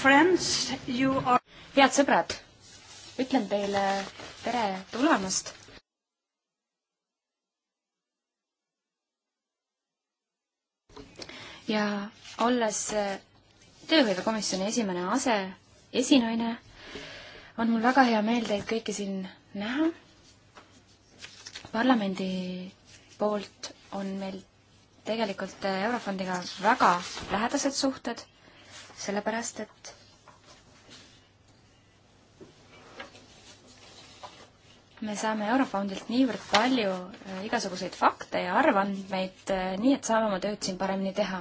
friends, you are... head sõbrad, ütlen teile tere tulemast. ja olles äh, tööhõivekomisjoni esimene aseesinaine, on mul väga hea meel teid kõiki siin näha. parlamendi poolt on meil tegelikult äh, Eurofondiga väga lähedased suhted sellepärast et me saame Eurofondilt niivõrd palju äh, igasuguseid fakte ja arvandmeid, äh, nii et saame oma tööd siin paremini teha.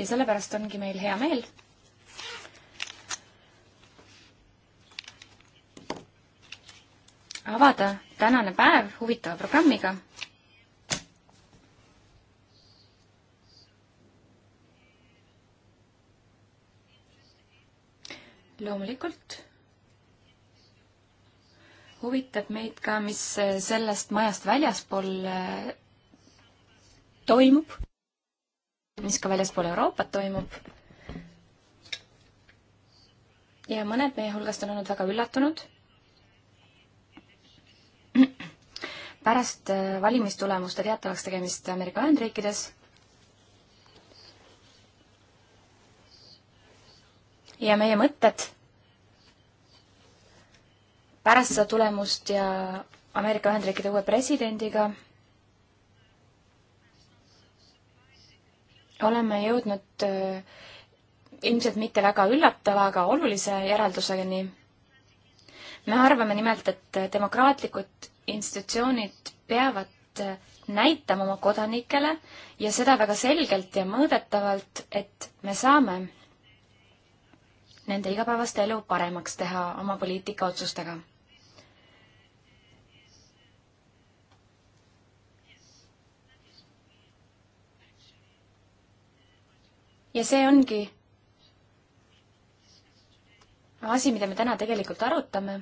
ja sellepärast ongi meil hea meel. avada tänane päev huvitava programmiga loomulikult huvitab meid ka, mis sellest majast väljaspool eh, toimub, mis ka väljaspool Euroopat toimub. ja mõned meie hulgast on olnud väga üllatunud. pärast eh, valimistulemuste teatavaks tegemist Ameerika Ühendriikides ja meie mõtted pärast seda tulemust ja Ameerika Ühendriikide uue presidendiga oleme jõudnud äh, ilmselt mitte väga üllatava, aga olulise järelduseni. me arvame nimelt, et demokraatlikud institutsioonid peavad äh, näitama oma kodanikele ja seda väga selgelt ja mõõdetavalt, et me saame nende igapäevast elu paremaks teha oma poliitikaotsustega. ja see ongi asi, mida me täna tegelikult arutame.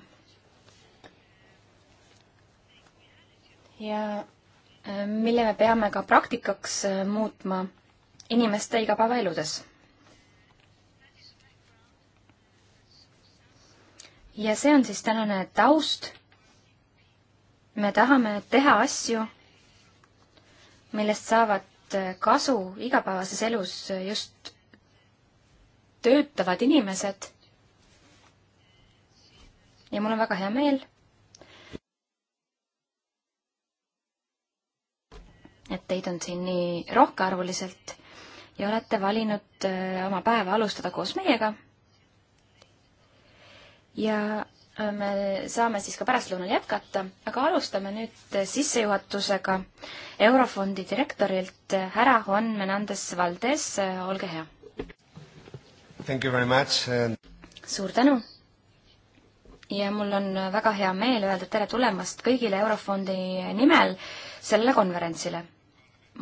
ja äh, mille me peame ka praktikaks äh, muutma inimeste igapäevaeludes ja see on siis tänane taust. me tahame teha asju, millest saavad kasu igapäevases elus just töötavad inimesed. ja mul on väga hea meel, et teid on siin nii rohkearvuliselt ja olete valinud äh, oma päeva alustada koos meiega ja äh, me saame siis ka pärastlõunal jätkata, aga alustame nüüd äh, sissejuhatusega Eurofondi direktorilt äh, härra Juan Menandes Valdes, olge hea. And... Uh, suur tänu ja mul on väga hea meel öelda tere tulemast kõigile Eurofondi nimel sellele konverentsile.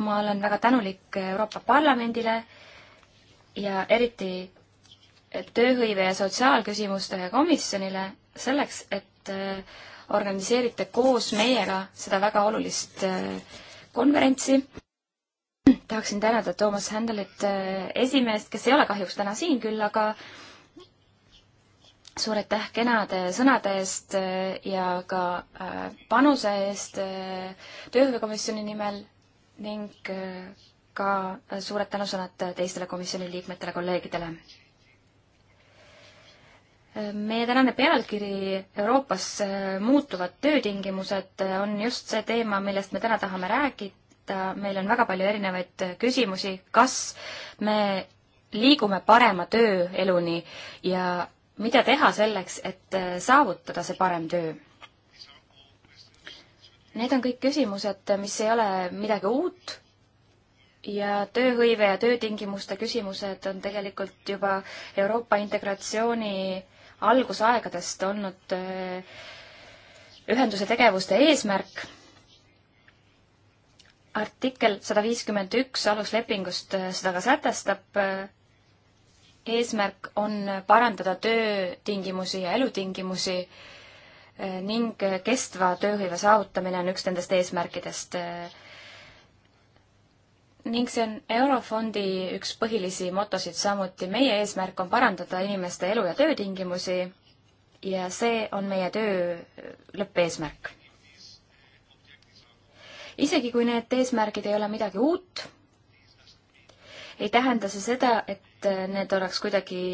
ma olen väga tänulik Euroopa Parlamendile ja eriti tööhõive ja sotsiaalküsimuste komisjonile selleks, et äh, organiseerite koos meiega seda väga olulist äh, konverentsi. tahaksin tänada Toomas Händelit, äh, esimeest, kes ei ole kahjuks täna siin küll, aga suur aitäh kenade sõnade eest ja ka panuse eest tööhõivekomisjoni nimel ning ka suured tänusõnad teistele komisjoni liikmetele, kolleegidele meie tänane pealkiri Euroopas äh, muutuvad töötingimused äh, on just see teema, millest me täna tahame rääkida. meil on väga palju erinevaid äh, küsimusi, kas me liigume parema tööeluni ja mida teha selleks, et saavutada see parem töö. Need on kõik küsimused, mis ei ole midagi uut ja tööhõive ja töötingimuste küsimused on tegelikult juba Euroopa integratsiooni äh, algusaegadest olnud äh, ühenduse tegevuste eesmärk. artikkel sada viiskümmend üks aluslepingust äh, seda ka sätestab. Äh, eesmärk on parandada töötingimusi ja elutingimusi ning kestva tööhõive saavutamine on üks nendest eesmärkidest ning see on Eurofondi üks põhilisi motosid samuti. meie eesmärk on parandada inimeste elu- ja töötingimusi ja see on meie töö lõppeesmärk. isegi kui need eesmärgid ei ole midagi uut, ei tähenda see seda, et need oleks kuidagi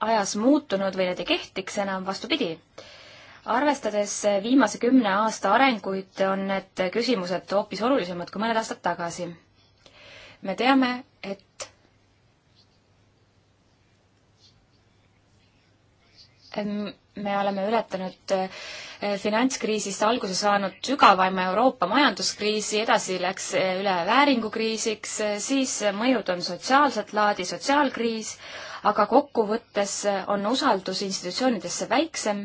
ajas muutunud või need ei kehtiks enam, vastupidi arvestades viimase kümne aasta arenguid, on need küsimused hoopis olulisemad kui mõned aastad tagasi me teame, et me oleme ületanud eh, finantskriisist alguse saanud sügavaima Euroopa majanduskriisi, edasi läks eh, üle vääringukriisiks, eh, siis mõjud on sotsiaalset laadi, sotsiaalkriis, aga kokkuvõttes on usaldus institutsioonidesse väiksem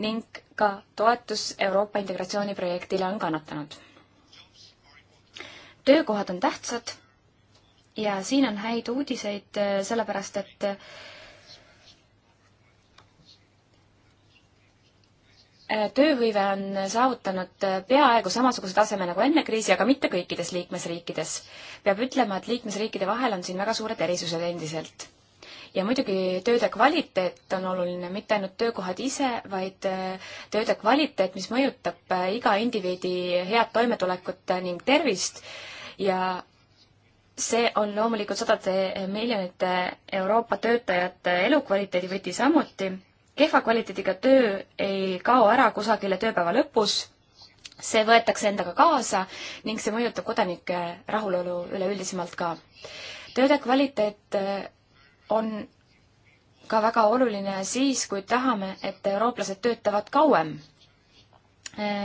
ning ka toetus Euroopa integratsiooniprojektile on kannatanud. töökohad on tähtsad ja siin on häid uudiseid, äh, sellepärast et äh, tööhõive on saavutanud äh, peaaegu samasuguse taseme nagu enne kriisi, aga mitte kõikides liikmesriikides. peab ütlema, et liikmesriikide vahel on siin väga suured erisused endiselt. ja muidugi tööde kvaliteet on oluline, mitte ainult töökohad ise, vaid tööde kvaliteet, mis mõjutab iga indiviidi head toimetulekut ning tervist ja see on loomulikult sadade miljonite Euroopa töötajate elukvaliteedi võti samuti. kehva kvaliteediga töö ei kao ära kusagile tööpäeva lõpus, see võetakse endaga kaasa ning see mõjutab kodanike rahulolu üleüldisemalt ka. tööde kvaliteet on ka väga oluline siis, kui tahame, et eurooplased töötavad kauem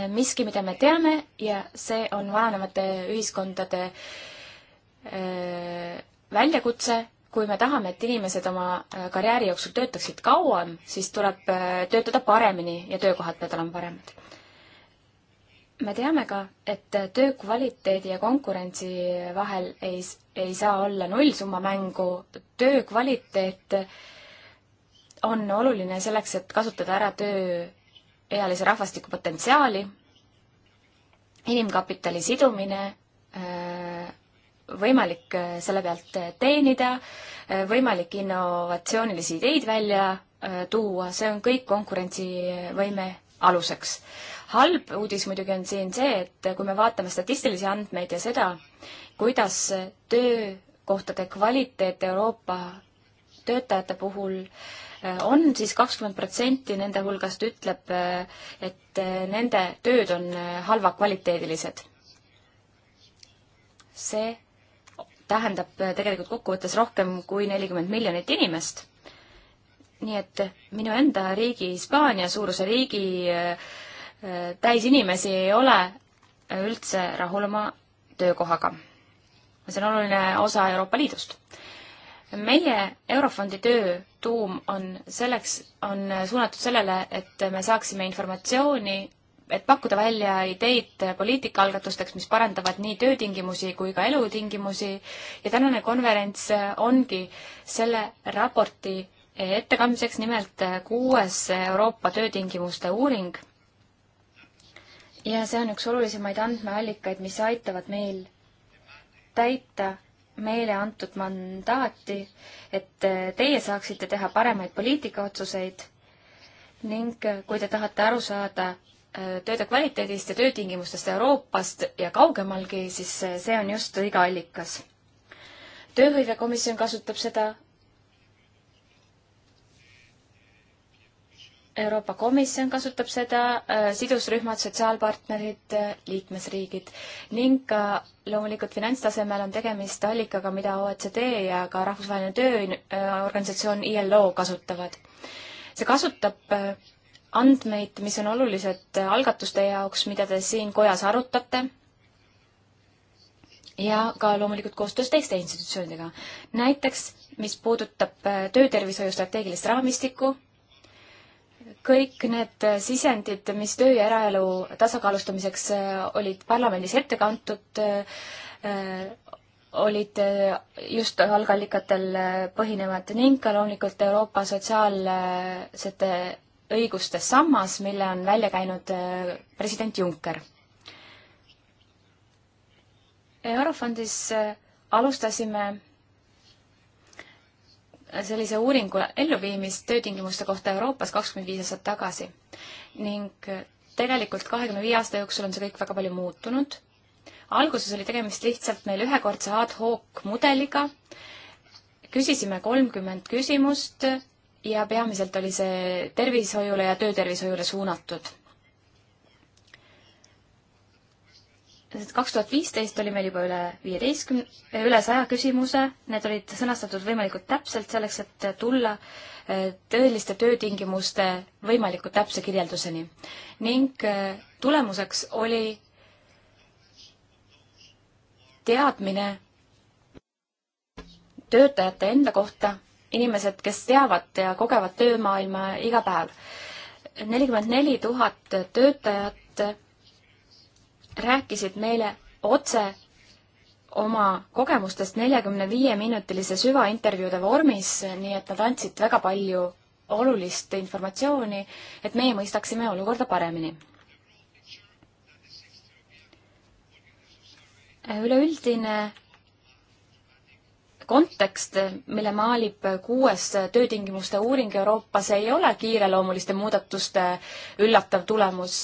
miski, mida me teame ja see on vananevate ühiskondade äh, Äh, väljakutse, kui me tahame, et inimesed oma äh, karjääri jooksul töötaksid kauem, siis tuleb äh, töötada paremini ja töökohad peavad olema paremad. me teame ka, et töö kvaliteedi ja konkurentsi vahel ei, ei saa olla nullsumma mängu, töö kvaliteet on oluline selleks, et kasutada ära tööealise rahvastiku potentsiaali, inimkapitali sidumine äh, võimalik äh, selle pealt äh, teenida, äh, võimalik innovatsioonilisi ideid välja tuua, see on kõik konkurentsivõime aluseks. halb uudis muidugi on siin see, et kui me vaatame statistilisi andmeid ja seda, kuidas töökohtade kvaliteet Euroopa töötajate puhul on siis kakskümmend protsenti nende hulgast ütleb, et nende tööd on halvakvaliteedilised. see tähendab äh, tegelikult kokkuvõttes rohkem kui nelikümmend miljonit inimest. nii et minu enda riigi, Hispaania suuruse riigi äh, äh, täis inimesi ei ole üldse rahul oma töökohaga. see on oluline osa Euroopa Liidust meie Eurofondi töö tuum on selleks, on suunatud sellele, et me saaksime informatsiooni et pakkuda välja ideid poliitikaalgatusteks, mis parandavad nii töötingimusi kui ka elutingimusi ja tänane konverents ongi selle raporti ettekandmiseks nimelt kuues Euroopa töötingimuste uuring. ja see on üks olulisemaid andmeallikaid, mis aitavad meil täita meile antud mandaati, et teie saaksite teha paremaid poliitikaotsuseid ning kui te tahate aru saada tööde kvaliteedist ja töötingimustest Euroopast ja kaugemalgi, siis see on just õige allikas. tööhõivekomisjon kasutab seda. Euroopa Komisjon kasutab seda, äh, sidusrühmad, sotsiaalpartnerid, äh, liikmesriigid ning ka loomulikult finantstasemel on tegemist allikaga, mida OECD ja ka Rahvusvaheline Tööorganisatsioon ILO kasutavad. see kasutab äh, andmeid, mis on olulised algatuste jaoks, mida te siin kojas arutate ja ka loomulikult koostöös teiste institutsioonidega. näiteks, mis puudutab äh, töötervishoiu strateegilist raamistikku, kõik need äh, sisendid, mis töö ja eraelu tasakaalustamiseks äh, olid parlamendis ette kantud, olid just algallikatel põhinevad ning ka loomulikult Euroopa sotsiaalsete õiguste sammas, mille on välja käinud äh, president Juncker. Eurofondis äh, alustasime äh, sellise uuringu elluviimist töötingimuste kohta Euroopas kakskümmend viis aastat tagasi ning tegelikult kahekümne viie aasta jooksul on see kõik väga palju muutunud. alguses oli tegemist lihtsalt meil ühekordse ad hoc mudeliga, küsisime kolmkümmend küsimust ja peamiselt oli see tervishoiule ja töötervishoiule suunatud. kaks tuhat viisteist oli meil juba üle viieteistkümne, eh, üle saja küsimuse, need olid sõnastatud võimalikult täpselt selleks, et tulla eh, tõeliste töötingimuste võimalikult täpse kirjelduseni. ning eh, tulemuseks oli teadmine töötajate enda kohta inimesed, kes teavad ja kogevad töömaailma iga päev. nelikümmend neli tuhat töötajat rääkisid meile otse oma kogemustest neljakümne viie minutilise süvaintervjuude vormis, nii et nad andsid väga palju olulist informatsiooni, et meie mõistaksime olukorda paremini. üleüldine kontekst, mille maalib kuues töötingimuste uuring Euroopas, ei ole kiireloomuliste muudatuste üllatav tulemus.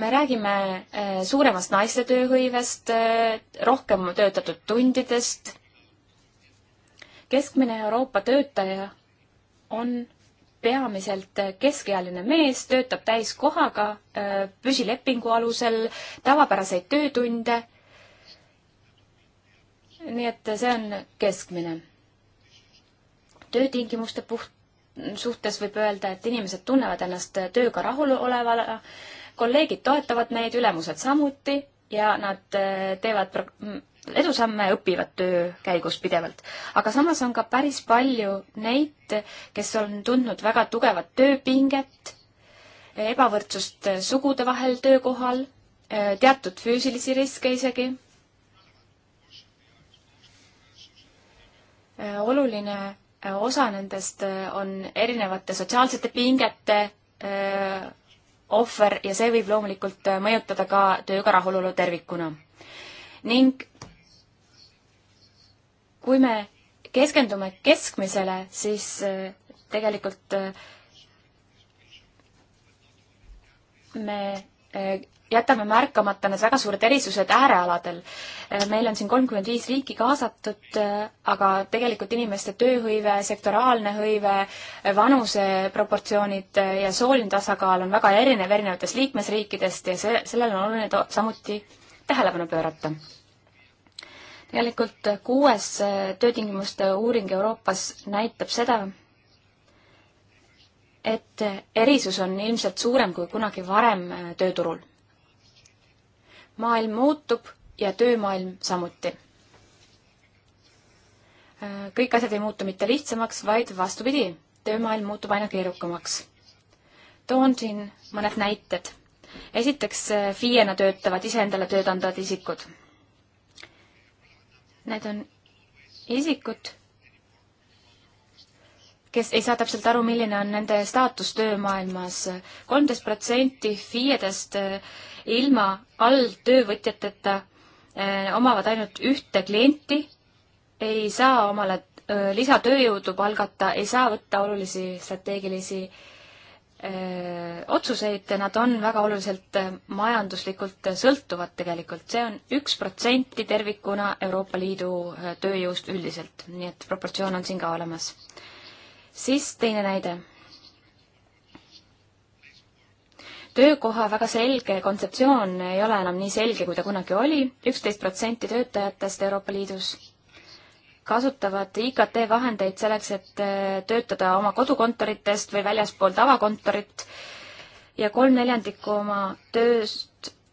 me räägime eh, suuremast naiste tööhõivest, eh, rohkem töötatud tundidest. keskmine Euroopa töötaja on peamiselt keskealine mees, töötab täiskohaga eh, püsilepingu alusel, tavapäraseid töötunde nii et see on keskmine. töötingimuste puht-, suhtes võib öelda, et inimesed tunnevad ennast tööga rahulolevana, kolleegid toetavad neid, ülemused samuti ja nad äh, teevad edusamme õpivad töö käigus pidevalt. aga samas on ka päris palju neid, kes on tundnud väga tugevat tööpinget, ebavõrdsust sugude vahel töökohal, äh, teatud füüsilisi riske isegi Äh, oluline äh, osa nendest äh, on erinevate sotsiaalsete pingete ohver ja see võib loomulikult mõjutada ka tööga rahulolu tervikuna. ning kui me keskendume keskmisele, siis tegelikult me jätame märkamata need väga suured erisused äärealadel. Eh, meil on siin kolmkümmend viis riiki kaasatud, eh, aga tegelikult inimeste tööhõive, sektoraalne hõive, eh, vanuseproportsioonid ja sooline tasakaal on väga erinev erinevatest liikmesriikidest ja see, sellele on oluline samuti tähelepanu pöörata. tegelikult kuues töötingimuste uuring Euroopas näitab seda, et erisus on ilmselt suurem kui kunagi varem tööturul maailm muutub ja töömaailm samuti. kõik asjad ei muutu mitte lihtsamaks, vaid vastupidi, töömaailm muutub aina keerukamaks. toon siin mõned näited. esiteks eh, FIE-na töötavad iseendale tööd andvad isikud. Need on isikud, kes ei saa täpselt aru, milline on nende staatus töömaailmas. kolmteist protsenti FIE-dest eh, ilma alltöövõtjateta eh, omavad ainult ühte klienti, ei saa omale eh, lisatööjõudu palgata, ei saa võtta olulisi strateegilisi öö, otsuseid, nad on väga oluliselt majanduslikult sõltuvad tegelikult, see on üks protsenti tervikuna Euroopa Liidu tööjõust üldiselt, nii et proportsioon on siin ka olemas siis teine näide. töökoha väga selge kontseptsioon ei ole enam nii selge, kui ta kunagi oli, üksteist protsenti töötajatest Euroopa Liidus kasutavad IKT vahendeid selleks, et äh, töötada oma kodukontoritest või väljaspool tavakontorit ja kolm neljandikku oma töös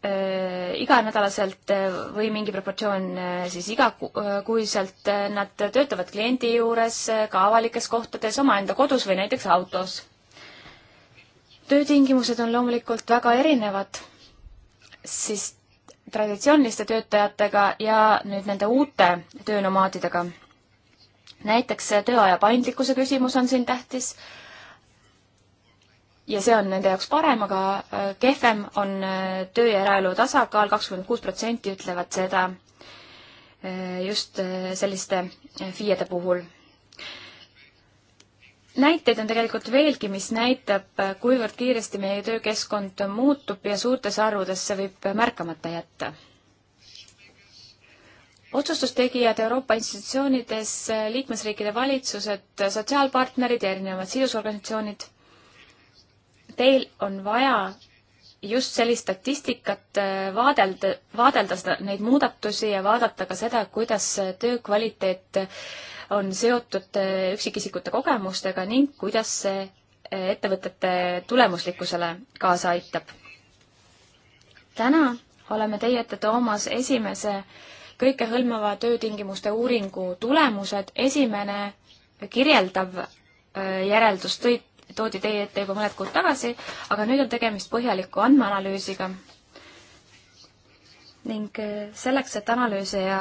Äh, iganädalaselt äh, või mingi proportsioon äh, siis igakuiselt, nad töötavad kliendi juures ka avalikes kohtades, omaenda kodus või näiteks autos. töötingimused on loomulikult väga erinevad, siis traditsiooniliste töötajatega ja nüüd nende uute töönomaadidega. näiteks tööaja paindlikkuse küsimus on siin tähtis ja see on nende jaoks parem, aga äh, kehvem on äh, töö ja eraelu tasakaal, kakskümmend kuus protsenti ütlevad seda äh, just selliste FIE-de puhul. näiteid on tegelikult veelgi, mis näitab, kuivõrd kiiresti meie töökeskkond muutub ja suurtes arvudes see võib märkamata jätta otsustustegijad Euroopa institutsioonides, liikmesriikide valitsused, sotsiaalpartnerid ja erinevad sidusorganisatsioonid teil on vaja just sellist statistikat äh, vaadelda, vaadelda seda, neid muudatusi ja vaadata ka seda, kuidas töö kvaliteet on seotud äh, üksikisikute kogemustega ning kuidas see äh, ettevõtete tulemuslikkusele kaasa aitab. täna oleme teie ette toomas esimese kõikehõlmava töötingimuste uuringu tulemused. esimene kirjeldav järeldus tõi toodi teie ette juba mõned kuud tagasi, aga nüüd on tegemist põhjaliku andmeanalüüsiga. ning äh, selleks, et analüüse ja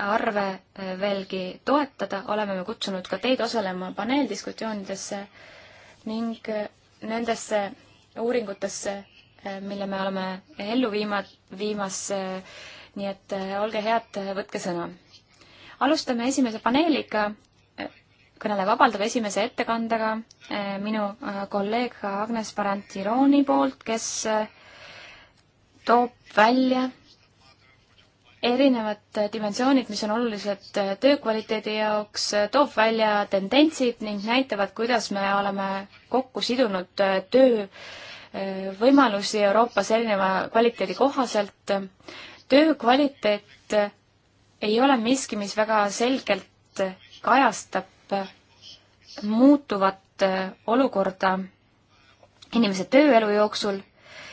arve äh, veelgi toetada, oleme me kutsunud ka teid osalema paneeldiskussioonidesse ning äh, nendesse uuringutesse, mille me oleme ellu viima, viimas. nii et olge head, võtke sõna. alustame esimese paneeliga kõnele vabandab esimese ettekandega eh, minu eh, kolleeg Agnes Barantirooni poolt, kes eh, toob välja erinevad dimensioonid, mis on olulised töökvaliteedi jaoks, toob välja tendentsid ning näitavad, kuidas me oleme kokku sidunud töö võimalusi Euroopas erineva kvaliteedi kohaselt. töö kvaliteet ei ole miski, mis väga selgelt kajastab muutuvat äh, olukorda inimese tööelu jooksul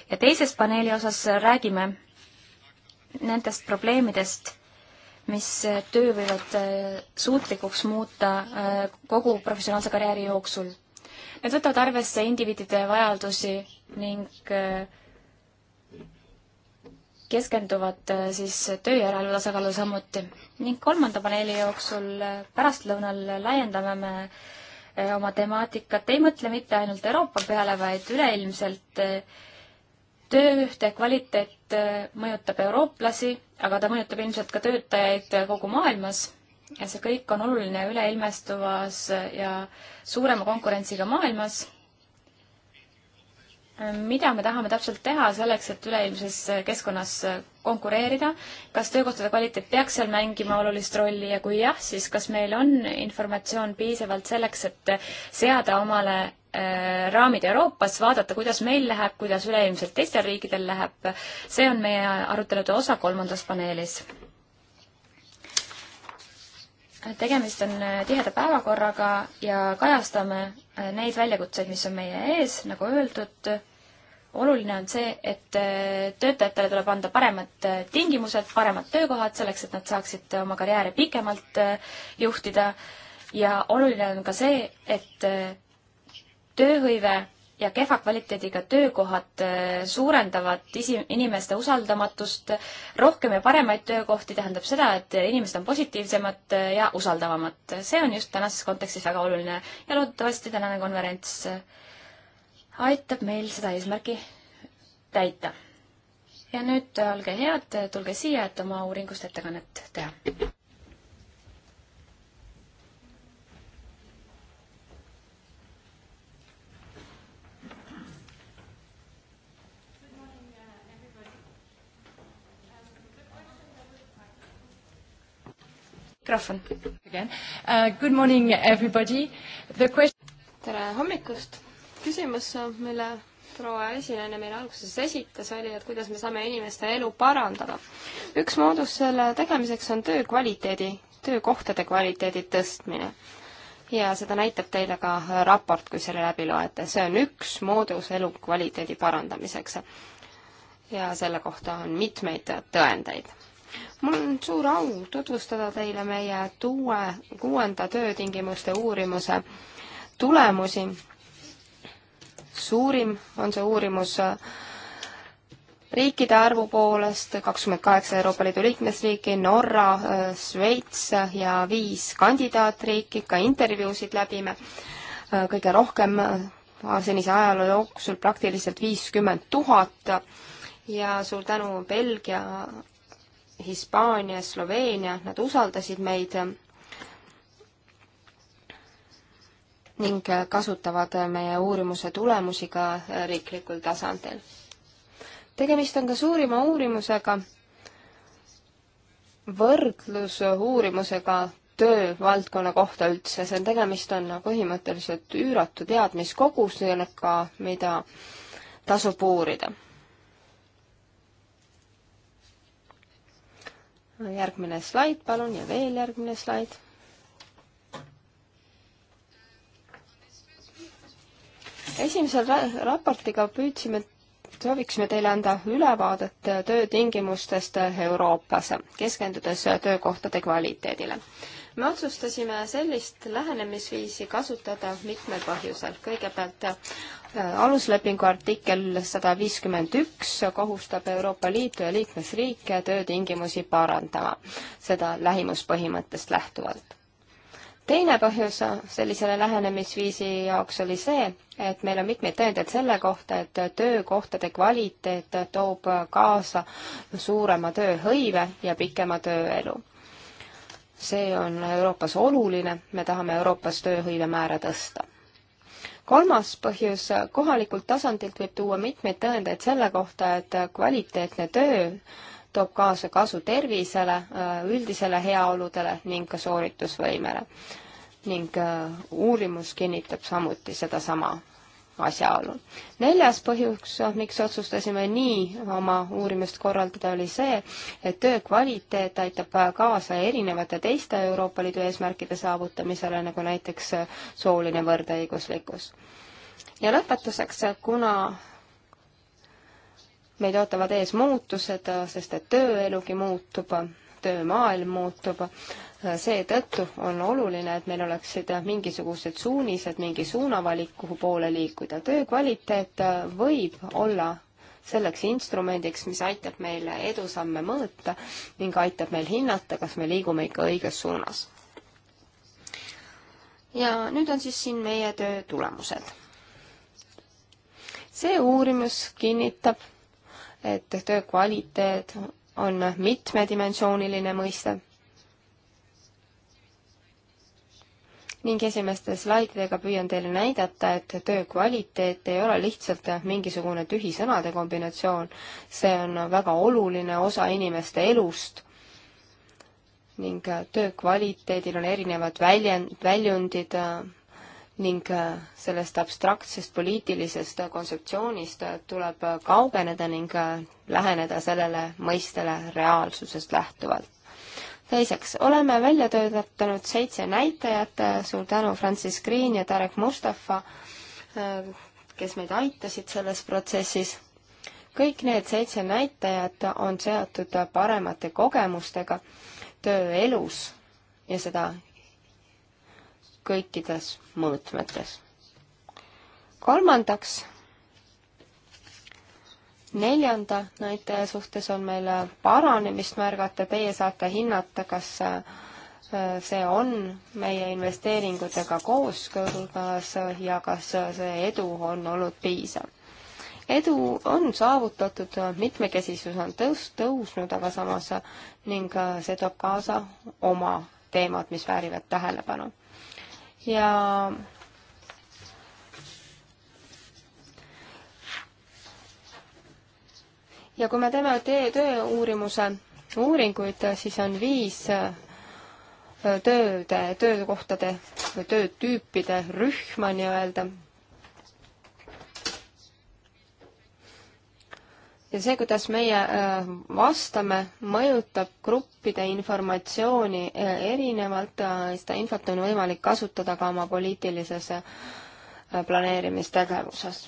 ja teises paneeli osas räägime nendest probleemidest, mis äh, töö võivad äh, suutlikuks muuta kogu professionaalse karjääri jooksul. Need võtavad arvesse indiviidide vajadusi ning keskenduvad äh, siis töö järelevalve tasakaalu samuti. ning kolmanda paneeli jooksul äh, pärastlõunal laiendame me äh, oma temaatikat, ei mõtle mitte ainult Euroopa peale, vaid üleilmselt tööde kvaliteet mõjutab eurooplasi, aga ta mõjutab ilmselt ka töötajaid kogu maailmas ja see kõik on oluline üleilmestuvas ja suurema konkurentsiga maailmas mida me tahame täpselt teha selleks, et üleilmses keskkonnas konkureerida, kas töökohtade kvaliteet peaks seal mängima olulist rolli ja kui jah, siis kas meil on informatsioon piisavalt selleks, et seada omale äh, raamid Euroopas, vaadata, kuidas meil läheb, kuidas üleilmselt teistel riikidel läheb, see on meie arutelude osa kolmandas paneelis tegemist on äh, tiheda päevakorraga ja kajastame äh, neid väljakutseid, mis on meie ees, nagu öeldud, oluline on see, et äh, töötajatele tuleb anda paremad tingimused, paremad töökohad selleks, et nad saaksid oma karjääri pikemalt juhtida ja oluline on ka see, et tööhõive ja kehva kvaliteediga töökohad äh, suurendavad isi-, inimeste usaldamatust, rohkem ja paremaid töökohti tähendab seda, et inimesed on positiivsemad äh, ja usaldavamad. see on just tänases kontekstis väga oluline ja loodetavasti tänane konverents äh, aitab meil seda eesmärki täita. ja nüüd olge head, tulge siia, et oma uuringust ettekannet teha. mikrofon. Uh, good morning everybody. The question. tere hommikust. küsimus, mille proua esinaine meile alguses esitas, oli, et kuidas me saame inimeste elu parandada. üks moodus selle tegemiseks on töö kvaliteedi, töökohtade kvaliteedi tõstmine. ja seda näitab teile ka raport, kui selle läbi loete, see on üks moodus elukvaliteedi parandamiseks. ja selle kohta on mitmeid tõendeid mul on suur au tutvustada teile meie tuue, kuuenda töötingimuste uurimuse tulemusi. suurim on see uurimus äh, riikide arvu poolest, kakskümmend kaheksa Euroopa Liidu liikmesriiki, Norra, äh, Šveits ja viis kandidaatriiki, ka intervjuusid läbime. Äh, kõige rohkem senise ajaloo jooksul praktiliselt viiskümmend tuhat ja suur tänu Belgia Hispaania, Sloveenia, nad usaldasid meid ning kasutavad meie uurimuse tulemusi ka riiklikul tasandil. tegemist on ka suurima uurimusega, võrdlusuurimusega töövaldkonna kohta üldse, see on, tegemist on põhimõtteliselt üüratu teadmiskogusega, mida tasub uurida järgmine slaid, palun, ja veel järgmine slaid. esimesel raportiga püüdsime, sooviksime teile anda ülevaadet töötingimustest Euroopas, keskendudes töökohtade kvaliteedile me otsustasime sellist lähenemisviisi kasutada mitmel põhjusel. kõigepealt äh, aluslepingu artikkel sada viiskümmend üks kohustab Euroopa Liitu ja liikmesriike töötingimusi parandama, seda lähimuspõhimõttest lähtuvalt. teine põhjus sellisele lähenemisviisi jaoks oli see, et meil on mitmeid tõendeid selle kohta, et töökohtade kvaliteet toob kaasa suurema tööhõive ja pikema tööelu see on Euroopas oluline, me tahame Euroopas tööhõive määra tõsta. kolmas põhjus, kohalikult tasandilt võib tuua mitmeid tõendeid selle kohta, et kvaliteetne töö toob kaasa kasu tervisele, üldisele heaoludele ning ka sooritusvõimele. ning äh, uurimus kinnitab samuti sedasama asjaolul. neljas põhjus, miks otsustasime nii oma uurimust korraldada, oli see, et töö kvaliteet aitab kaasa erinevate teiste Euroopa Liidu eesmärkide saavutamisele, nagu näiteks sooline võrdõiguslikkus. ja lõpetuseks, kuna meid ootavad ees muutused, sest et tööelugi muutub, töömaailm muutub, seetõttu on oluline, et meil oleksid mingisugused suunised, mingi suunavalik, kuhu poole liikuda. töö kvaliteet võib olla selleks instrumendiks, mis aitab meil edusamme mõõta ning aitab meil hinnata, kas me liigume ikka õiges suunas. ja nüüd on siis siin meie töö tulemused. see uurimus kinnitab, et töö kvaliteet on mitmedimensiooniline mõiste ning esimeste slaididega püüan teile näidata, et töö kvaliteet ei ole lihtsalt mingisugune tühisõnade kombinatsioon, see on väga oluline osa inimeste elust ning töö kvaliteedil on erinevad väljend, väljundid ning sellest abstraktsest poliitilisest kontseptsioonist tuleb kaugeneda ning läheneda sellele mõistele reaalsusest lähtuvalt teiseks, oleme välja töötanud seitse näitajat, suur tänu Francis Green ja Tarek Mustafa, kes meid aitasid selles protsessis. kõik need seitse näitajat on seotud paremate kogemustega tööelus ja seda kõikides mõõtmetes. kolmandaks neljanda näitaja suhtes on meil paranemist märgata, teie saate hinnata, kas äh, see on meie investeeringutega kooskõlas ja kas see edu on olnud piisav. edu on saavutatud, mitmekesisus on tõus-, tõusnud, aga samas ning äh, see toob kaasa oma teemad, mis väärivad tähelepanu. ja ja kui me teeme tee tööuurimuse uuringuid, siis on viis äh, tööde, töökohtade või töötüüpide rühma nii-öelda. ja see, kuidas meie äh, vastame, mõjutab gruppide informatsiooni äh, erinevalt, seda infot on võimalik kasutada ka oma poliitilises planeerimistegevuses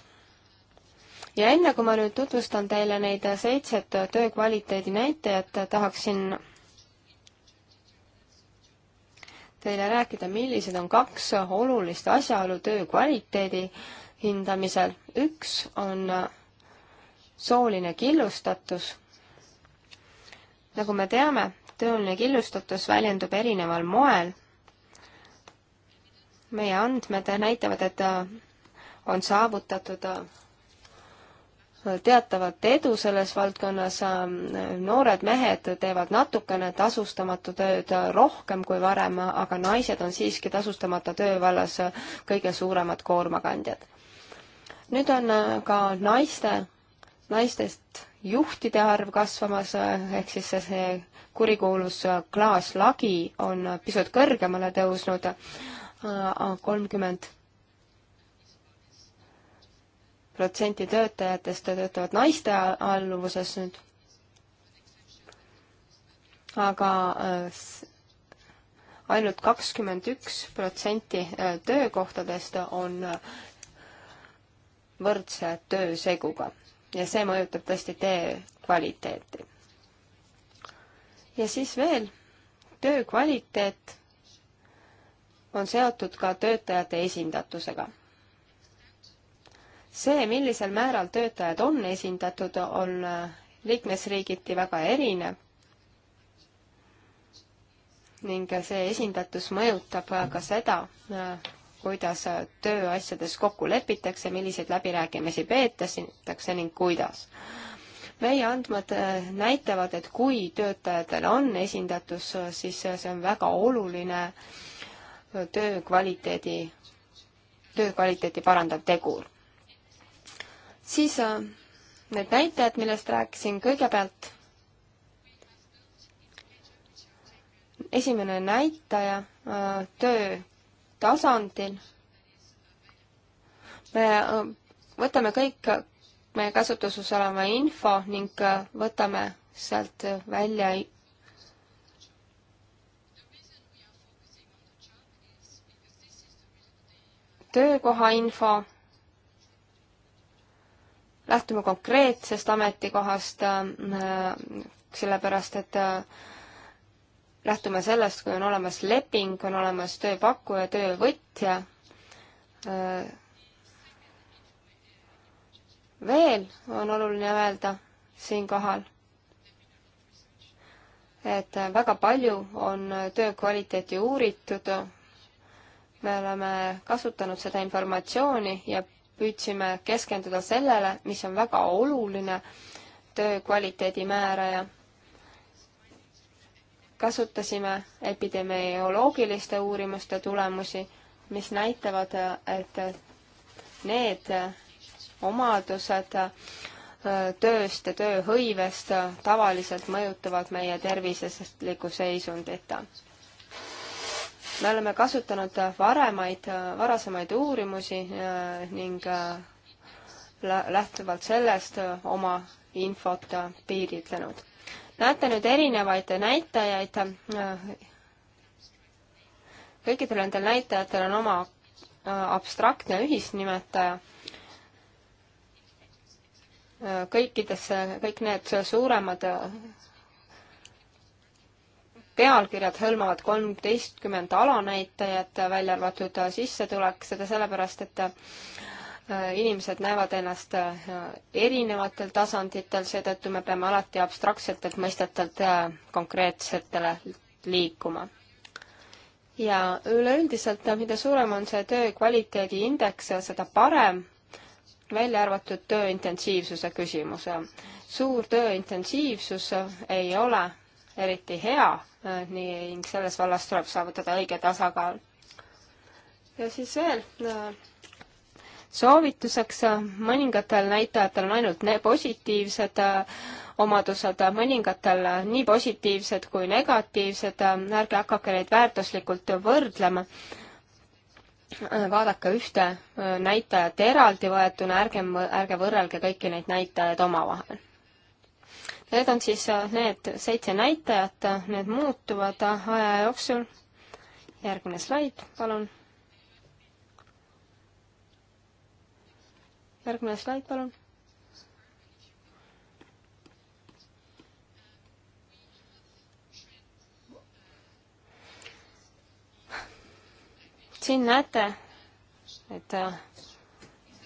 ja enne, kui ma nüüd tutvustan teile neid seitset töö kvaliteedi näitajat, tahaksin teile rääkida, millised on kaks olulist asjaolu töö kvaliteedi hindamisel. üks on sooline killustatus. nagu me teame, tööline killustatus väljendub erineval moel. meie andmed näitavad, et on saavutatud teatavat edu selles valdkonnas, noored mehed teevad natukene tasustamata tööd rohkem kui varem, aga naised on siiski tasustamata töö vallas kõige suuremad koormakandjad. nüüd on ka naiste, naistest juhtide arv kasvamas, ehk siis see kurikuulus klaaslagi on pisut kõrgemale tõusnud, kolmkümmend protsenti töötajatest töötavad naiste alluvuses nüüd. aga äh, ainult kakskümmend üks protsenti äh, töökohtadest on äh, võrdse tööseguga ja see mõjutab tõesti tee kvaliteeti. ja siis veel, töö kvaliteet on seotud ka töötajate esindatusega see, millisel määral töötajad on esindatud, on äh, liikmesriigiti väga erinev ning see esindatus mõjutab äh, ka seda, äh, kuidas tööasjades kokku lepitakse, milliseid läbirääkimisi peetakse ning kuidas. meie andmed näitavad, et kui töötajatel on esindatus, siis see on väga oluline töö kvaliteedi, töö kvaliteeti parandav tegur siis äh, need näitajad, millest rääkisin kõigepealt. esimene näitaja äh, töö tasandil. me äh, võtame kõik meie käsutuses oleva info ning võtame sealt välja töökoha info lähtuma konkreetsest ametikohast, äh, sellepärast et äh, lähtume sellest, kui on olemas leping, on olemas tööpakkuja, töövõtja. Äh, veel on oluline öelda siinkohal, et väga palju on töö kvaliteeti uuritud, me oleme kasutanud seda informatsiooni ja püüdsime keskenduda sellele, mis on väga oluline töö kvaliteedi määraja. kasutasime epidemioloogiliste uurimuste tulemusi, mis näitavad, et need omadused tööst ja tööhõivest tavaliselt mõjutavad meie terviseslikku seisundit me oleme kasutanud varemaid, varasemaid uurimusi äh, ning äh, lähtuvalt sellest äh, oma infot piiritlenud. näete nüüd erinevaid näitajaid. kõikidel nendel näitajatel on oma abstraktne ühisnimetaja. kõikidesse, kõik need suuremad pealkirjad hõlmavad kolmteistkümmend alanäitajat, välja arvatud sissetulek, seda sellepärast, et äh, inimesed näevad ennast äh, erinevatel tasanditel, seetõttu me peame alati abstraktsetelt mõistetelt äh, konkreetsetele liikuma ja üleüldiselt, mida suurem on see töö kvaliteediindeks, seda parem, välja arvatud töö intensiivsuse küsimus. suur töö intensiivsus ei ole eriti hea äh, ning selles vallas tuleb saavutada õige tasakaal. ja siis veel äh, soovituseks, äh, mõningatel näitajatel on ainult positiivsed omadused, mõningatel nii positiivsed kui negatiivsed, ärge hakake neid väärtuslikult võrdlema. vaadake ühte näitajat eraldi võetuna, ärge, ärge võrrelge kõiki neid näitajaid omavahel Need on siis äh, need seitse näitajat, äh, need muutuvad äh, aja jooksul. järgmine slaid, palun. järgmine slaid, palun. siin näete, et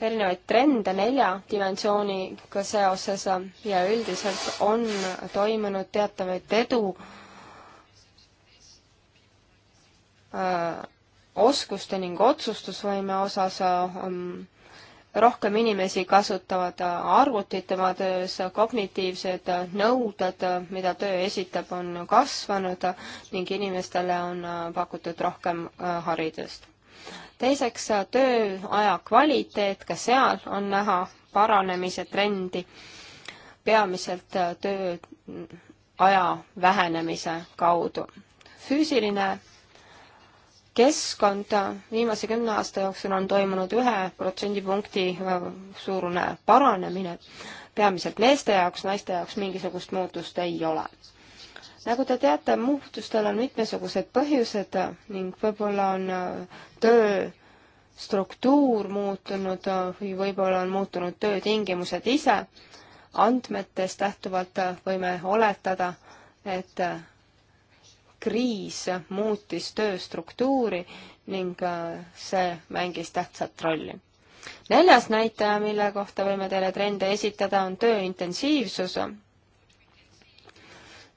erinevaid trende nelja dimensiooniga seoses ja üldiselt on toimunud teatavaid edu äh, oskuste ning otsustusvõime osas ähm, rohkem inimesi kasutavad arvutit oma töös, kognitiivsed nõuded, mida töö esitab, on kasvanud ning inimestele on pakutud rohkem äh, haridust teiseks, tööaja kvaliteet, ka seal on näha paranemise trendi, peamiselt tööaja vähenemise kaudu. füüsiline keskkond viimase kümne aasta jooksul on toimunud ühe protsendipunkti suurune paranemine, peamiselt meeste jaoks, naiste jaoks mingisugust muutust ei ole nagu te teate, muutustel on mitmesugused põhjused ning võib-olla on äh, töö struktuur muutunud äh, või võib-olla on muutunud töötingimused ise. andmetest lähtuvalt äh, võime oletada, et kriis muutis töö struktuuri ning see mängis tähtsat rolli. neljas näitaja, mille kohta võime teile trende esitada, on töö intensiivsus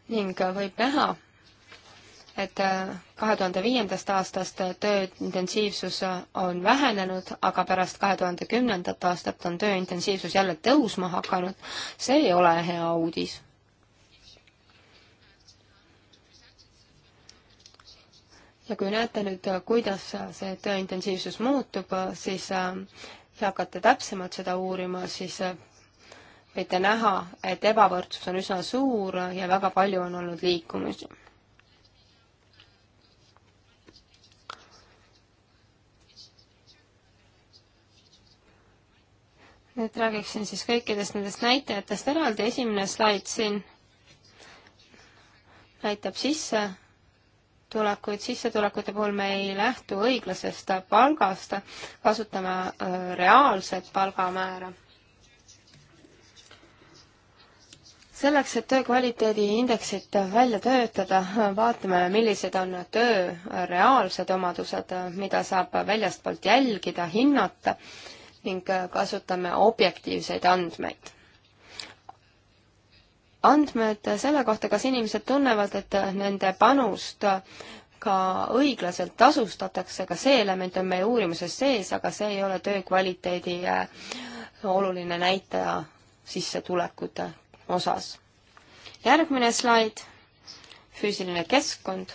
ning võib näha, et äh, kahe tuhande viiendast aastast äh, töö intensiivsus äh, on vähenenud, aga pärast kahe tuhande kümnendat aastat on töö intensiivsus jälle tõusma hakanud. see ei ole hea uudis. ja kui näete nüüd, kuidas see töö intensiivsus muutub, siis ja hakkate täpsemalt seda uurima, siis võite näha, et ebavõrdsus on üsna suur ja väga palju on olnud liikumisi. nüüd räägiksin siis kõikidest nendest näitajatest eraldi, esimene slaid siin näitab sisse tulekuid, sissetulekute puhul me ei lähtu õiglasest palgast, kasutame äh, reaalset palgamäära selleks, et töö kvaliteediindeksit välja töötada, vaatame, millised on töö reaalsed omadused, mida saab väljastpoolt jälgida, hinnata ning kasutame objektiivseid andmeid. andmed selle kohta, kas inimesed tunnevad, et nende panust ka õiglaselt tasustatakse, ka see element on meie uurimuses sees, aga see ei ole töö kvaliteedi äh, oluline näitaja sissetulekute osas. järgmine slaid, füüsiline keskkond.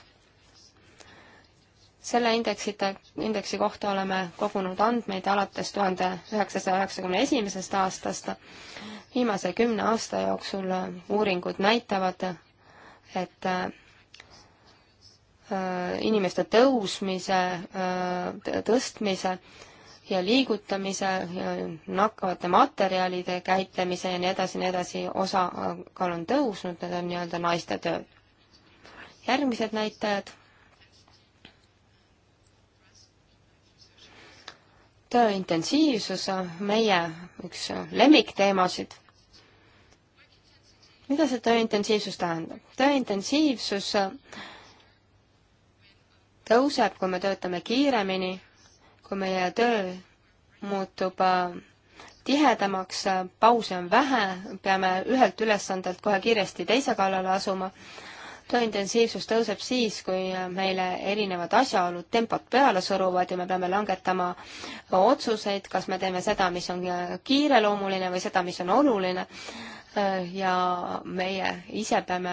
selle indeksite, indeksi kohta oleme kogunud andmeid alates tuhande üheksasaja üheksakümne esimesest aastast. viimase kümne aasta jooksul äh, uuringud näitavad, et äh, äh, inimeste tõusmise, tõstmise ja liigutamise, nakkavate materjalide käitlemise ja nii edasi, nii edasi osakaal on tõusnud, need on nii-öelda naiste tööd. järgmised näitajad. töö intensiivsus, meie üks lemmikteemasid. mida see töö intensiivsus tähendab? töö intensiivsus tõuseb, kui me töötame kiiremini kui meie töö muutub äh, tihedamaks, äh, pause on vähe, peame ühelt ülesandelt kohe kiiresti teise kallale asuma. töö intensiivsus tõuseb siis, kui äh, meile erinevad asjaolud tempot peale suruvad ja me peame langetama otsuseid, kas me teeme seda, mis on kiireloomuline või seda, mis on oluline. ja meie ise peame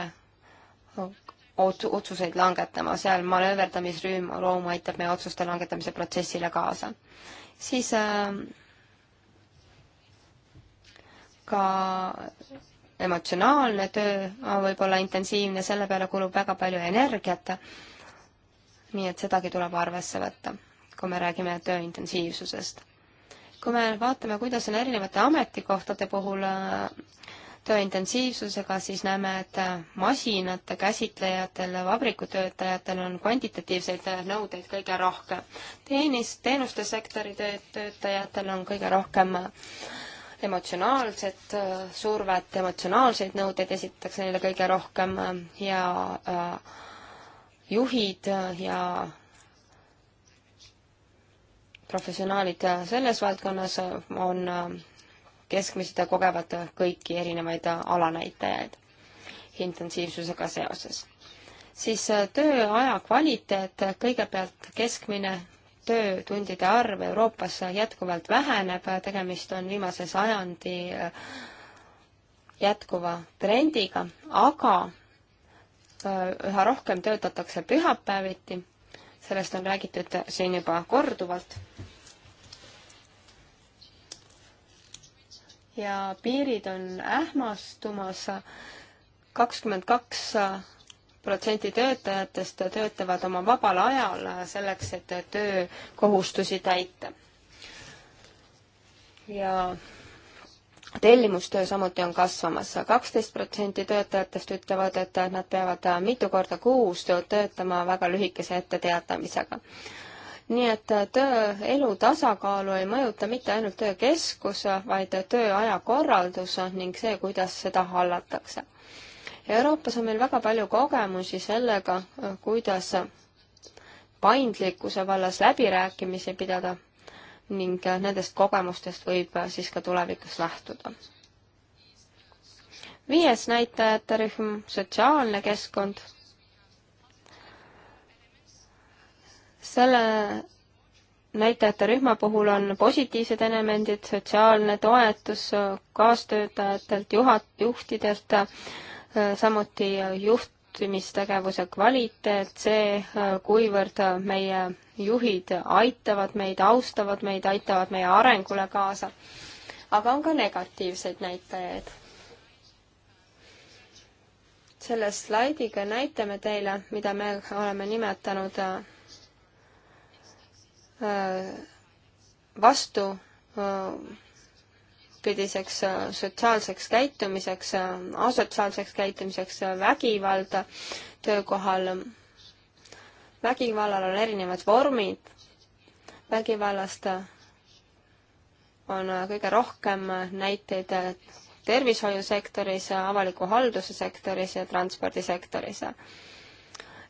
otsuseid langetama, seal manööverdamisrühm room aitab meie otsuste langetamise protsessile kaasa. siis äh, ka emotsionaalne töö on võib-olla intensiivne, selle peale kulub väga palju energiat, nii et sedagi tuleb arvesse võtta, kui me räägime töö intensiivsusest. kui me vaatame, kuidas on erinevate ametikohtade puhul äh, töö intensiivsusega, siis näeme, et masinate käsitlejatel, vabrikutöötajatel on kvantitatiivseid nõudeid kõige rohkem. teenis, teenuste sektori töötajatel on kõige rohkem emotsionaalset survet, emotsionaalseid nõudeid esitatakse neile kõige rohkem ja äh, juhid ja professionaalid selles valdkonnas on äh, keskmist kogevad kõiki erinevaid alanäitajaid intensiivsusega seoses. siis äh, tööaja kvaliteet, kõigepealt keskmine töötundide arv Euroopas jätkuvalt väheneb, tegemist on viimase sajandi äh, jätkuva trendiga, aga äh, üha rohkem töötatakse pühapäeviti, sellest on räägitud siin juba korduvalt ja piirid on ähmastumas. kakskümmend kaks protsenti töötajatest töötavad oma vabal ajal selleks, et töökohustusi täita. ja tellimustöö samuti on kasvamas. kaksteist protsenti töötajatest ütlevad, et nad peavad mitu korda kuus töötama väga lühikese etteteatamisega nii et äh, tööelu tasakaalu ei mõjuta mitte ainult töökeskus, äh, vaid äh, tööaja korraldus ning see, kuidas seda hallatakse. Euroopas on meil väga palju kogemusi sellega, kuidas paindlikkuse vallas läbirääkimisi pidada ning nendest kogemustest võib siis ka tulevikus lähtuda. viies näitajate rühm, sotsiaalne keskkond selle näitajate rühma puhul on positiivsed elemendid, sotsiaalne toetus kaastöötajatelt, juhat-, juhtidelt, samuti juhtimistegevuse kvaliteet, see, kuivõrd meie juhid aitavad meid, austavad meid, aitavad meie arengule kaasa. aga on ka negatiivseid näitajaid. selle slaidiga näitame teile, mida me oleme nimetanud Äh, vastu äh, pidiseks äh, sotsiaalseks käitumiseks, asotsiaalseks käitumiseks, vägivalda töökohal. vägivallal on erinevad vormid. vägivallast on kõige rohkem näiteid tervishoiusektoris, avaliku halduse sektoris ja transpordisektoris.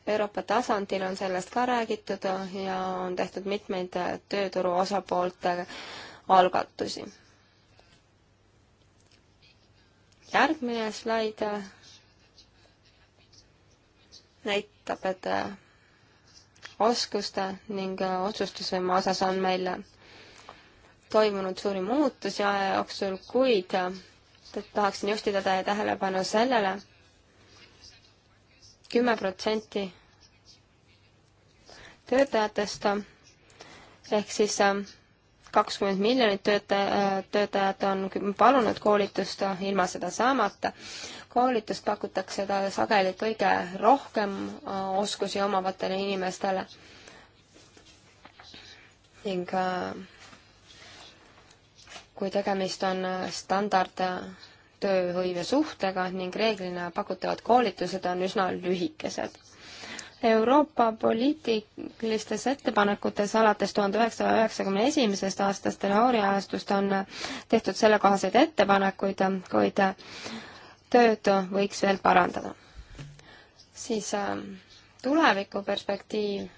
Euroopa tasandil on sellest ka räägitud ja on tehtud mitmeid tööturu osapoolte algatusi. järgmine slaid näitab, et oskuste ning otsustusvõime osas on meil toimunud suuri muutusi aja jooksul, kuid tahaksin juhtida teie tähelepanu sellele, kümme protsenti töötajatest ehk siis äh, kakskümmend miljonit töötaja, äh, töötajat on palunud koolitust äh, ilma seda saamata. koolitust pakutakse ta sageli kõige rohkem oskusi omavatele inimestele. ning kui tegemist on standard tööhõive suhtega ning reeglina pakutavad koolitused on üsna lühikesed. Euroopa poliitilistes ettepanekutes alates tuhande üheksasaja üheksakümne esimesest aastast teooriaajastust on tehtud sellekohaseid ettepanekuid, kuid tööd võiks veel parandada. siis äh, tulevikuperspektiiv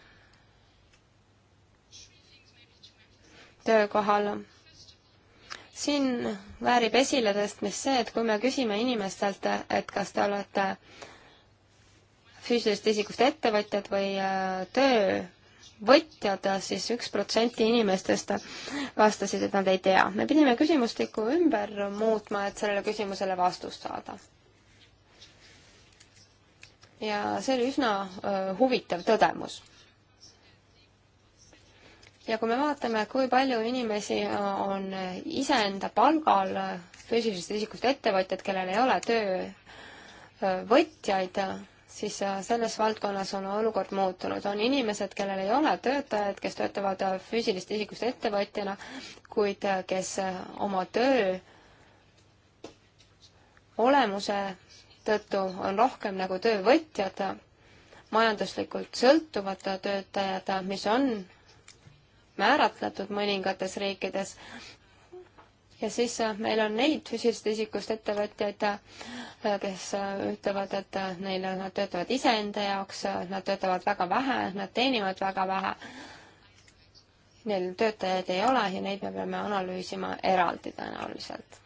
töökohal siin väärib esiletõstmist see, et kui me küsime inimestelt, et kas te olete füüsilisest isikust ettevõtjad või äh, töövõtjad, siis üks protsenti inimestest vastasid, et nad ei tea. me pidime küsimustikku ümber muutma, et sellele küsimusele vastust saada. ja see oli üsna äh, huvitav tõdemus ja kui me vaatame, kui palju inimesi äh, on iseenda palgal äh, füüsilisest isikust ettevõtjad, kellel ei ole töövõtjaid, äh, siis selles valdkonnas on olukord muutunud. on inimesed, kellel ei ole töötajaid, kes töötavad füüsilist isikust ettevõtjana, kuid kes oma töö olemuse tõttu on rohkem nagu töövõtjad, majanduslikult sõltuvad töötajad, mis on määratletud mõningates riikides. ja siis äh, meil on neid füüsilisest isikust ettevõtjaid, äh, kes äh, ütlevad, et neil, nad töötavad iseenda jaoks, nad töötavad väga vähe, nad teenivad väga vähe. Neil töötajaid ei ole ja neid me peame analüüsima eraldi tõenäoliselt.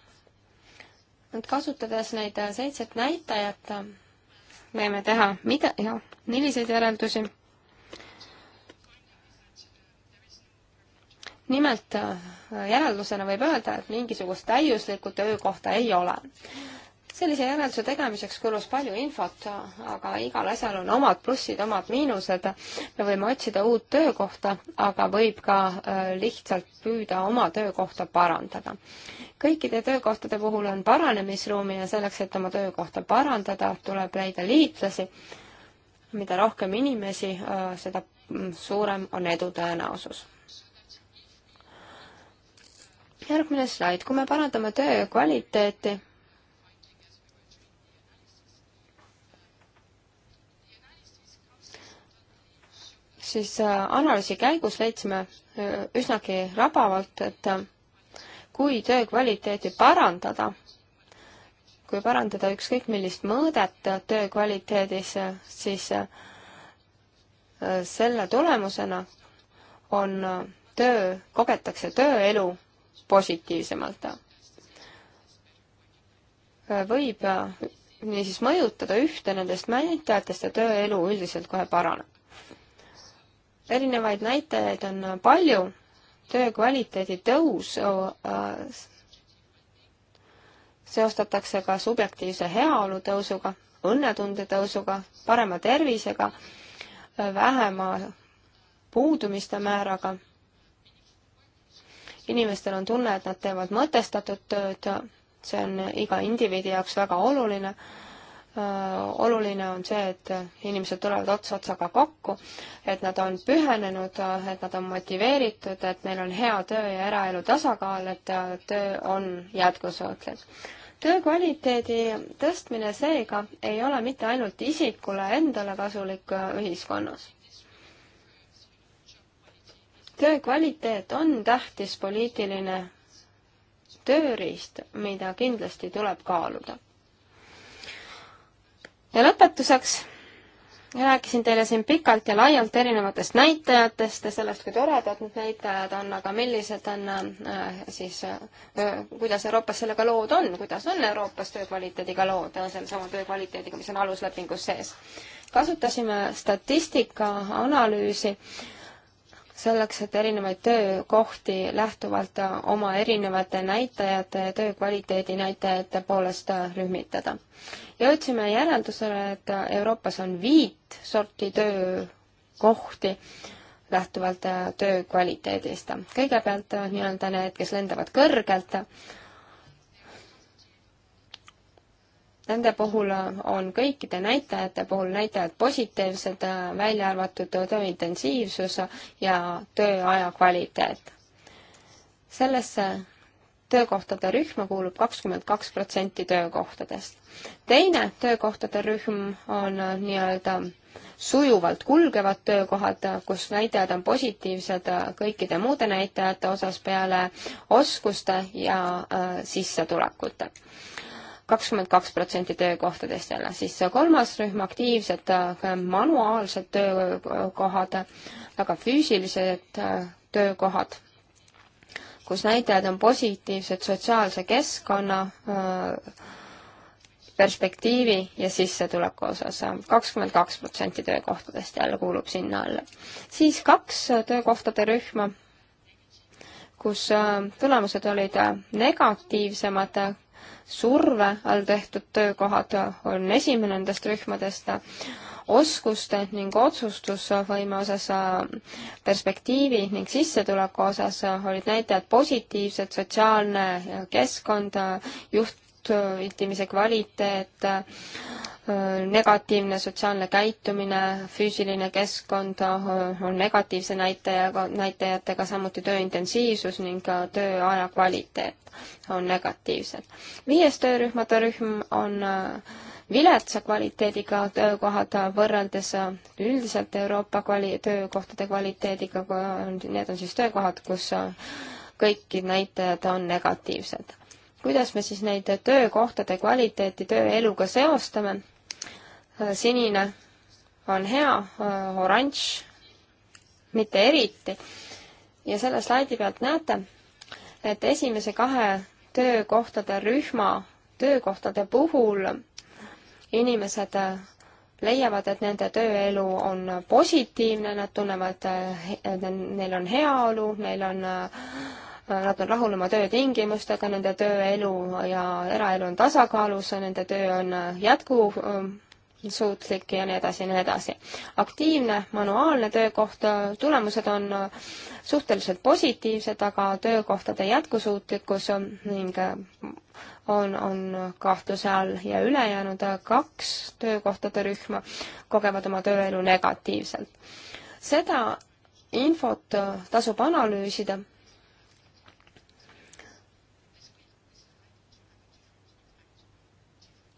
nüüd kasutades neid seitset näitajat, võime teha mida, jah, milliseid järeldusi nimelt äh, järeldusena võib öelda, et mingisugust täiuslikku töökohta ei ole. sellise järelduse tegemiseks kulus palju infot, aga igal asjal on omad plussid, omad miinused. me võime otsida uut töökohta, aga võib ka äh, lihtsalt püüda oma töökohta parandada. kõikide töökohtade puhul on paranemisruumi ja selleks, et oma töökohta parandada, tuleb leida liitlasi. mida rohkem inimesi, äh, seda mm, suurem on edu tõenäosus järgmine slaid, kui me parandame töö kvaliteeti, siis äh, analüüsi käigus leidsime äh, üsnagi rabavalt, et äh, kui töö kvaliteeti parandada, kui parandada ükskõik millist mõõdet töö kvaliteedis, siis selle tulemusena on töö, kogetakse tööelu positiivsemalt. võib äh, niisiis mõjutada ühte nendest näitajatest ja tööelu üldiselt kohe paraneb. erinevaid näitajaid on palju, töö kvaliteedi tõus äh, seostatakse ka subjektiivse heaolu tõusuga, õnnetunde tõusuga, parema tervisega, vähema puudumiste määraga inimestel on tunne, et nad teevad mõtestatud tööd, see on iga indiviidi jaoks väga oluline. Äh, oluline on see, et inimesed tulevad ots otsaga kokku, et nad on pühenenud, et nad on motiveeritud, et neil on hea töö ja eraelu tasakaal, et töö on jätkusuutlik töö kvaliteedi tõstmine seega ei ole mitte ainult isikule endale kasulik ühiskonnas töö kvaliteet on tähtis poliitiline tööriist, mida kindlasti tuleb kaaluda. ja lõpetuseks rääkisin teile siin pikalt ja laialt erinevatest näitajatest ja sellest, kui toredad need näitajad on, aga millised on äh, siis äh,, kuidas Euroopas sellega lood on, kuidas on Euroopas töökvaliteediga lood, äh, sellesama töökvaliteediga, mis on aluslepingus sees. kasutasime statistika analüüsi äh, selleks, et erinevaid töökohti lähtuvalt oma erinevate näitajate, töö kvaliteedi näitajate poolest rühmitada. jõudsime järeldusele, et Euroopas on viit sorti töökohti lähtuvalt töö kvaliteedist. kõigepealt nii-öelda need, kes lendavad kõrgelt, Nende puhul on kõikide näitajate puhul näitajad positiivsed, välja arvatud töö intensiivsus ja tööaja kvaliteet. sellesse töökohtade rühma kuulub kakskümmend kaks protsenti töökohtadest. teine töökohtade rühm on nii-öelda sujuvalt kulgevad töökohad, kus näitajad on positiivsed kõikide muude näitajate osas peale oskuste ja äh, sissetulekute kakskümmend kaks protsenti töökohtadest jälle, siis kolmas rühm, aktiivsed äh, manuaalsed töökohad, väga füüsilised äh, töökohad, kus näitajad on positiivsed sotsiaalse keskkonna äh, perspektiivi ja sissetuleku osas. kakskümmend kaks protsenti töökohtadest jälle kuulub sinna alla. siis kaks töökohtade rühma, kus tulemused olid negatiivsemad surve all tehtud töökohad on esimene nendest rühmadest, oskuste ning otsustusvõime osas, äh, perspektiivi ning sissetuleku osas olid näitajad positiivsed, sotsiaalne keskkond, äh, juht, juhtimise äh, kvaliteet, äh, negatiivne sotsiaalne käitumine, füüsiline keskkond äh, on negatiivse näitajaga, näitajatega, samuti töö intensiivsus ning ka tööaja kvaliteet on negatiivsed. viies töörühmade rühm on viletsa kvaliteediga töökohad võrreldes üldiselt Euroopa kvali-, töökohtade kvaliteediga, need on siis töökohad, kus kõiki näitajad on negatiivsed kuidas me siis neid töökohtade kvaliteeti tööeluga seostame. sinine on hea, oranž mitte eriti. ja selle slaidi pealt näete, et esimese kahe töökohtade rühma töökohtade puhul inimesed leiavad, et nende tööelu on positiivne, nad tunnevad, et neil on heaolu, neil on äh, nad on rahul oma töötingimustega, nende tööelu ja eraelu on tasakaalus, nende töö on jätkusuutlik ja nii edasi ja nii edasi. aktiivne manuaalne töökoht, tulemused on suhteliselt positiivsed, aga töökohtade jätkusuutlikkus ning on, on kahtluse all ja ülejäänud kaks töökohtade rühma kogevad oma tööelu negatiivselt. seda infot tasub analüüsida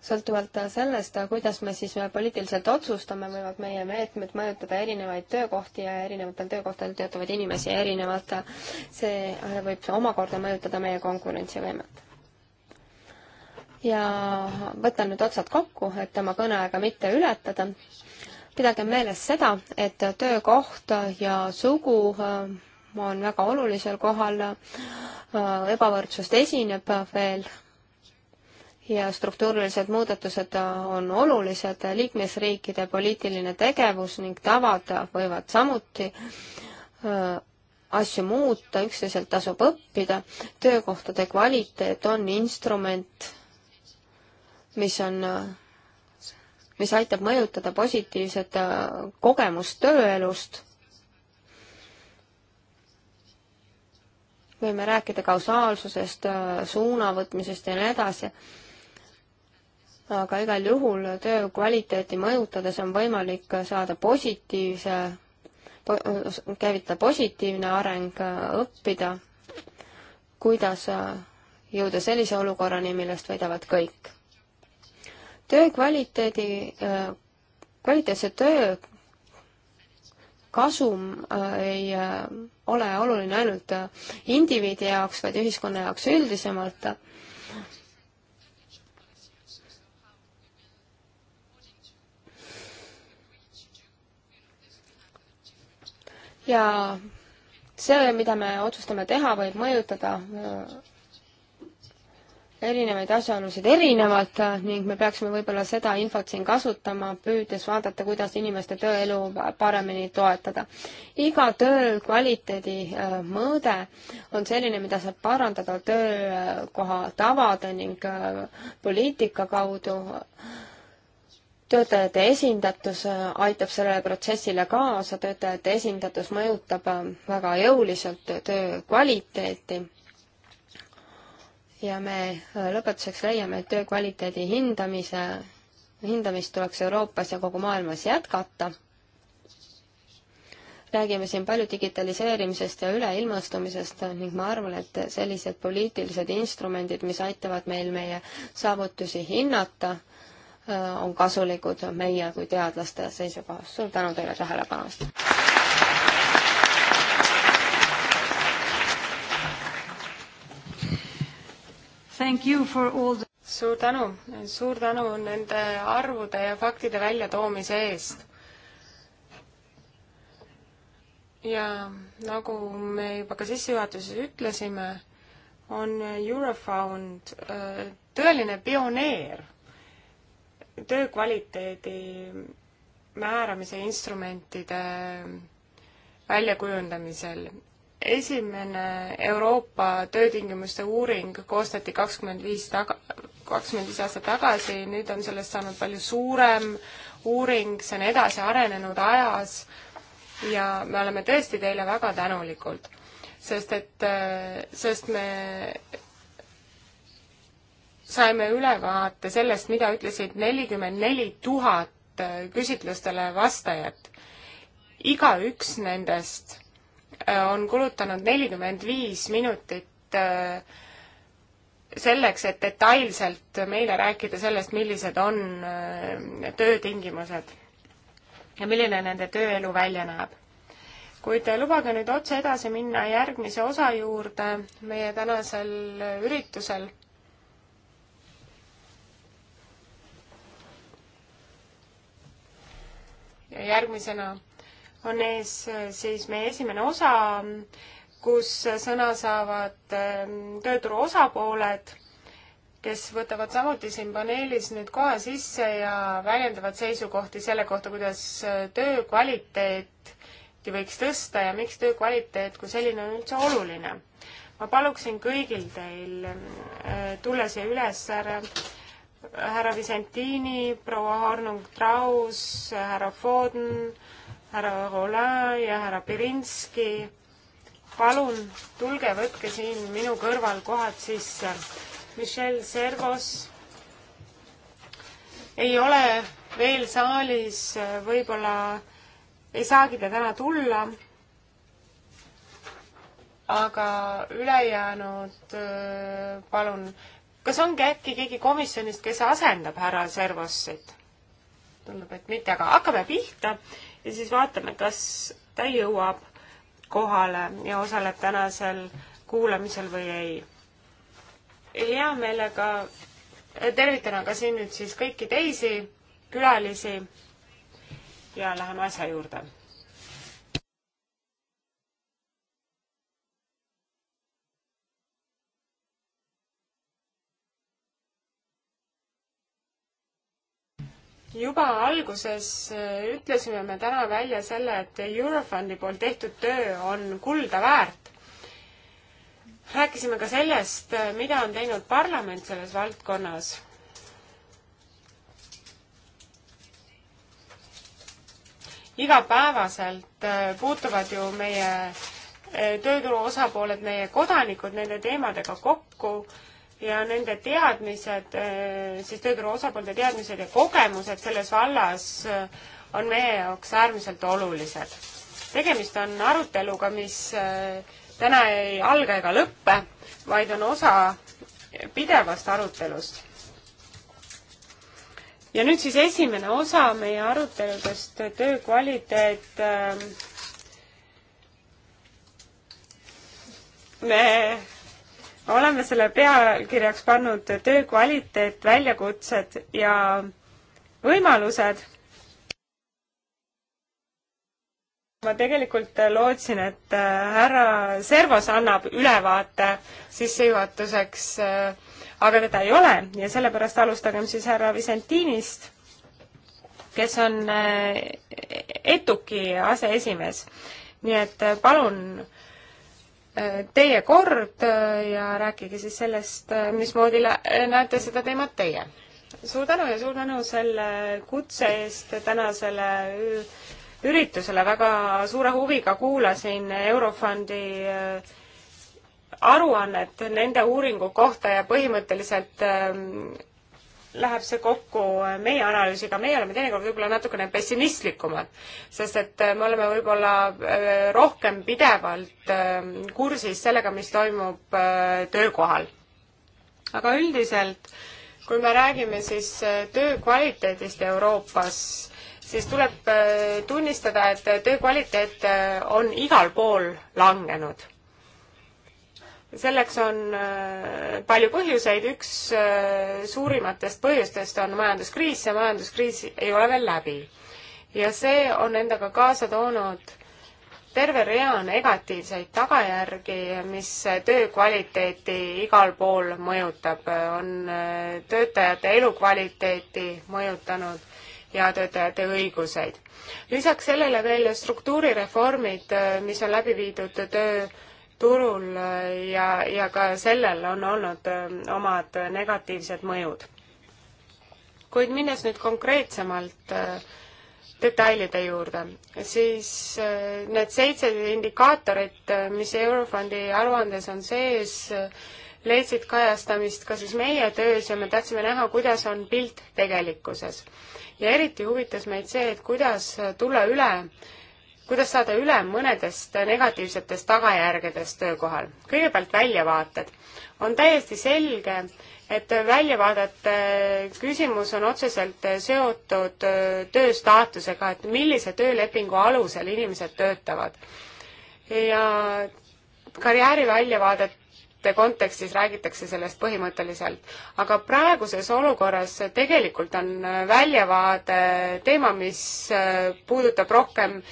sõltuvalt sellest, kuidas me siis poliitiliselt otsustame, võivad meie meetmed mõjutada erinevaid töökohti ja erinevatel töökohtadel töötavaid inimesi erinevalt. see võib omakorda mõjutada meie konkurentsivõimet ja võtan nüüd otsad kokku, et oma kõneaega mitte ületada. pidage meeles seda, et töökoht ja sugu äh, on väga olulisel kohal. Äh, ebavõrdsust esineb veel ja struktuurilised muudatused on olulised, liikmesriikide poliitiline tegevus ning tavad võivad samuti asju muuta, üksteiselt tasub õppida, töökohtade kvaliteet on instrument, mis on, mis aitab mõjutada positiivset kogemust tööelust võime rääkida kausaalsusest, suunavõtmisest ja nii edasi aga igal juhul töö kvaliteeti mõjutades on võimalik saada positiivse po, käivitada positiivne areng, õppida, kuidas jõuda sellise olukorrani, millest võidavad kõik. töö kvaliteedi, kvaliteetse töö kasum äh, ei äh, ole oluline ainult indiviidi jaoks, vaid ühiskonna jaoks üldisemalt ja see, mida me otsustame teha, võib mõjutada äh, erinevaid asjaolusid erinevalt äh, ning me peaksime võib-olla seda infot siin kasutama, püüdes vaadata, kuidas inimeste tööelu paremini toetada. iga töö kvaliteedi äh, mõõde on selline, mida saab parandada töökoha tavade ning poliitika kaudu töötajate esindatus äh, aitab sellele protsessile kaasa, töötajate esindatus mõjutab äh, väga jõuliselt töö kvaliteeti. ja me äh, lõpetuseks leiame, et töö kvaliteedi hindamise, hindamist tuleks Euroopas ja kogu maailmas jätkata. räägime siin palju digitaliseerimisest ja üleilmastumisest ning ma arvan, et sellised poliitilised instrumendid, mis aitavad meil meie saavutusi hinnata, Äh, on kasulikud meie kui teadlaste seisukohast. suur tänu teile tähelepanu eest! The... suur tänu, suur tänu nende arvude ja faktide väljatoomise eest. ja nagu me juba ka sissejuhatuses ütlesime, on Eurofound äh, tõeline pioneer töö kvaliteedi määramise instrumentide väljakujundamisel. esimene Euroopa töötingimuste uuring koostati kakskümmend viis taga, kakskümmend viis aastat tagasi, nüüd on sellest saanud palju suurem uuring, see on edasi arenenud ajas ja me oleme tõesti teile väga tänulikud, sest et, sest me saime ülevaate sellest, mida ütlesid nelikümmend neli tuhat äh, küsitlustele vastajat. igaüks nendest äh, on kulutanud nelikümmend viis minutit äh, selleks, et detailselt meile rääkida sellest, millised on töötingimused ja milline nende tööelu välja näeb. kuid lubage nüüd otse edasi minna järgmise osa juurde meie tänasel üritusel ja järgmisena on ees äh, siis meie esimene osa, kus sõna saavad ähm, tööturu osapooled, kes võtavad samuti siin paneelis nüüd koha sisse ja väljendavad seisukohti selle kohta, kuidas äh, töö kvaliteeti võiks tõsta ja miks töö kvaliteet kui selline on üldse oluline. ma paluksin kõigil teil äh, tulla siia üles, härra härra Visentini, proua Hornung Traus, härra Foden, härra Roland ja härra Pirinski. palun tulge, võtke siin minu kõrval kohad sisse. Michel Servos ei ole veel saalis, võib-olla ei saagi ta täna tulla. aga ülejäänud palun kas ongi äkki keegi komisjonist, kes asendab härra Servossit? tundub, et mitte, aga hakkame pihta ja siis vaatame, kas ta jõuab kohale ja osaleb tänasel kuulamisel või ei. hea meelega tervitan aga siin nüüd siis kõiki teisi külalisi ja läheme asja juurde juba alguses äh, ütlesime me täna välja selle, et Eurofondi poolt tehtud töö on kulda väärt. rääkisime ka sellest, äh, mida on teinud parlament selles valdkonnas. igapäevaselt äh, puutuvad ju meie tööturu osapooled, meie kodanikud nende teemadega kokku ja nende teadmised, siis tööturu osapoolte teadmised ja kogemused selles vallas äh, on meie jaoks äärmiselt olulised. tegemist on aruteluga, mis äh, täna ei alga ega lõppe, vaid on osa pidevast arutelust. ja nüüd siis esimene osa meie aruteludest, töö kvaliteet. Ähm, me oleme selle pealkirjaks pannud töö kvaliteet, väljakutsed ja võimalused. ma tegelikult lootsin, et härra Servos annab ülevaate sissejuhatuseks, aga teda ei ole ja sellepärast alustagem siis härra Visentinist, kes on ETUK-i aseesimees. nii et palun äh, Äh, teie kord äh, ja rääkige siis sellest, äh, mismoodi näete seda teemat teie. suur tänu ja suur tänu selle kutse eest tänasele üritusele, väga suure huviga kuulasin Eurofondi aruannet nende uuringu kohta ja põhimõtteliselt ähm, läheb see kokku meie analüüsiga, meie oleme teinekord võib-olla natukene pessimistlikumad, sest et äh, me oleme võib-olla äh, rohkem pidevalt äh, kursis sellega, mis toimub töökohal. aga üldiselt, kui me räägime siis töö kvaliteedist Euroopas, siis tuleb tunnistada, et töö kvaliteet on igal pool langenud selleks on äh, palju põhjuseid, üks äh, suurimatest põhjustest on majanduskriis ja majanduskriis ei ole veel läbi. ja see on endaga kaasa toonud terve rea negatiivseid tagajärgi, mis töö kvaliteeti igal pool mõjutab, on äh, töötajate elukvaliteeti mõjutanud ja töötajate õiguseid. lisaks sellele veel struktuurireformid, mis on läbi viidud töö turul äh, ja, ja ka sellel on olnud ähm, omad negatiivsed mõjud. kuid minnes nüüd konkreetsemalt äh, detailide juurde, siis äh, need seitse indikaatorit, mis Eurofondi aruandes on sees, leidsid kajastamist ka siis meie töös ja me tahtsime näha, kuidas on pilt tegelikkuses. ja eriti huvitas meid see, et kuidas tulla üle kuidas saada üle mõnedest negatiivsetest tagajärgedest töökohal. kõigepealt väljavaated. on täiesti selge, et väljavaadete küsimus on otseselt seotud töö staatusega, et millise töölepingu alusel inimesed töötavad. ja karjääriväljavaadet kontekstis räägitakse sellest põhimõtteliselt, aga praeguses olukorras tegelikult on väljavaade teema, mis puudutab rohkem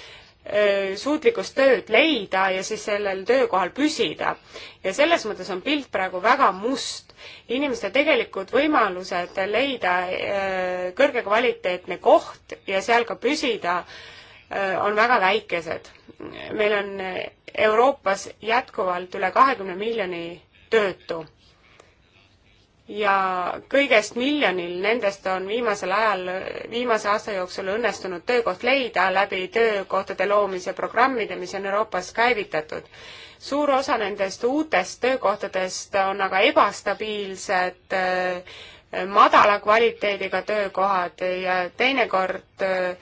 suutlikkust tööd leida ja siis sellel töökohal püsida. ja selles mõttes on pilt praegu väga must. inimeste tegelikud võimalused leida kõrge kvaliteetne koht ja seal ka püsida on väga väikesed. meil on Euroopas jätkuvalt üle kahekümne miljoni töötu ja kõigest miljonil nendest on viimasel ajal, viimase aasta jooksul õnnestunud töökoht leida läbi töökohtade loomise programmide, mis on Euroopas käivitatud. suur osa nendest uutest töökohtadest on aga ebastabiilsed äh, madala kvaliteediga töökohad ja teinekord, äh,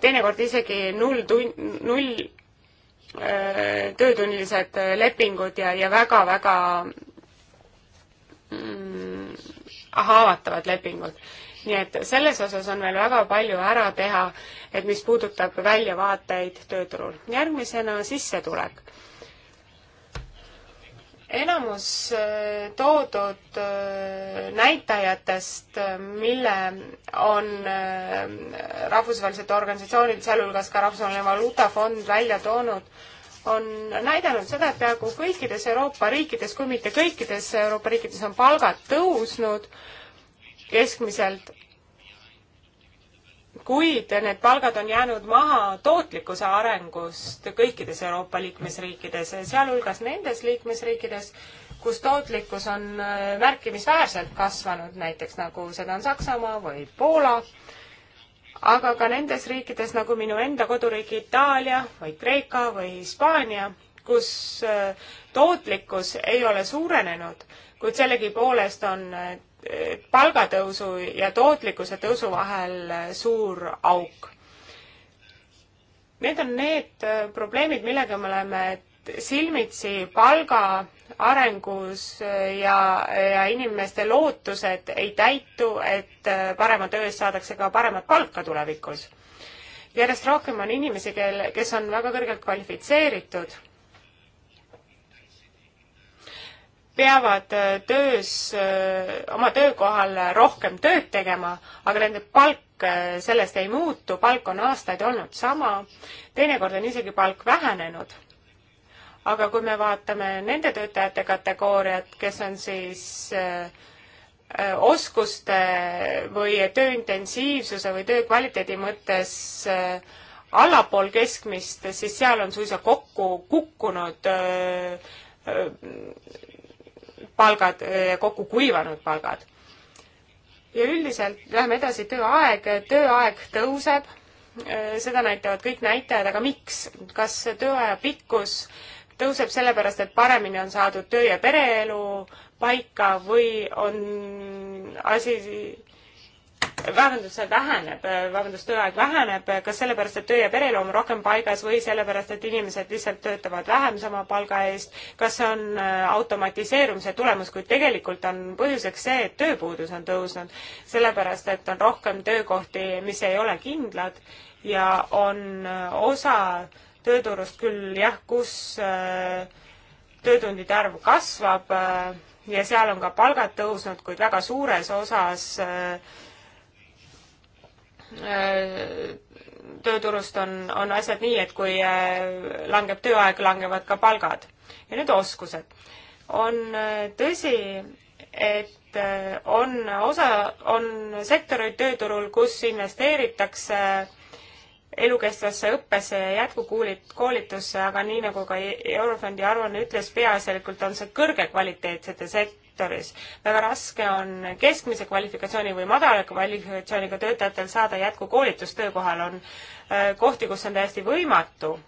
teinekord isegi null tun-, null äh, töötunnilised lepingud ja, ja väga-väga Mm, haavatavad lepingud. nii et selles osas on veel väga palju ära teha, et mis puudutab väljavaateid tööturul. järgmisena sissetulek. enamus äh, toodud äh, näitajatest, äh, mille on rahvusvahelised organisatsioonid, sealhulgas ka Rahvusvaheline Valuutafond välja toonud, on näidanud seda, et peaaegu kõikides Euroopa riikides, kui mitte kõikides Euroopa riikides on palgad tõusnud keskmiselt, kuid need palgad on jäänud maha tootlikkuse arengust kõikides Euroopa liikmesriikides, sealhulgas nendes liikmesriikides, kus tootlikkus on märkimisväärselt kasvanud, näiteks nagu seda on Saksamaa või Poola aga ka nendes riikides nagu minu enda koduriik Itaalia või Kreeka või Hispaania, kus äh, tootlikkus ei ole suurenenud, kuid sellegipoolest on äh, palgatõusu ja tootlikkuse tõusu vahel äh, suur auk. Need on need probleemid, millega me oleme silmitsi palga arengus ja, ja inimeste lootused ei täitu, et äh, parema töö eest saadakse ka paremat palka tulevikus. järjest rohkem on inimesi, kel, kes on väga kõrgelt kvalifitseeritud, peavad äh, töös, äh, oma töökohal rohkem tööd tegema, aga nende palk sellest ei muutu, palk on aastaid olnud sama, teinekord on isegi palk vähenenud aga kui me vaatame nende töötajate kategooriat, kes on siis äh, äh, oskuste või tööintensiivsuse või töökvaliteedi mõttes äh, allapool keskmist, siis seal on suisa kokku kukkunud palgad, kokku kuivanud palgad. ja üldiselt läheme edasi, tööaeg, tööaeg tõuseb, seda näitavad kõik näitajad, aga miks? kas tööaja pikkus äh, tõuseb sellepärast, et paremini on saadud töö- ja pereelu paika või on asi, vabandust, see väheneb, vabandust, tööaeg väheneb, kas sellepärast, et töö ja pereelu on rohkem paigas või sellepärast, et inimesed lihtsalt töötavad vähem sama palga eest, kas see on äh, automatiseerumise tulemus, kuid tegelikult on põhjuseks see, et tööpuudus on tõusnud, sellepärast et on rohkem töökohti, mis ei ole kindlad ja on äh, osa tööturust küll jah, kus äh, töötundide arv kasvab äh, ja seal on ka palgad tõusnud, kuid väga suures osas äh, tööturust on, on asjad nii, et kui langeb tööaeg, langevad ka palgad. ja nüüd oskused. on tõsi, et on osa, on sektoreid tööturul, kus investeeritakse äh, elukestvasse õppesse ja jätkukoolitusse, aga nii nagu ka Eurofondi aruanne ütles, peaasjalikult on see kõrgekvaliteetsete sektoris. väga raske on keskmise kvalifikatsiooni või madala kvalifikatsiooniga töötajatel saada jätkukoolitust, töökohal on äh, kohti, kus on täiesti võimatu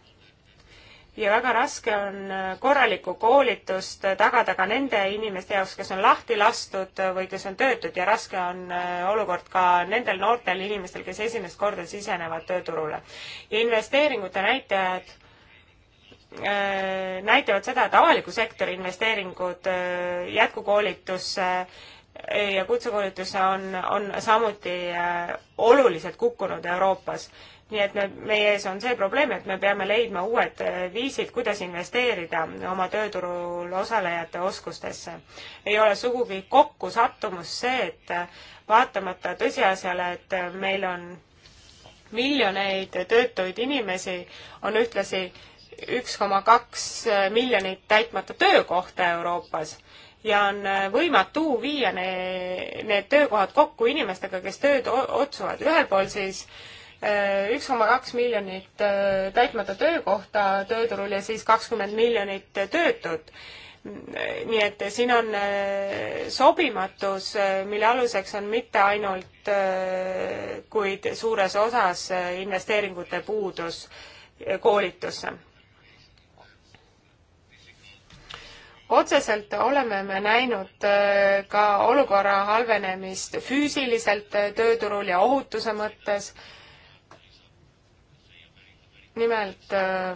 ja väga raske on äh, korralikku koolitust äh, tagada ka nende inimeste jaoks, kes on lahti lastud äh, või kes on töötud ja raske on olukord ka nendel noortel inimestel, kes esimest korda sisenevad tööturule. ja investeeringute näitajad näitavad seda, et avaliku sektori investeeringud jätkukoolitusse ja kutsekoolitusse on, on samuti oluliselt kukkunud Euroopas nii et me, meie ees on see probleem, et me peame leidma uued äh, viisid, kuidas investeerida oma tööturul osalejate oskustesse. ei ole sugugi kokkusattumus see, et äh, vaatamata tõsiasjale, et äh, meil on miljoneid töötuid inimesi, on ühtlasi üks koma kaks miljonit täitmata töökohta Euroopas ja on võimatu viia ne, need töökohad kokku inimestega, kes tööd otsivad. ühel pool siis äh, Äh, üks koma kaks miljonit äh, täitmata töökohta tööturul ja siis kakskümmend miljonit töötut. Äh, nii et siin on sobimatus, mille aluseks on mitte ainult, kuid suures osas investeeringute puudus koolitusse. otseselt oleme me näinud ka olukorra halvenemist füüsiliselt tööturul ja ohutuse mõttes nimelt äh,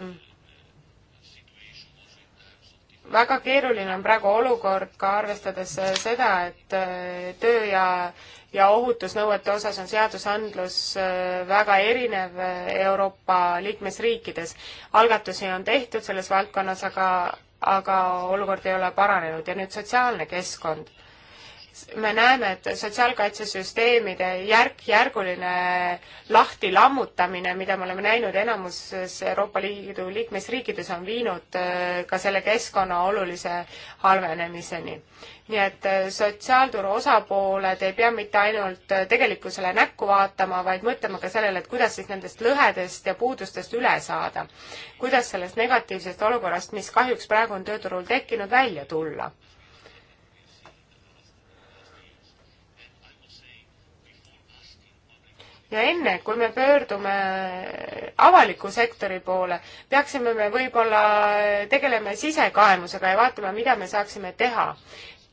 väga keeruline on praegu olukord ka arvestades äh, seda, et äh, töö ja, ja ohutusnõuete osas on seadusandlus väga erinev Euroopa liikmesriikides. algatusi on tehtud selles valdkonnas, aga, aga olukord ei ole paranenud ja nüüd sotsiaalne keskkond me näeme, et sotsiaalkaitsesüsteemide järk-järguline lahtilammutamine, mida me oleme näinud enamuses Euroopa Liidu liikmesriikides, on viinud äh, ka selle keskkonna olulise halvenemiseni. nii et äh, sotsiaalturu osapooled ei pea mitte ainult äh, tegelikkusele näkku vaatama, vaid mõtlema ka sellele, et kuidas siis nendest lõhedest ja puudustest üle saada. kuidas sellest negatiivsest olukorrast, mis kahjuks praegu on tööturul tekkinud, välja tulla ja enne, kui me pöördume avaliku sektori poole, peaksime me võib-olla tegelema sisekaemusega ja vaatama, mida me saaksime teha.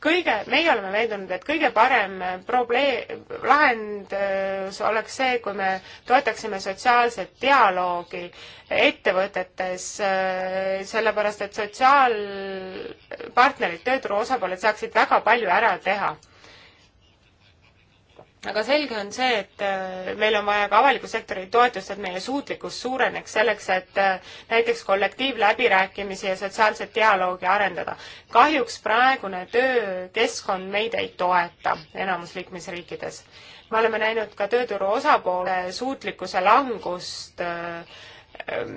kõige, meie oleme veendunud, et kõige parem probleem, lahendus oleks see, kui me toetaksime sotsiaalset dialoogi ettevõtetes, sellepärast et sotsiaalpartnerid, tööturu osapooled saaksid väga palju ära teha aga selge on see, et äh, meil on vaja ka avaliku sektori toetust, et meie suutlikkus suureneks selleks, et äh, näiteks kollektiivläbirääkimisi ja sotsiaalset dialoogi arendada. kahjuks praegune töökeskkond meid ei toeta enamus liikmesriikides. me oleme näinud ka tööturu osapoole suutlikkuse langust äh, ähm,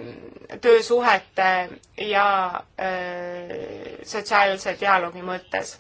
töösuhete ja sotsiaalse dialoogi mõttes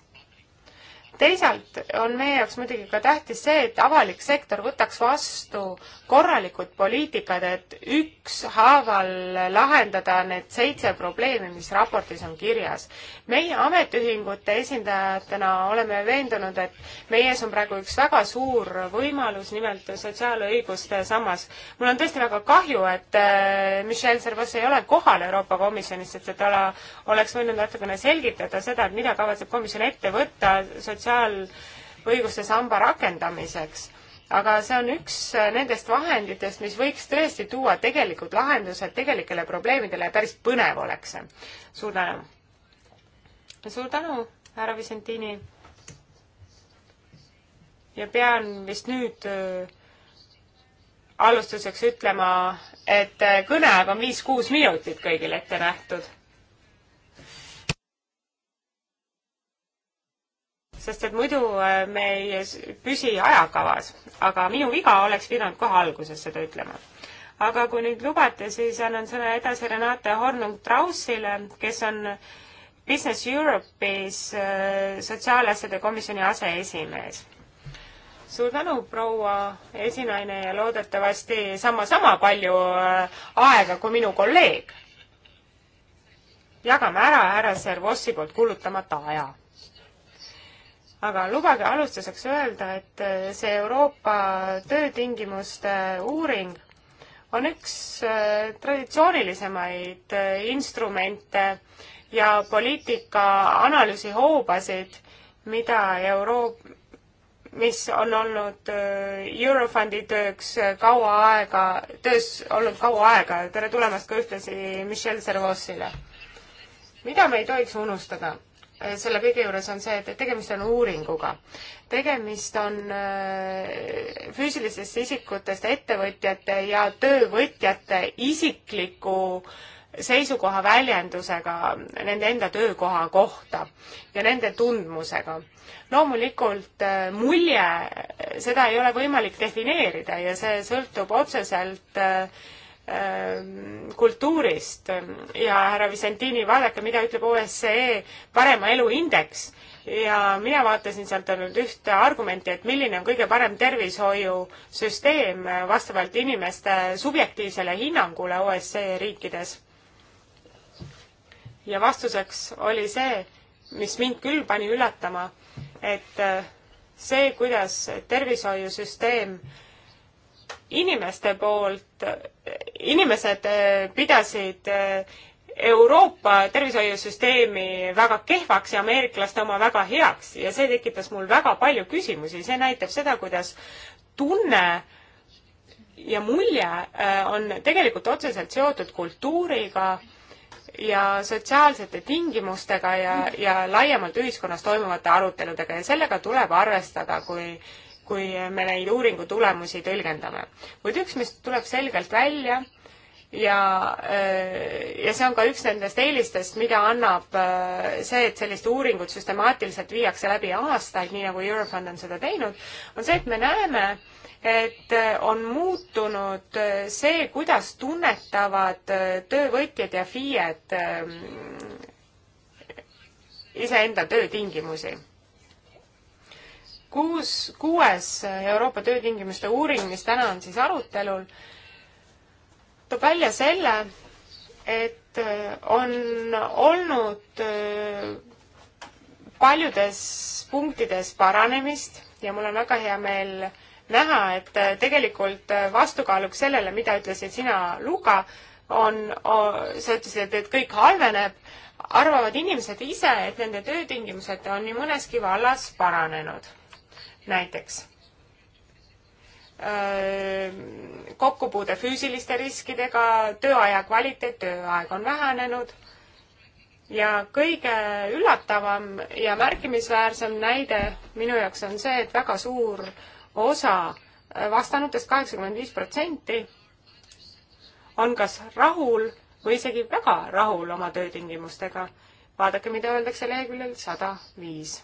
teisalt on meie jaoks muidugi ka tähtis see, et avalik sektor võtaks vastu korralikud poliitikad, et ükshaaval lahendada need seitse probleemi, mis raportis on kirjas. meie ametiühingute esindajatena oleme veendunud, et meie ees on praegu üks väga suur võimalus, nimelt sotsiaalõiguste sammas. mul on tõesti väga kahju, et äh, Michel Servas ei ole kohal Euroopa Komisjonis, sest et ta oleks võinud natukene selgitada seda, et mida kavatseb komisjon ette võtta sotsiaalõiguste sotsiaalõiguste samba rakendamiseks. aga see on üks äh, nendest vahenditest, mis võiks tõesti tuua tegelikud lahendused tegelikele probleemidele ja päris põnev oleks see. suur tänu! suur tänu, härra Vicentini! ja pean vist nüüd äh, alustuseks ütlema, et äh, kõneaeg on viis-kuus minutit kõigil ette nähtud. sest et muidu äh, me ei püsi ajakavas. aga minu viga, oleks pidanud kohe alguses seda ütlema. aga kui nüüd lubate, siis annan sõna edasi Renate Hornung-Trausile, kes on Business Europe'is äh, sotsiaalasjade komisjoni aseesimees. suur tänu, proua esinaine ja loodetavasti sama-sama palju äh, aega kui minu kolleeg. jagame ära härra Servossi poolt kulutamata aja aga lubage alustuseks öelda, et eh, see Euroopa töötingimuste uuring on üks eh, traditsioonilisemaid eh, instrumente ja poliitika analüüsi hoobasid, mida Euroop-, mis on olnud Eurofondi tööks kaua aega, töös olnud kaua aega. tere tulemast ka ühtlasi Michel Servosile. mida me ei tohiks unustada Äh, selle kõige juures on see, et tegemist on uuringuga. tegemist on äh, füüsilistest isikutest ettevõtjate ja töövõtjate isikliku seisukoha väljendusega nende enda töökoha kohta ja nende tundmusega. loomulikult äh, mulje, seda ei ole võimalik defineerida ja see sõltub otseselt äh, Ähm, kultuurist ja härra Vicentini, vaadake, mida ütleb OSCE parema elu indeks ja mina vaatasin sealt ainult ühte argumenti, et milline on kõige parem tervishoiusüsteem vastavalt inimeste subjektiivsele hinnangule OSCE riikides. ja vastuseks oli see, mis mind küll pani üllatama, et äh, see, kuidas tervishoiusüsteem inimeste poolt inimesed eh, pidasid eh, Euroopa tervishoiusüsteemi väga kehvaks ja ameeriklaste oma väga heaks ja see tekitas mul väga palju küsimusi, see näitab seda, kuidas tunne ja mulje eh, on tegelikult otseselt seotud kultuuriga ja sotsiaalsete tingimustega ja, ja laiemalt ühiskonnas toimuvate aruteludega ja sellega tuleb arvestada, kui kui me neid uuringu tulemusi tõlgendame. kuid üks, mis tuleb selgelt välja ja, äh, ja see on ka üks nendest eelistest, mida annab äh, see, et sellist uuringut süstemaatiliselt viiakse läbi aastaid, nii nagu Eurofond on seda teinud, on see, et me näeme, et äh, on muutunud see, kuidas tunnetavad töövõtjad ja FIE-d ähm, iseenda töötingimusi kuus, kuues Euroopa töötingimuste uuring, mis täna on siis arutelul, toob välja selle, et äh, on olnud äh, paljudes punktides paranemist ja mul on väga hea meel näha, et äh, tegelikult vastukaaluks sellele, mida ütlesid sina, Luka, on, on, sa ütlesid, et kõik halveneb, arvavad inimesed ise, et nende töötingimused on nii mõneski vallas paranenud näiteks kokkupuude füüsiliste riskidega, tööaja kvaliteet, tööaeg on vähenenud ja kõige üllatavam ja märkimisväärsem näide minu jaoks on see, et väga suur osa vastanutest, kaheksakümmend viis protsenti, on kas rahul või isegi väga rahul oma töötingimustega. vaadake, mida öeldakse leheküljel sada viis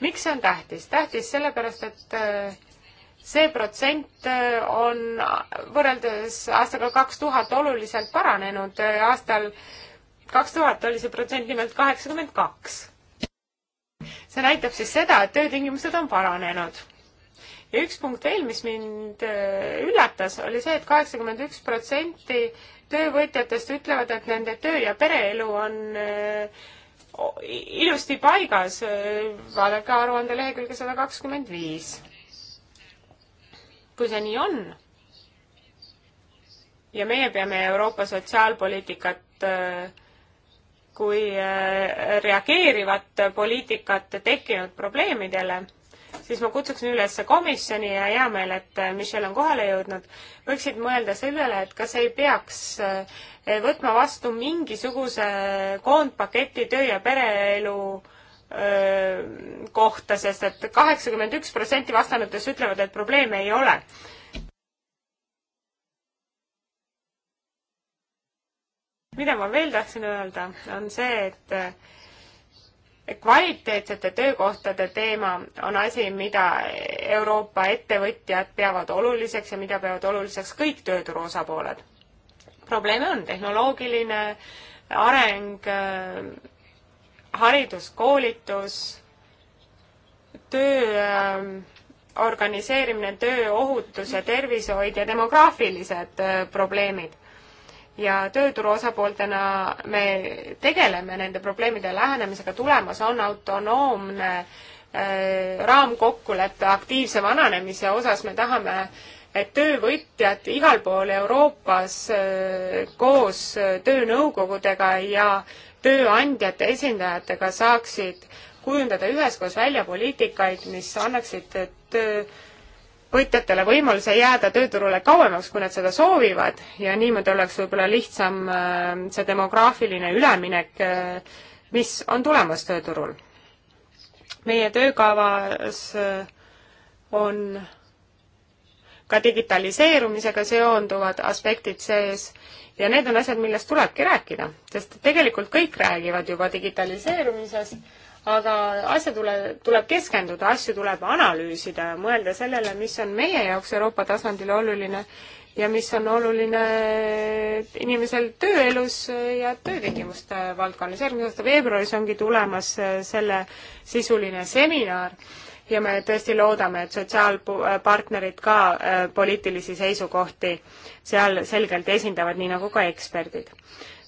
miks see on tähtis? tähtis sellepärast, et äh, see protsent äh, on võrreldes aastaga kaks tuhat oluliselt paranenud, äh, aastal kaks tuhat oli see protsent nimelt kaheksakümmend kaks. see näitab siis seda, et töötingimused on paranenud. ja üks punkt veel, mis mind üllatas, oli see et, et kaheksakümmend üks protsenti töövõtjatest ütlevad, et nende töö ja pereelu on äh, ilusti paigas, vaadake aruande lehekülge sada kakskümmend viis. kui see nii on ja meie peame Euroopa sotsiaalpoliitikat kui eh, reageerivat poliitikat tekkinud probleemidele siis ma kutsuksin üles komisjoni ja hea meel, et äh, Michelle on kohale jõudnud, võiksid mõelda sellele, et kas ei peaks äh, võtma vastu mingisuguse koondpaketi töö ja pereelu öö, äh, kohta, sest et kaheksakümmend üks protsenti vastanutest ütlevad, et probleeme ei ole mida ma veel tahtsin öelda, on see, et kvaliteetsete töökohtade teema on asi, mida Euroopa ettevõtjad peavad oluliseks ja mida peavad oluliseks kõik tööturu osapooled. probleeme on tehnoloogiline areng, haridus, koolitus, töö organiseerimine, tööohutus ja tervishoid ja demograafilised äh, probleemid ja tööturu osapooltena me tegeleme nende probleemide lähenemisega, tulemas on autonoomne äh, raamkokkulepe aktiivse vananemise osas, me tahame et töövõtjad igal pool Euroopas äh, koos äh, töönõukogudega ja tööandjate esindajatega saaksid kujundada üheskoos välja poliitikaid, mis annaksid äh, töö võitjatele võimaluse jääda tööturule kauemaks, kui nad seda soovivad ja niimoodi oleks võib-olla lihtsam äh, see demograafiline üleminek, äh, mis on tulemas tööturul. meie töökavas äh, on ka digitaliseerumisega seonduvad aspektid sees ja need on asjad, millest tulebki rääkida, sest tegelikult kõik räägivad juba digitaliseerumisest aga asja tule, tuleb keskenduda, asju tuleb analüüsida ja mõelda sellele, mis on meie jaoks Euroopa tasandil oluline ja mis on oluline inimesel tööelus ja töötingimuste valdkonnas. järgmise aasta veebruaris ongi tulemas selle sisuline seminar ja me tõesti loodame, et sotsiaalpartnerid ka äh, poliitilisi seisukohti seal selgelt esindavad, nii nagu ka eksperdid.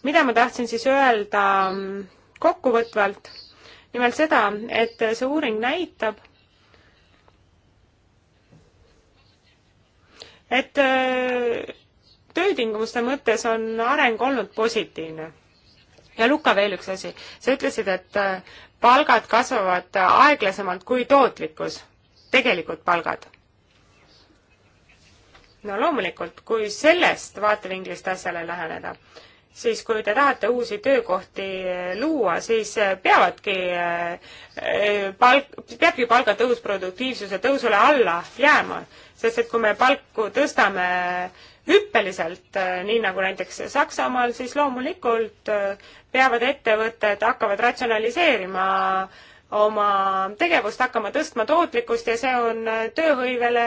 mida ma tahtsin siis öelda mm, kokkuvõtvalt nimelt seda, et see uuring näitab, et äh, töötingimuste mõttes on areng olnud positiivne. ja Luka, veel üks asi. sa ütlesid, et äh, palgad kasvavad aeglasemalt kui tootlikkus, tegelikud palgad. no loomulikult, kui sellest vaatevinklist asjale läheneda siis kui te tahate uusi töökohti eh, luua, siis eh, peavadki eh, palk, peabki palgatõus produktiivsuse tõusule alla jääma, sest et kui me palku tõstame hüppeliselt, nii nagu näiteks Saksamaal, siis loomulikult peavad ettevõtted hakkavad ratsionaliseerima oma tegevust, hakkama tõstma tootlikkust ja see on tööhõivele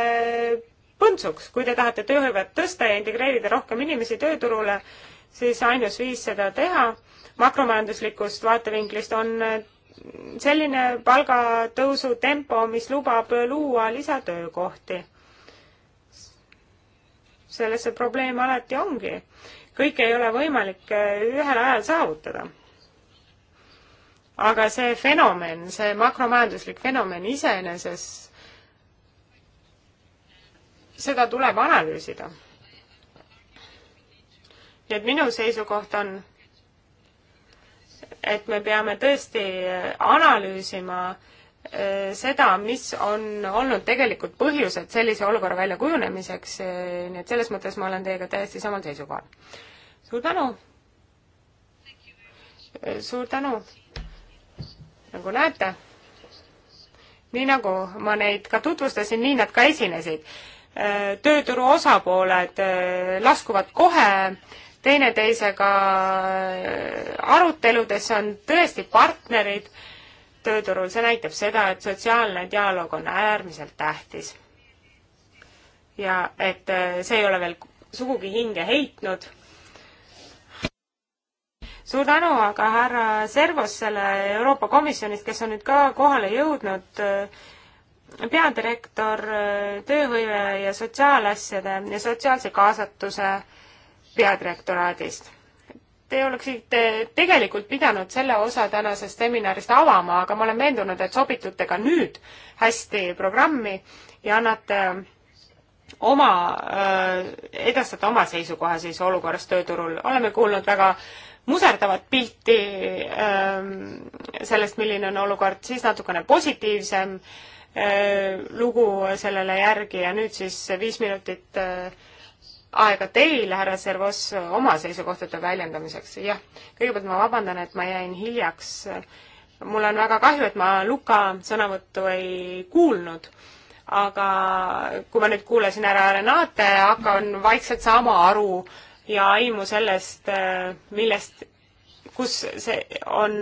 põntsuks. kui te tahate tööhõivet tõsta ja integreerida rohkem inimesi tööturule, siis ainus viis seda teha makromajanduslikust vaatevinklist on äh, selline palgatõusu tempo, mis lubab luua lisatöökohti. selles see probleem alati ongi. kõike ei ole võimalik äh, ühel ajal saavutada. aga see fenomen, see makromajanduslik fenomen iseenesest, seda tuleb analüüsida nii et minu seisukoht on, et me peame tõesti äh, analüüsima äh, seda, mis on olnud tegelikult põhjused sellise olukorra väljakujunemiseks, äh, nii et selles mõttes ma olen teiega täiesti samal seisukohal. suur tänu! suur tänu! nagu näete, nii nagu ma neid ka tutvustasin, nii nad ka esinesid. tööturu osapooled laskuvad kohe teineteisega aruteludes, on tõesti partnerid tööturul, see näitab seda, et sotsiaalne dialoog on äärmiselt tähtis. ja et äh, see ei ole veel sugugi hinge heitnud. suur tänu aga härra Servos selle Euroopa Komisjonist, kes on nüüd ka kohale jõudnud äh, peadirektor äh, tööhõive ja sotsiaalasjade ja sotsiaalse kaasatuse peadirektoraadist. Te oleksite tegelikult pidanud selle osa tänasest seminarist avama, aga ma olen veendunud, et sobitute ka nüüd hästi programmi ja annate oma, äh, edastate oma seisukoha siis olukorrast tööturul. oleme kuulnud väga muserdavat pilti ähm, sellest, milline on olukord, siis natukene positiivsem äh, lugu sellele järgi ja nüüd siis viis minutit äh, aega teile, härra Servos, oma seisukohtade väljendamiseks. jah, kõigepealt ma vabandan, et ma jäin hiljaks. mul on väga kahju, et ma Luka sõnavõttu ei kuulnud, aga kui ma nüüd kuulasin ära Renate, hakkan vaikselt saama aru ja aimu sellest, millest kus see on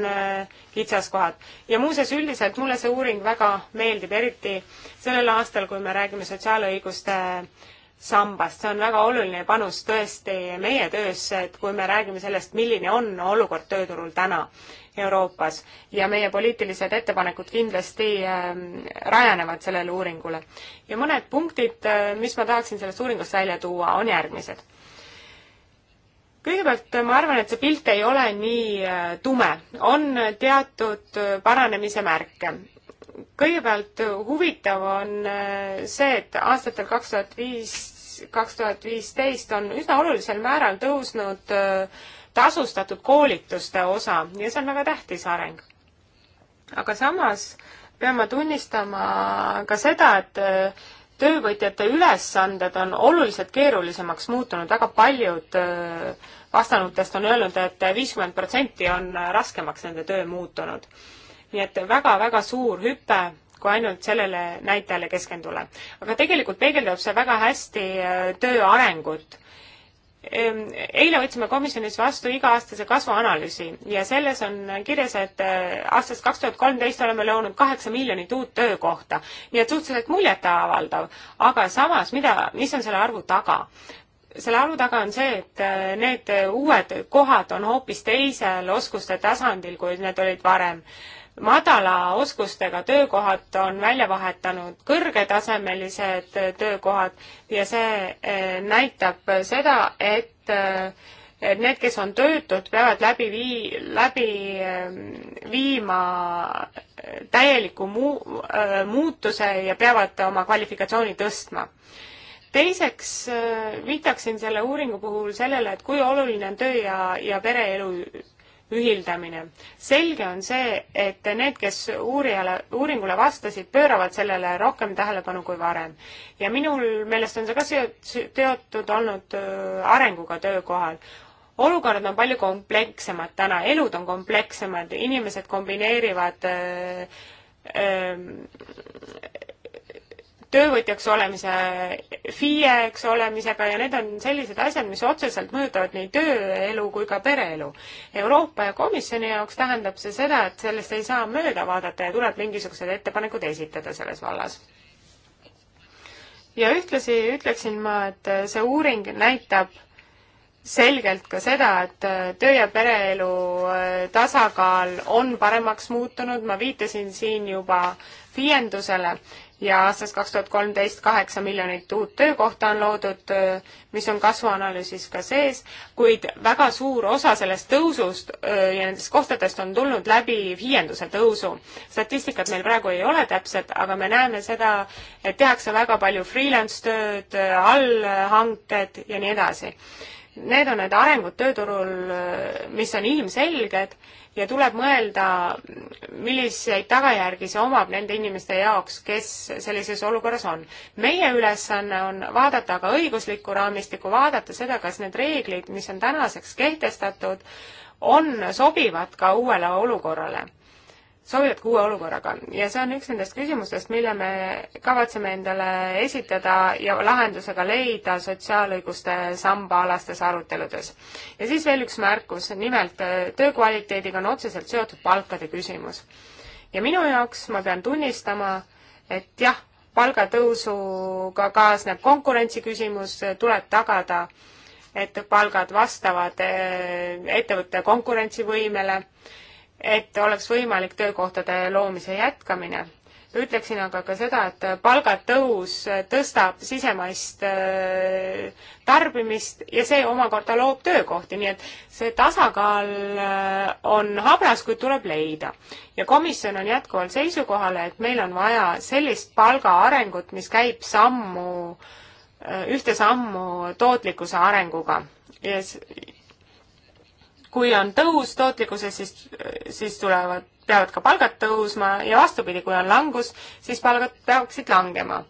kitsaskohad. ja muuseas, üldiselt mulle see uuring väga meeldib, eriti sellel aastal, kui me räägime sotsiaalõiguste äh, sambast, see on väga oluline panus tõesti meie töösse, et kui me räägime sellest, milline on olukord tööturul täna Euroopas ja meie poliitilised ettepanekud kindlasti ähm, rajanevad sellele uuringule. ja mõned punktid, äh, mis ma tahaksin sellest uuringust välja tuua, on järgmised. kõigepealt äh, ma arvan, et see pilt ei ole nii äh, tume, on teatud paranemise märke kõigepealt huvitav on äh, see, et aastatel kaks tuhat viis, kaks tuhat viisteist on üsna olulisel määral tõusnud äh, tasustatud koolituste osa ja see on väga tähtis areng. aga samas pean ma tunnistama ka seda, et äh, töövõtjate ülesanded on oluliselt keerulisemaks muutunud, väga paljud vastanutest on öelnud et, et viiskümmend protsenti on raskemaks nende töö muutunud nii et väga-väga suur hüpe, kui ainult sellele näitajale keskendule. aga tegelikult peegeldab see väga hästi äh, töö arengut ehm, eile võtsime komisjonis vastu iga-aastase kasvuanalüüsi ja selles on kirjas, et äh, aastast kaks tuhat kolmteist oleme loonud kaheksa miljonit uut töökohta. nii et suhteliselt muljetavaldav, aga samas, mida, mis on selle arvu taga? selle arvu taga on see, et äh, need uued kohad on hoopis teisel oskuste tasandil, kui need olid varem madala oskustega töökohad on välja vahetanud kõrgetasemelised töökohad ja see eh, näitab seda, eh, et need, kes on töötud, peavad läbi vii-, läbi eh, viima täieliku muu-, muutuse ja peavad oma kvalifikatsiooni tõstma teiseks viitaksin selle uuringu puhul sellele, et kui oluline on töö ja, ja pereelu ühildamine. selge on see, et need, kes uurijale, uuringule vastasid, pööravad sellele rohkem tähelepanu kui varem. ja minul meelest on see ka seot-, teotud olnud arenguga töökohal. olukorrad on palju komplekssemad täna, elud on komplekssemad, inimesed kombineerivad öö, öö, töövõtjaks olemise, FIE-ks olemisega ja need on sellised asjad, mis otseselt mõjutavad nii tööelu kui ka pereelu. Euroopa ja komisjoni jaoks tähendab see seda, et sellest ei saa mööda vaadata ja tuleb mingisugused ettepanekud esitada selles vallas. ja ühtlasi ütleksin ma, et see uuring näitab selgelt ka seda, et töö ja pereelu äh, tasakaal on paremaks muutunud, ma viitasin siin juba viiendusele ja aastast kaks tuhat kolmteist kaheksa miljonit uut töökohta on loodud, mis on kasvuanalüüsis ka sees, kuid väga suur osa sellest tõusust ja nendest kohtadest on tulnud läbi viienduse tõusu. statistikat meil praegu ei ole täpselt, aga me näeme seda, et tehakse väga palju freelance tööd, allhanked ja nii edasi Need on need arengud tööturul, mis on ilmselged ja tuleb mõelda, milliseid tagajärgi see omab nende inimeste jaoks, kes sellises olukorras on. meie ülesanne on vaadata aga õiguslikku raamistikku, vaadata seda, kas need reeglid, mis on tänaseks kehtestatud, on sobivad ka uuele olukorrale sobivad ka uue olukorraga ja see on üks nendest küsimustest, mille me kavatseme endale esitada ja lahenduse ka leida sotsiaalõiguste samba alastes aruteludes. ja siis veel üks märkus, nimelt töö kvaliteediga on otseselt seotud palkade küsimus. ja minu jaoks ma pean tunnistama, et jah, palgatõusuga kaasneb konkurentsi küsimus, tuleb tagada et palgad vastavad eh, ettevõtte konkurentsivõimele et oleks võimalik töökohtade loomise jätkamine. ütleksin aga ka seda, et palgatõus tõstab sisemaist äh, tarbimist ja see omakorda loob töökohti, nii et see tasakaal äh, on habras, kuid tuleb leida. ja komisjon on jätkuvalt seisukohal, et meil on vaja sellist palgaarengut, mis käib sammu, äh, ühte sammu tootlikkuse arenguga yes kui on tõus tootlikkuses, siis, siis tulevad, peavad ka palgad tõusma ja vastupidi, kui on langus, siis palgad peaksid langema.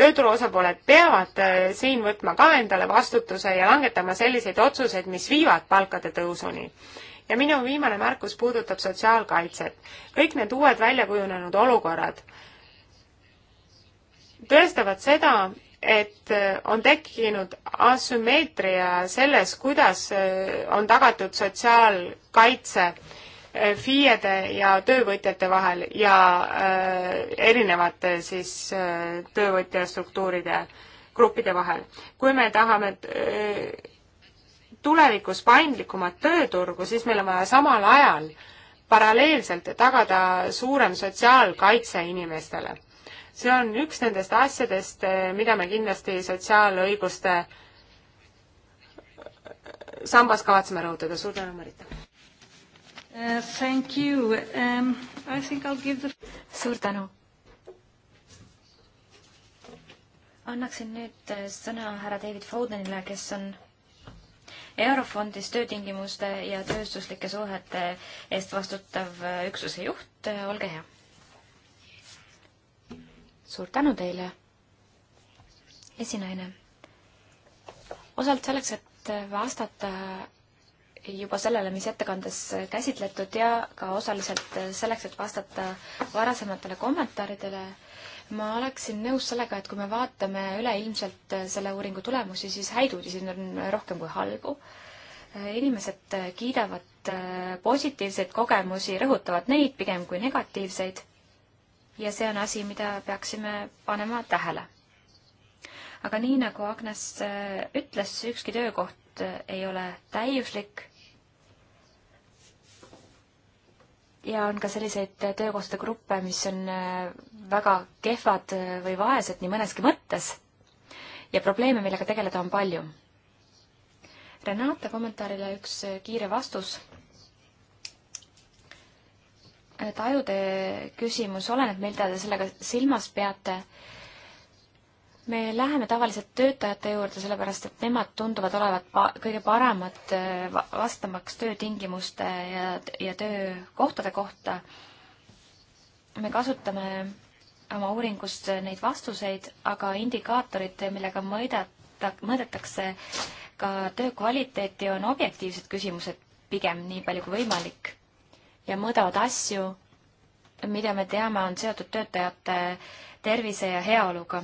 tööturu osapooled peavad äh, siin võtma ka endale vastutuse ja langetama selliseid otsuseid, mis viivad palkade tõusuni ja minu viimane märkus puudutab sotsiaalkaitset. kõik need uued väljakujunenud olukorrad tõestavad seda, et äh, on tekkinud asümmeetria selles, kuidas äh, on tagatud sotsiaalkaitse äh, FIE-de ja töövõtjate vahel ja erinevate siis töövõtja struktuuride, gruppide vahel. kui me tahame tulevikus paindlikumat tööturgu, siis meil on vaja samal ajal paralleelselt tagada suurem sotsiaalkaitse inimestele see on üks nendest asjadest, eh, mida me kindlasti sotsiaalõiguste sambas kavatseme rõhutada. suur tänu, Marita uh,! Thank you um,. I think I will give the suur tänu! annaksin nüüd eh, sõna härra David Fodenile, kes on Eurofondis töötingimuste ja tööstuslike suhete eest vastutav üksuse juht, olge hea suur tänu teile, esinaine. osalt selleks, et vastata juba sellele, mis ettekandes käsitletud ja ka osaliselt selleks, et vastata varasematele kommentaaridele, ma oleksin nõus sellega, et kui me vaatame üleilmselt selle uuringu tulemusi, siis häid uudiseid on rohkem kui halbu. inimesed kiidavad positiivseid kogemusi, rõhutavad neid pigem kui negatiivseid ja see on asi, mida peaksime panema tähele. aga nii, nagu Agnes äh, ütles, ükski töökoht äh, ei ole täiuslik. ja on ka selliseid äh, töökohtade gruppe, mis on väga kehvad või vaesed nii mõneski mõttes. ja probleeme, millega tegeleda, on palju. Renate kommentaarile üks kiire vastus tajude küsimus, oleneb, mida te sellega silmas peate. me läheme tavaliselt töötajate juurde, sellepärast et nemad tunduvad olevat pa kõige paremad eh, vastamaks töötingimuste ja, ja töökohtade kohta. me kasutame oma uuringus neid vastuseid, aga indikaatorid, millega mõõdeta, mõõdetakse ka töö kvaliteeti, on objektiivsed küsimused pigem nii palju kui võimalik ja mõõdavad asju, mida me teame, on seotud töötajate tervise ja heaoluga.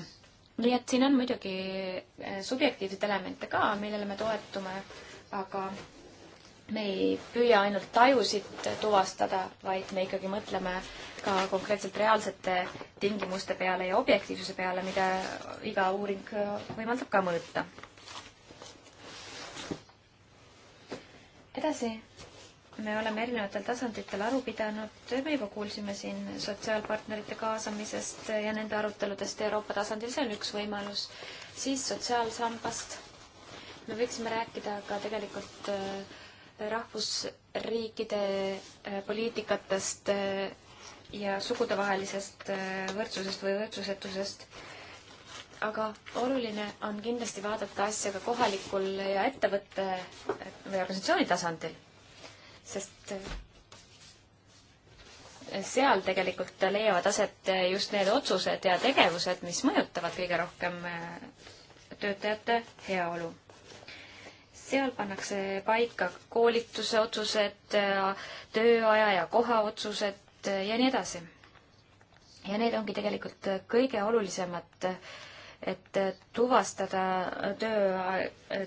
nii et siin on muidugi eh, subjektiivseid elemente ka, millele me toetume, aga me ei püüa ainult tajusid tuvastada, vaid me ikkagi mõtleme ka konkreetselt reaalsete tingimuste peale ja objektiivsuse peale, mida iga uuring võimaldab ka mõõta. edasi me oleme erinevatel tasanditel aru pidanud, me juba kuulsime siin sotsiaalpartnerite kaasamisest ja nende aruteludest Euroopa tasandil, see on üks võimalus. siis sotsiaalsambast me võiksime rääkida ka tegelikult äh, rahvusriikide äh, poliitikatest äh, ja sugudevahelisest võrdsusest või võrdsusetusest. aga oluline on kindlasti vaadata asja ka kohalikul ja ettevõtte või organisatsiooni tasandil sest äh, seal tegelikult leiavad aset äh, just need otsused ja tegevused, mis mõjutavad kõige rohkem äh, töötajate heaolu. seal pannakse paika koolituse otsused, tööaja ja koha otsused ja nii edasi. ja need ongi tegelikult kõige olulisemad, et tuvastada töö,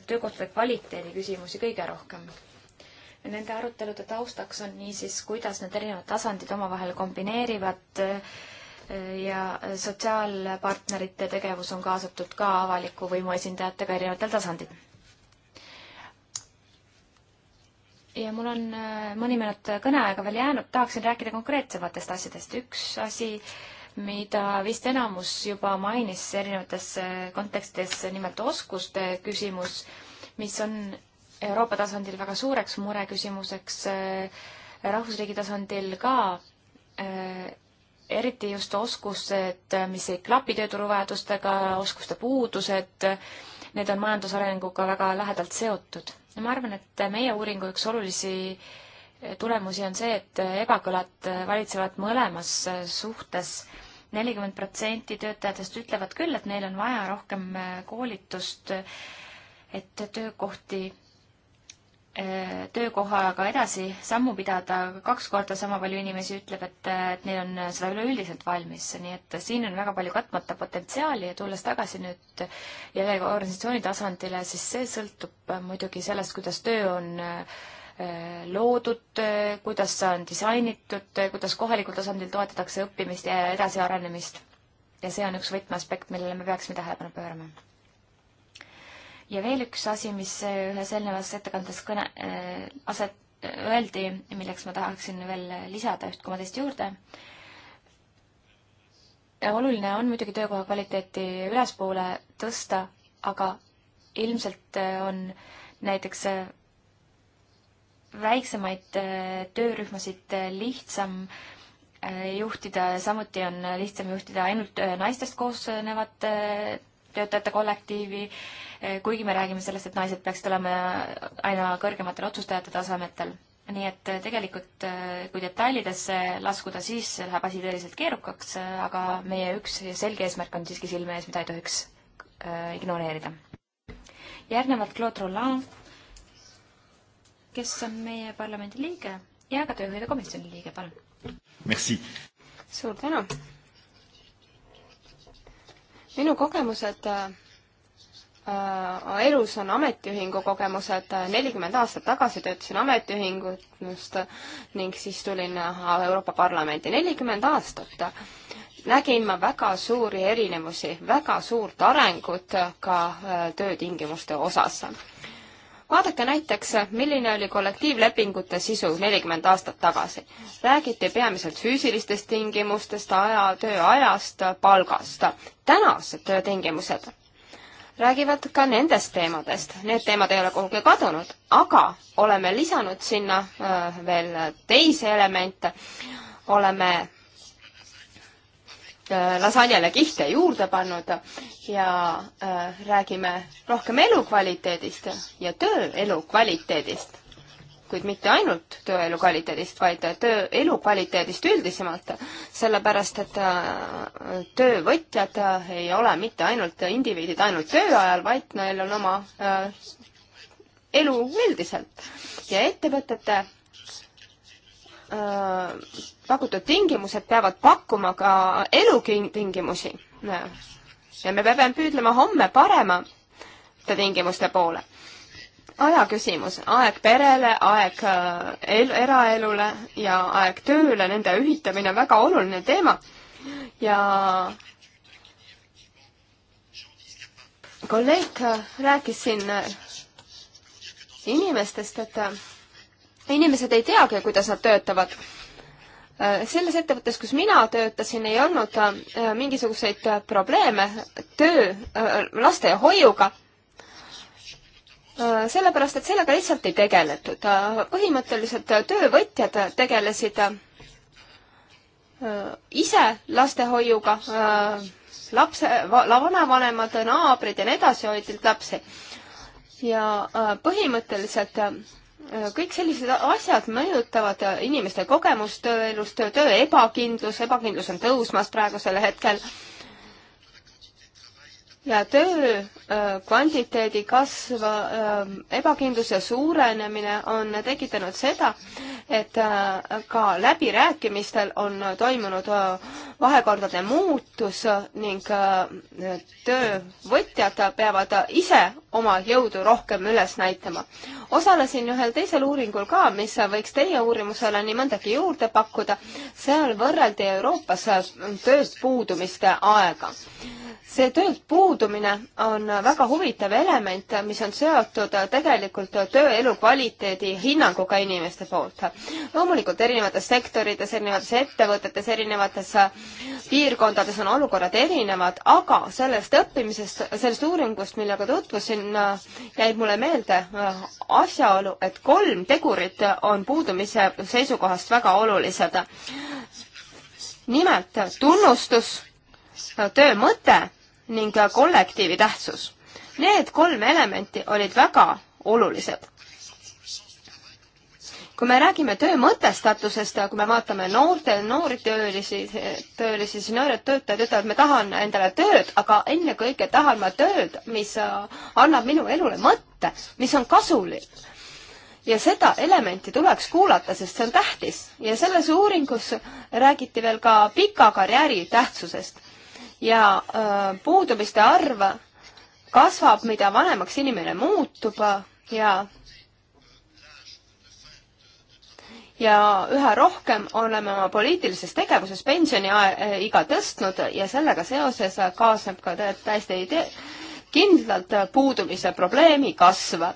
töökohtade kvaliteedi küsimusi kõige rohkem Nende arutelude taustaks on niisiis, kuidas need erinevad tasandid omavahel kombineerivad eh, ja sotsiaalpartnerite tegevus on kaasatud ka avaliku võimu esindajatega erinevatel tasanditel. ja mul on eh, mõni minut kõneaega veel jäänud, tahaksin rääkida konkreetsematest asjadest. üks asi, mida vist enamus juba mainis erinevates eh, kontekstides, nimelt oskuste küsimus, mis on Euroopa tasandil väga suureks mureküsimuseks, äh, rahvusriigi tasandil ka, äh, eriti just oskused, äh, mis ei klapi tööturuvajadustega, oskuste puudused, need on majandusarenguga väga lähedalt seotud. ma arvan, et meie uuringu üks olulisi tulemusi on see, et ebakõlad valitsevad mõlemas suhtes nelikümmend protsenti töötajatest ütlevad küll, et neil on vaja rohkem koolitust, et töökohti Äh, töökohaga edasi sammu pidada, kaks korda sama palju inimesi ütleb, et, et neil on seda üleüldiselt valmis, nii et siin on väga palju katmata potentsiaali ja tulles tagasi nüüd jällegi organisatsiooni tasandile, siis see sõltub muidugi sellest, kuidas töö on äh, loodud, kuidas see on disainitud, kuidas kohalikul tasandil toetatakse õppimist ja edasiarenemist. ja see on üks võtmeaspekt, millele me peaksime tähelepanu pöörama ja veel üks asi, mis ühes eelnevas ettekandes kõne äh,, aset äh,, öeldi, milleks ma tahaksin veel lisada üht koma teist juurde. oluline on muidugi töökoha kvaliteeti ülespoole tõsta, aga ilmselt äh, on näiteks äh, väiksemaid äh, töörühmasid lihtsam juhtida, samuti on lihtsam juhtida ainult naistest koosnevat töötajate kollektiivi, eh, kuigi me räägime sellest, et naised peaksid olema aina kõrgematel otsustajate tasemetel. nii et eh, tegelikult, eh, kui detailidesse laskuda, siis läheb asi tõeliselt keerukaks, aga meie üks selge eesmärk on siiski silme ees, mida ei tohiks ignoreerida. järgnevalt Claude Roland, kes on meie parlamendi liige ja ka tööhõivekomisjoni liige, palun. suur tänu minu kogemused äh, äh, elus on ametiühingu kogemused, nelikümmend aastat tagasi töötasin ametiühingust ning siis tulin äh, Euroopa Parlamenti, nelikümmend aastat nägin ma väga suuri erinevusi, väga suurt arengut ka äh, töötingimuste osas vaadake näiteks, milline oli kollektiivlepingute sisu nelikümmend aastat tagasi. räägiti peamiselt füüsilistest tingimustest, aja, tööajast, palgast. tänased töötingimused räägivad ka nendest teemadest, need teemad ei ole kuhugi kadunud, aga oleme lisanud sinna äh, veel teisi elemente, oleme Äh, lasanjale kihte juurde pannud ja äh, räägime rohkem elukvaliteedist ja tööelu kvaliteedist. kuid mitte ainult tööelu kvaliteedist, vaid tööelu kvaliteedist üldisemalt, sellepärast et äh, töövõtjad ei ole mitte ainult indiviidid ainult töö ajal, vaid neil on oma elu üldiselt ja ettevõtete Äh, pakutud tingimused peavad pakkuma ka elutingimusi. ja me peame püüdlema homme paremate tingimuste poole. aja küsimus, aeg perele, aeg äh, el-, eraelule ja aeg tööle, nende ühitamine on väga oluline teema ja kolleeg rääkis siin inimestest, et inimesed ei teagi, kuidas nad töötavad. Äh, selles ettevõttes, kus mina töötasin, ei olnud äh, mingisuguseid äh, probleeme töö, lastehoiuga sellepärast, et sellega lihtsalt ei tegeletud. põhimõtteliselt töövõtjad tegelesid ise lastehoiuga, lapse, vanavanemad, naabrid ja nii edasi hoidsid lapsi. ja põhimõtteliselt kõik sellised asjad mõjutavad inimeste kogemust tööelust, töö ebakindlus, ebakindlus on tõusmas praegusel hetkel ja töö äh, kvantiteedi kasv, äh, ebakindluse suurenemine on tekitanud seda, et äh, ka läbirääkimistel on toimunud vahekordade muutus ning töövõtjad peavad ise oma jõudu rohkem üles näitama. osalesin ühel teisel uuringul ka, mis võiks teie uurimusele nii mõndagi juurde pakkuda. seal võrreldi Euroopas tööst puudumiste aega see töölt puudumine on väga huvitav element, mis on seotud tegelikult tööelu kvaliteedi hinnanguga inimeste poolt. loomulikult erinevates sektorites, erinevates ettevõtetes, erinevates piirkondades on olukorrad erinevad, aga sellest õppimisest, sellest uuringust, millega tutvusin, jäi mulle meelde asjaolu, et kolm tegurit on puudumise seisukohast väga olulised. nimelt tunnustus, töö mõte ning kollektiivi tähtsus. Need kolm elementi olid väga olulised. kui me räägime töö mõtestatusest, kui me vaatame noorte, noori töölisi, töölisi, siis noored töötajad ütlevad, ma tahan endale tööd, aga ennekõike tahan ma tööd, mis äh, annab minu elule mõtte, mis on kasulik ja seda elementi tuleks kuulata, sest see on tähtis ja selles uuringus räägiti veel ka pika karjääri tähtsusest ja puudumiste arv kasvab, mida vanemaks inimene muutub ja ja üha rohkem oleme oma poliitilises tegevuses pensioniiga äh, tõstnud ja sellega seoses kaasneb ka täiesti kindlalt puudumise probleemi kasv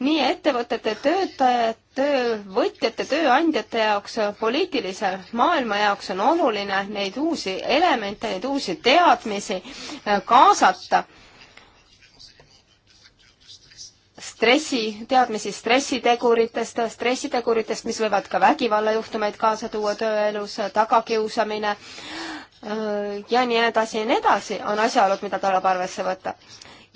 nii ettevõtete töötajad, töövõtjate, tööandjate jaoks, poliitilise maailma jaoks on oluline neid uusi elemente, neid uusi teadmisi äh, kaasata. stressi, teadmisi stressiteguritest, stressiteguritest, mis võivad ka vägivallajuhtumeid kaasa tuua tööelus, tagakiusamine äh, ja nii edasi ja nii edasi, on asjaolud, mida tuleb arvesse võtta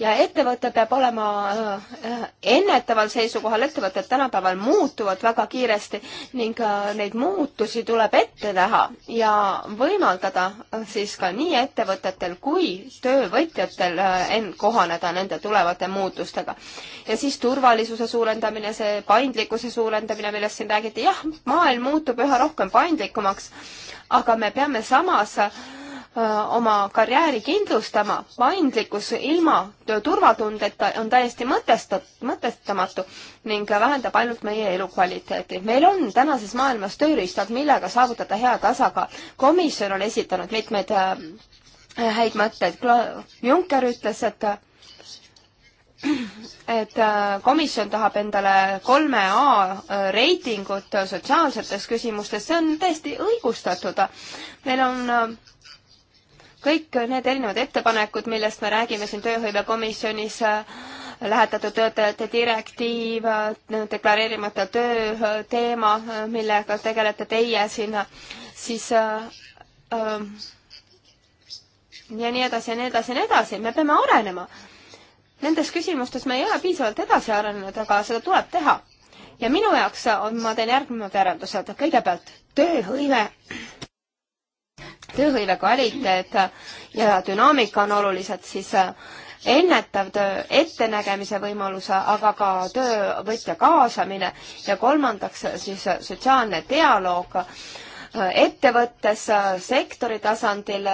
ja ettevõte peab olema äh, ennetaval seisukohal, ettevõtted tänapäeval muutuvad väga kiiresti ning äh, neid muutusi tuleb ette näha ja võimaldada äh, siis ka nii ettevõtetel kui töövõtjatel end kohaneda nende tulevate muutustega. ja siis turvalisuse suurendamine, see paindlikkuse suurendamine, millest siin räägiti, jah, maailm muutub üha rohkem paindlikumaks, aga me peame samas Äh, oma karjääri kindlustama, paindlikkus ilma turvatundeta on täiesti mõtestat-, mõtestamatu ning vähendab ainult meie elukvaliteeti. meil on tänases maailmas tööriistad, millega saavutada hea tasakaal. komisjon on esitanud mitmeid äh, häid mõtteid. Juncker ütles, et äh, et komisjon tahab endale kolme A reitingut sotsiaalsetes küsimustes, see on täiesti õigustatud. meil on kõik need erinevad ettepanekud, millest me räägime siin tööhõivekomisjonis, äh, lähetatud töötajate direktiiv, äh, deklareerimata töö äh, teema, millega tegelete teie siin, siis ähm, ja nii edasi ja nii edasi ja nii edasi, me peame arenema. Nendes küsimustes me ei ole piisavalt edasi arenenud, aga seda tuleb teha. ja minu jaoks on, ma teen järgnevad järeldused, kõigepealt tööhõive tööhõive kvaliteet ja dünaamika on olulised, siis äh, ennetav töö, ettenägemise võimalus, aga ka töövõtja kaasamine ja kolmandaks siis äh, sotsiaalne dialoog ettevõttes, sektori tasandil,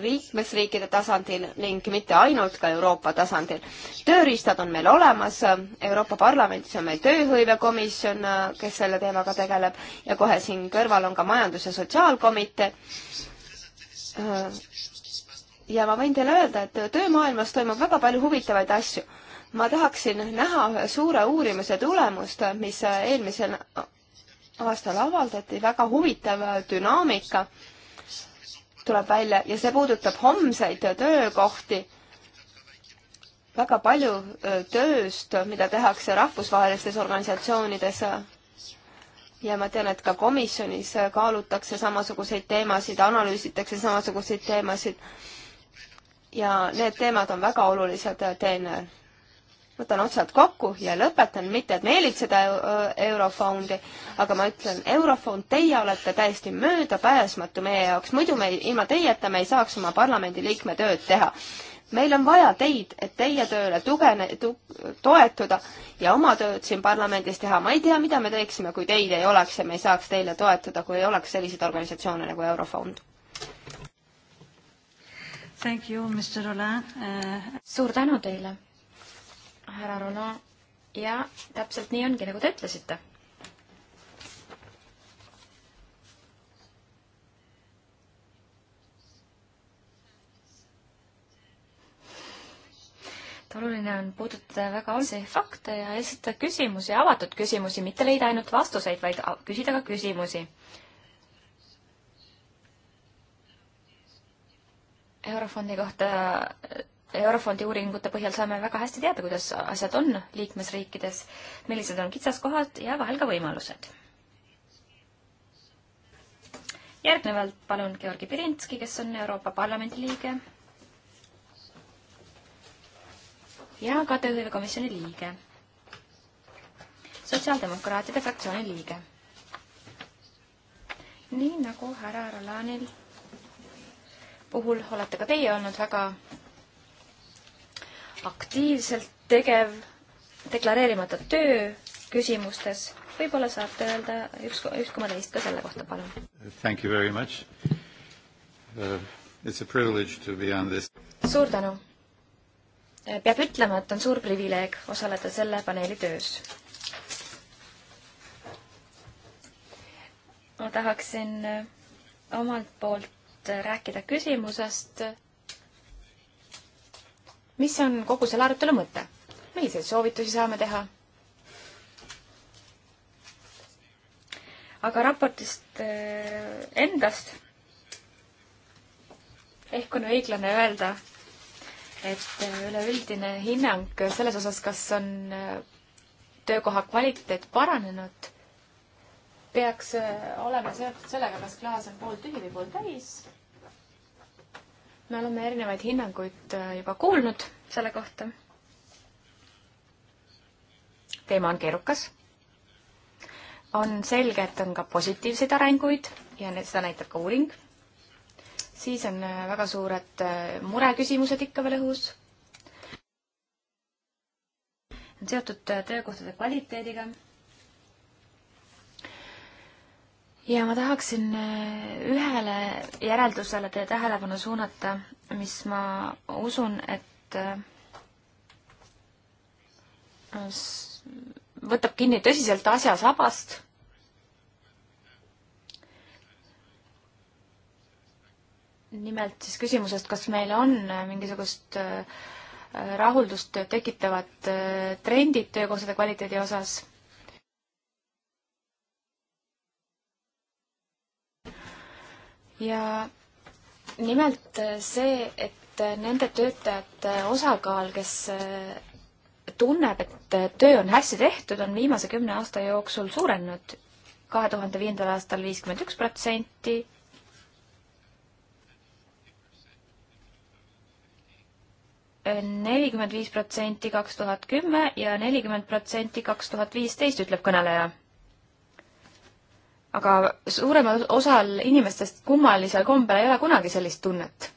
liikmesriikide tasandil ning mitte ainult ka Euroopa tasandil. tööriistad on meil olemas, Euroopa Parlamendis on meil tööhõivekomisjon, kes selle teemaga tegeleb ja kohe siin kõrval on ka Majandus- ja Sotsiaalkomitee. ja ma võin teile öelda, et töömaailmas toimub väga palju huvitavaid asju ma tahaksin näha ühe suure uurimuse tulemust, mis eelmisel aastal avaldati, väga huvitav äh, dünaamika tuleb välja ja see puudutab homseid töökohti. väga palju äh, tööst, mida tehakse rahvusvahelistes organisatsioonides äh, ja ma tean, et ka komisjonis kaalutakse samasuguseid teemasid, analüüsitakse samasuguseid teemasid. ja need teemad on väga olulised teenajal võtan otsad kokku ja lõpetan, mitte et meelitseda äh, Eurofondi, aga ma ütlen, Eurofond, teie olete täiesti möödapääsmatu meie jaoks, muidu me ei, ilma teieta me ei saaks oma parlamendiliikme tööd teha. meil on vaja teid, et teie tööle tugene- tu,, toetuda ja oma tööd siin parlamendis teha. ma ei tea, mida me teeksime, kui teid ei oleks ja me ei saaks teile toetuda, kui ei oleks selliseid organisatsioone nagu Eurofond. Thank you, Mr Roland uh.... suur tänu teile härra Runo. ja täpselt nii ongi, nagu te ütlesite. et oluline on puudutada väga olulisi fakte ja esitada küsimusi, avatud küsimusi, mitte leida ainult vastuseid, vaid küsida ka küsimusi Eurofondi kohta Eurofondi uuringute põhjal saame väga hästi teada, kuidas asjad on liikmesriikides, millised on kitsaskohad ja vahel ka võimalused. järgnevalt palun Georgi Pirinski, kes on Euroopa Parlamendi liige ja ka tööhõivekomisjoni liige, sotsiaaldemokraatide fraktsiooni liige. nii nagu härra Rolanil puhul olete ka teie olnud väga aktiivselt tegev, deklareerimata töö küsimustes, võib-olla saate öelda üks, üks koma teist ka selle kohta, palun. Thank you very much uh,. It's a privilege to be on this. suur tänu. Eh, peab ütlema, et on suur privileeg osaleda selle paneeli töös. ma tahaksin eh, omalt poolt eh, rääkida küsimusest, mis on kogu selle arutelu mõte? milliseid soovitusi saame teha? aga raportist eh, endast ehk on õiglane öelda, et eh, üleüldine hinnang selles osas, kas on eh, töökoha kvaliteet paranenud, peaks olema seotud sellega, kas klaas on pooltühi või pooltäis me oleme erinevaid hinnanguid äh, juba kuulnud selle kohta. teema on keerukas. on selge, et on ka positiivseid arenguid ja seda näitab ka uuring. siis on äh, väga suured äh, mureküsimused ikka veel õhus. on seotud töökohtade kvaliteediga ja ma tahaksin äh, ühele järeldusele teie tähelepanu suunata, mis ma usun, et äh, võtab kinni tõsiselt asja sabast. nimelt siis küsimusest, kas meil on äh, mingisugust rahuldust tekitavad trendid töökohtade kvaliteedi osas ja nimelt äh, see, et äh, nende töötajate osakaal, kes äh, tunneb, et töö on hästi tehtud, on viimase kümne aasta jooksul suurenenud. kahe tuhande viiendal aastal viiskümmend üks protsenti, nelikümmend viis protsenti kaks tuhat kümme ja nelikümmend protsenti kaks tuhat viisteist, ütleb kõneleja aga suuremal osal inimestest kummalisel kombel ei ole kunagi sellist tunnet.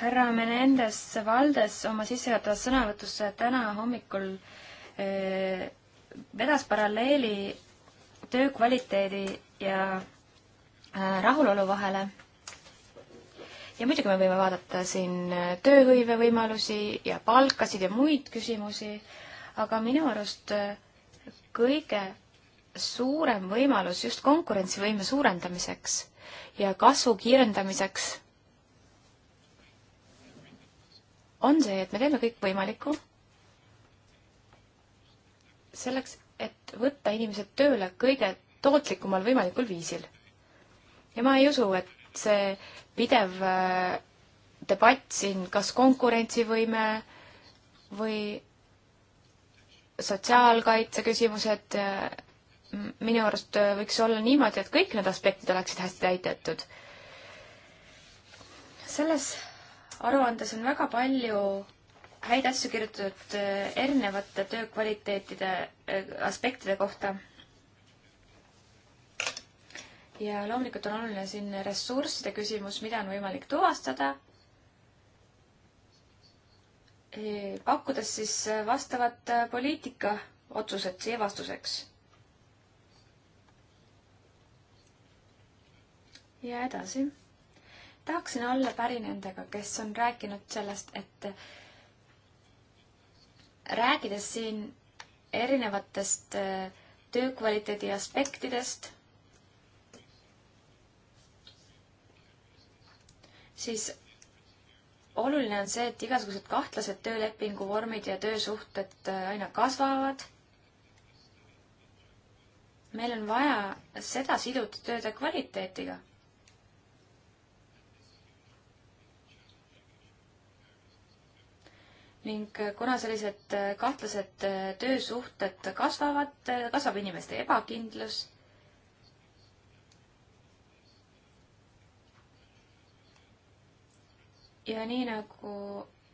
härra Menendez Valdes oma sissejuhatavas sõnavõtus täna hommikul eh, vedas paralleeli töö kvaliteedi ja eh, rahulolu vahele ja muidugi me võime vaadata siin äh, tööhõive võimalusi ja palkasid ja muid küsimusi, aga minu arust äh, kõige suurem võimalus just konkurentsivõime suurendamiseks ja kasvu kiirendamiseks on see, et me teeme kõik võimalikku selleks, et võtta inimesed tööle kõige tootlikumal võimalikul viisil. ja ma ei usu, et see pidev äh, debatt siin, kas konkurentsivõime või sotsiaalkaitse küsimused, äh, minu arust äh, võiks olla niimoodi, et kõik need aspektid oleksid hästi täidetud. selles aruandes on väga palju häid asju kirjutatud erinevate töökvaliteetide aspektide kohta ja loomulikult on oluline siin ressursside küsimus, mida on võimalik tuvastada, e, pakkudes siis vastavat äh, poliitika otsused siia vastuseks. ja edasi. tahaksin olla päri nendega, kes on rääkinud sellest, et äh, rääkides siin erinevatest äh, töökvaliteedi aspektidest siis oluline on see, et igasugused kahtlased töölepingu vormid ja töösuhted äh, aina kasvavad. meil on vaja seda siduda tööde kvaliteetiga. ning äh, kuna sellised äh, kahtlased töösuhted kasvavad, kasvab inimeste ebakindlus ja nii nagu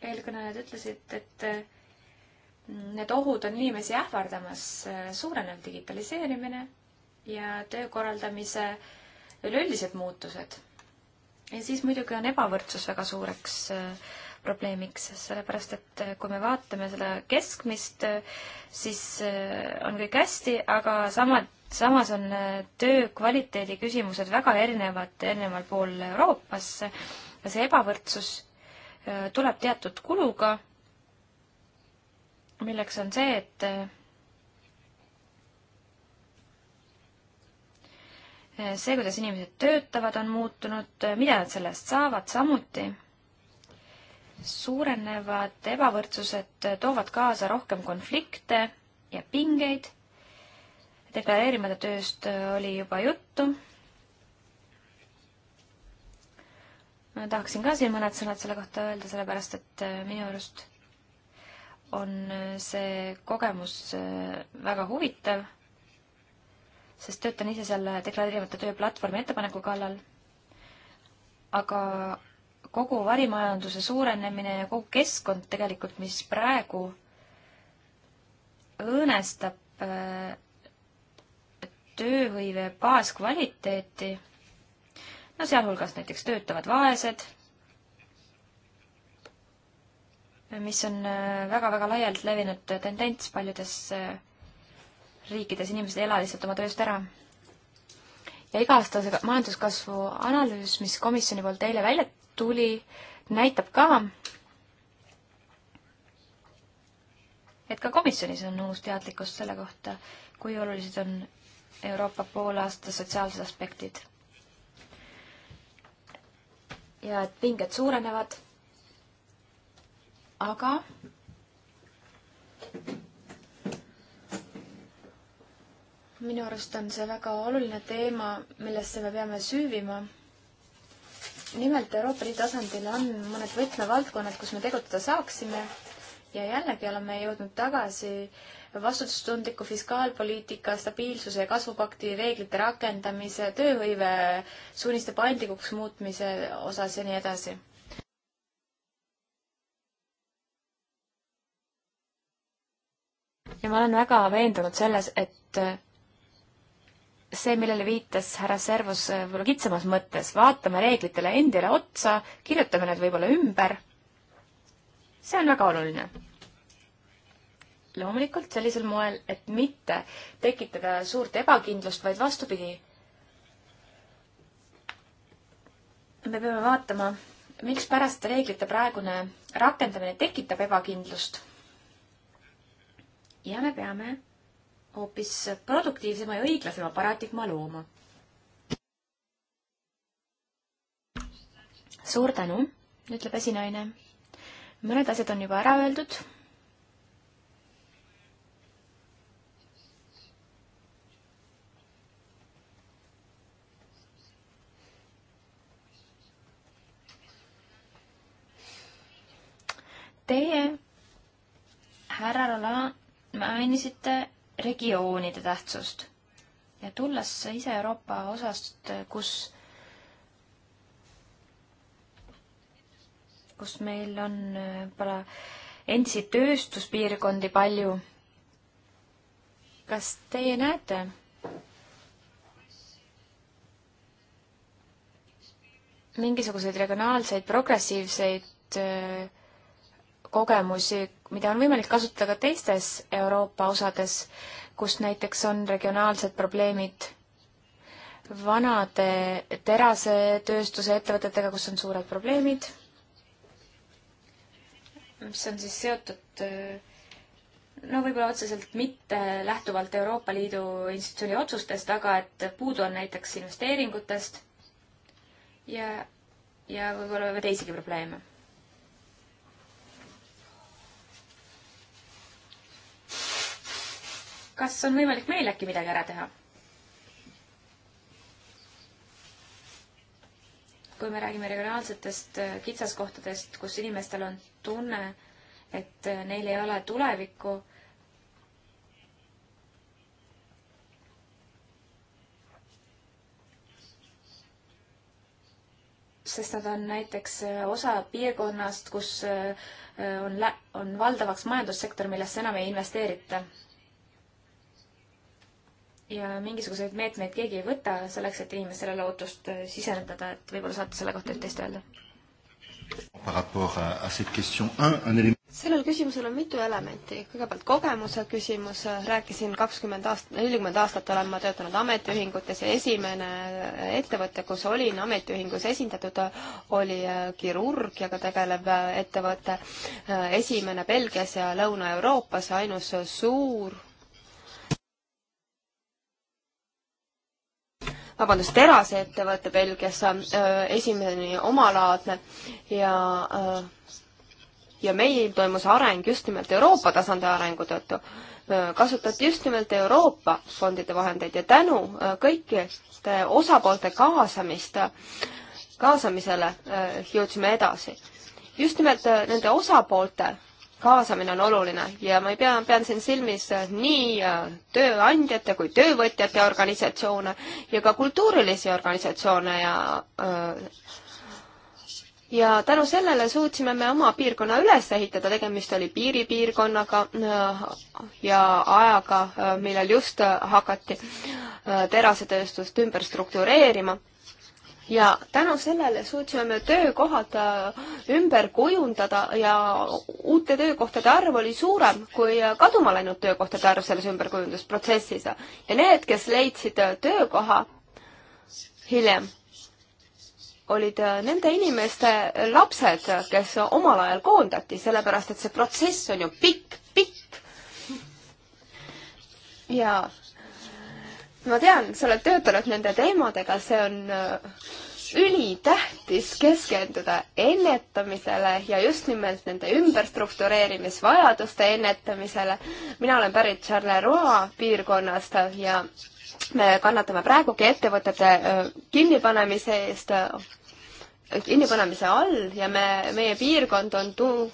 eelkõnelejad ütlesid, et mm, need ohud on inimesi ähvardamas, äh, suurenev digitaliseerimine ja töö korraldamise üleüldised muutused. ja siis muidugi on ebavõrdsus väga suureks äh, probleemiks, sellepärast et äh, kui me vaatame seda keskmist, siis on kõik hästi, aga samad, samas on töö kvaliteedi küsimused väga erinevad erineval pool Euroopas ja see ebavõrdsus äh, tuleb teatud kuluga, milleks on see, et äh, see, kuidas inimesed töötavad, on muutunud, äh, mida nad selle eest saavad samuti suurenevad ebavõrdsused toovad kaasa rohkem konflikte ja pingeid. deklareerimata tööst oli juba juttu. tahaksin ka siin mõned sõnad selle kohta öelda, sellepärast et äh, minu arust on äh, see kogemus äh, väga huvitav, sest töötan ise seal deklareerimata tööplatvormi ettepaneku kallal, aga kogu varimajanduse suurenemine ja kogu keskkond tegelikult, mis praegu õõnestab tööhõive baaskvaliteeti no sealhulgas näiteks töötavad vaesed, mis on äh, väga-väga laialt levinud tendents paljudes äh, riikides, inimesed ei ela lihtsalt oma tööst ära. ja iga-aastase majanduskasvu analüüs, mis komisjoni poolt eile välja tuli, näitab ka, et ka komisjonis on uus teadlikkus selle kohta, kui olulised on Euroopa poolaasta sotsiaalsed aspektid ja et pinged suurenevad. aga minu arust on see väga oluline teema, millesse me peame süüvima. nimelt Euroopa Liidu tasandil on mõned võtmevaldkonnad, kus me tegutseda saaksime ja jällegi oleme jõudnud tagasi äh, vastutustundliku fiskaalpoliitika, stabiilsuse ja kasvupakti reeglite rakendamise, tööhõive suuniste paindlikuks muutmise osas ja nii edasi. ja ma olen väga veendunud selles, et see, millele viitas härra Servus võib-olla kitsamas mõttes, vaatame reeglitele endile otsa, kirjutame need võib-olla ümber. see on väga oluline loomulikult sellisel moel, et mitte tekitada suurt ebakindlust, vaid vastupidi. me peame vaatama, mikspärast reeglite praegune rakendamine tekitab ebakindlust. ja me peame hoopis produktiivsema ja õiglasema paradigma looma. suur tänu, ütleb esinaine. mõned asjad on juba ära öeldud Teie, härra Roland, mainisite regioonide tähtsust ja tulles ise Euroopa osast, kus, kus meil on võib-olla äh, endisi tööstuspiirkondi palju, kas teie näete, mingisuguseid regionaalseid progressiivseid öö, äh, kogemusi, mida on võimalik kasutada ka teistes Euroopa osades, kus näiteks on regionaalsed probleemid vanade terasetööstuse ettevõtetega, kus on suured probleemid, mis on siis seotud no võib-olla otseselt mitte lähtuvalt Euroopa Liidu institutsiooni otsustest, aga et puudu on näiteks investeeringutest ja, ja võib-olla teisigi probleeme. kas on võimalik meil äkki midagi ära teha? kui me räägime regionaalsetest äh, kitsaskohtadest, kus inimestel on tunne, et äh, neil ei ole tulevikku, sest nad on näiteks äh, osa piirkonnast, kus on, on valdavaks majandussektor, millesse enam ei investeerita ja mingisuguseid meetmeid keegi ei võta selleks, et inimestele lootust äh, sisendada, et võib-olla saate selle kohta üht-teist öelda? sellel küsimusel on mitu elementi. kõigepealt kogemuse küsimus, rääkisin kakskümmend aastat, nelikümmend aastat olen ma töötanud ametiühingutes ja esimene äh, ettevõte, kus olin ametiühingus esindatud, oli äh, kirurgiaga tegelev ettevõte, esimene Belgias ja Lõuna-Euroopas, ainus suur vabandust, teraseettevõte Belgias äh, esimene omalaadne ja äh, ja meil toimus areng just nimelt Euroopa tasandi arengu tõttu. Äh, kasutati just nimelt Euroopa fondide vahendeid ja tänu kõikide osapoolte kaasamist, kaasamisele jõudsime edasi. just nimelt nende osapoolte kaasamine on oluline ja ma pean, pean siin silmis äh, nii äh, tööandjate kui töövõtjate organisatsioone ja ka kultuurilisi organisatsioone ja äh, ja tänu sellele suutsime me oma piirkonna üles ehitada, tegemist oli piiripiirkonnaga ja ajaga, millal just hakati terasetööstust ümber struktureerima ja tänu sellele suutsime me töökohad äh, ümber kujundada ja uute töökohtade arv oli suurem kui kaduma läinud töökohtade arv selles ümberkujundusprotsessis. ja need, kes leidsid äh, töökoha hiljem, olid äh, nende inimeste lapsed, kes omal ajal koondati, sellepärast et see protsess on ju pikk, pikk. ja ma tean, sa oled töötanud nende teemadega, see on äh, ülitähtis keskenduda ennetamisele ja just nimelt nende ümberstruktureerimisvajaduste ennetamisele. mina olen pärit Charleroi piirkonnast ja me kannatame praegugi ettevõtete äh, kinnipanemise eest, äh, kinnipanemise all ja me, meie piirkond on tu-,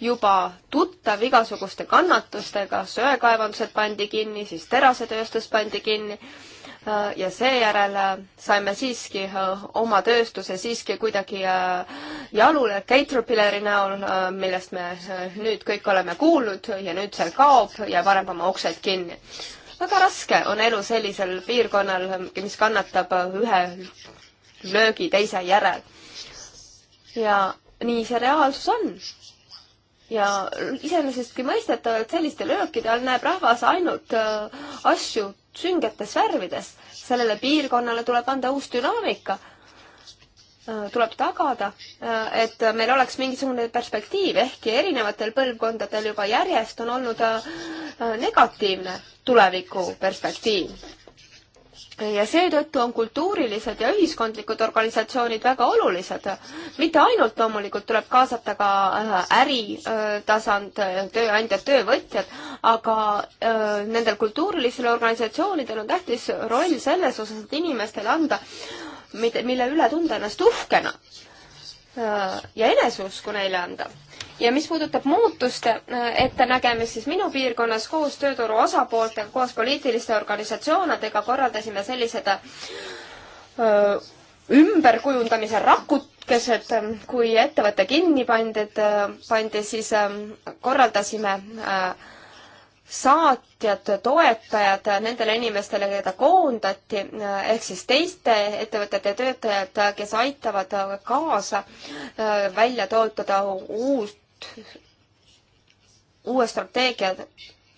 juba tuttav igasuguste kannatustega, söekaevandused pandi kinni, siis terasetööstus pandi kinni äh, ja seejärel äh, saime siiski äh, oma tööstuse siiski kuidagi jalule Caterpillari näol, millest me nüüd kõik oleme kuulnud ja nüüd seal kaob, jääb varem oma uksed kinni. väga raske on elu sellisel piirkonnal, mis kannatab ühe löögi teise järel. ja nii see reaalsus on ja iseenesestki mõistetav, et selliste löökide all näeb rahvas ainult äh, asju süngetes värvides. sellele piirkonnale tuleb anda uus dünaamika äh, tuleb tagada, äh, et meil oleks mingisugune perspektiiv, ehkki erinevatel põlvkondadel juba järjest on olnud negatiivne tulevikuperspektiiv ja seetõttu on kultuurilised ja ühiskondlikud organisatsioonid väga olulised. mitte ainult loomulikult tuleb kaasata ka äh, äritasand, äh, äh, tööandjad, töövõtjad, aga nendel kultuurilistel organisatsioonidel on tähtis roll selles osas, et inimestele anda, mille üle tunda ennast uhkena ja eneseuskku neile anda ja mis puudutab muutuste äh, ettenägemist, siis minu piirkonnas koos tööturu osapooltega, koos poliitiliste organisatsioonidega korraldasime sellised öö, äh, ümberkujundamise rakukesed, kui ettevõte kinni pandi, et äh, pandi, siis korraldasime saatjad, toetajad nendele inimestele, keda koondati, ehk siis teiste ettevõtete töötajad, kes aitavad kaasa välja töötada uut uue strateegia,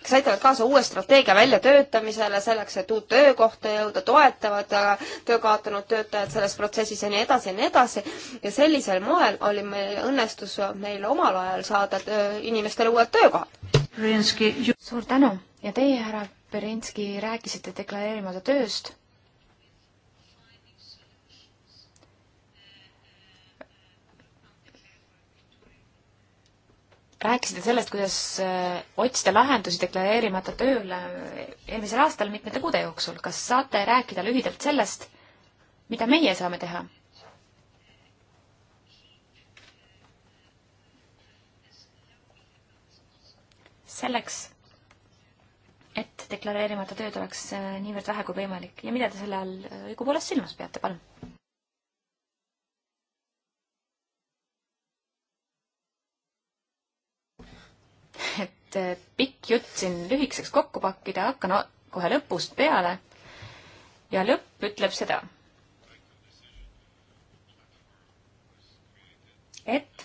kes aitavad kaasa uue strateegia väljatöötamisele selleks, et uut töökohta jõuda, toetavad äh, töö kaotanud töötajad selles protsessis ja nii edasi ja nii edasi. ja sellisel moel oli meil, õnnestus meil omal ajal saada töö, äh, inimestele uued töökohad. suur tänu ja teie, härra Berinski, rääkisite deklareerimata tööst rääkisite sellest, kuidas äh, otsida lahendusi deklareerimata tööle eelmisel aastal mitmete kuude jooksul. kas saate rääkida lühidalt sellest, mida meie saame teha? selleks, et deklareerimata tööd oleks äh, niivõrd vähe kui võimalik ja mida te selle all õigupoolest silmas peate, palun? et eh, pikk jutt siin lühikeseks kokku pakkida, hakkan kohe lõpust peale. ja lõpp ütleb seda, et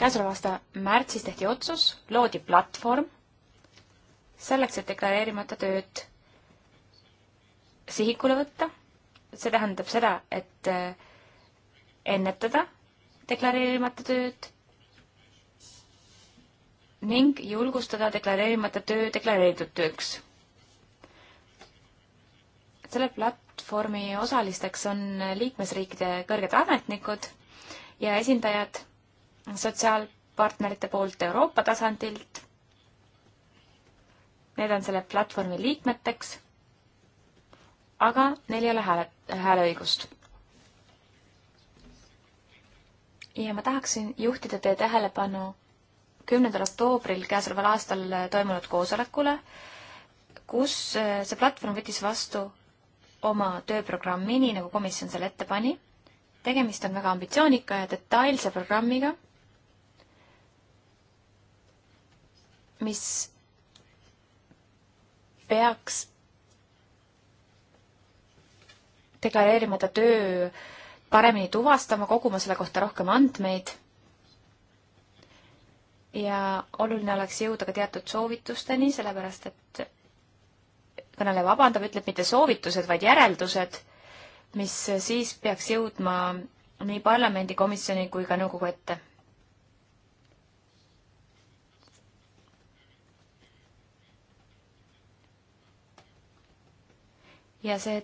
käesoleva aasta märtsis tehti otsus, loodi platvorm selleks, et deklareerimata tööd sihikule võtta. see tähendab seda, et eh, ennetada deklareerimata tööd ning julgustada deklareerimata töö deklareeritud tööks. selle platvormi osalisteks on liikmesriikide kõrged ametnikud ja esindajad sotsiaalpartnerite poolt Euroopa tasandilt. Need on selle platvormi liikmeteks, aga neil ei ole hääle, hääleõigust ja ma tahaksin juhtida teie tähelepanu kümnendal oktoobril käesoleval aastal toimunud koosolekule, kus eh, see platvorm võttis vastu oma tööprogrammi, nii nagu komisjon selle ette pani. tegemist on väga ambitsioonika ja detailse programmiga, mis peaks deklareerimata töö paremini tuvastama, koguma selle kohta rohkem andmeid ja oluline oleks jõuda ka teatud soovitusteni, sellepärast et kõneleja vabandab, ütleb mitte soovitused, vaid järeldused, mis siis peaks jõudma nii parlamendikomisjoni kui ka nõukogu ette. ja see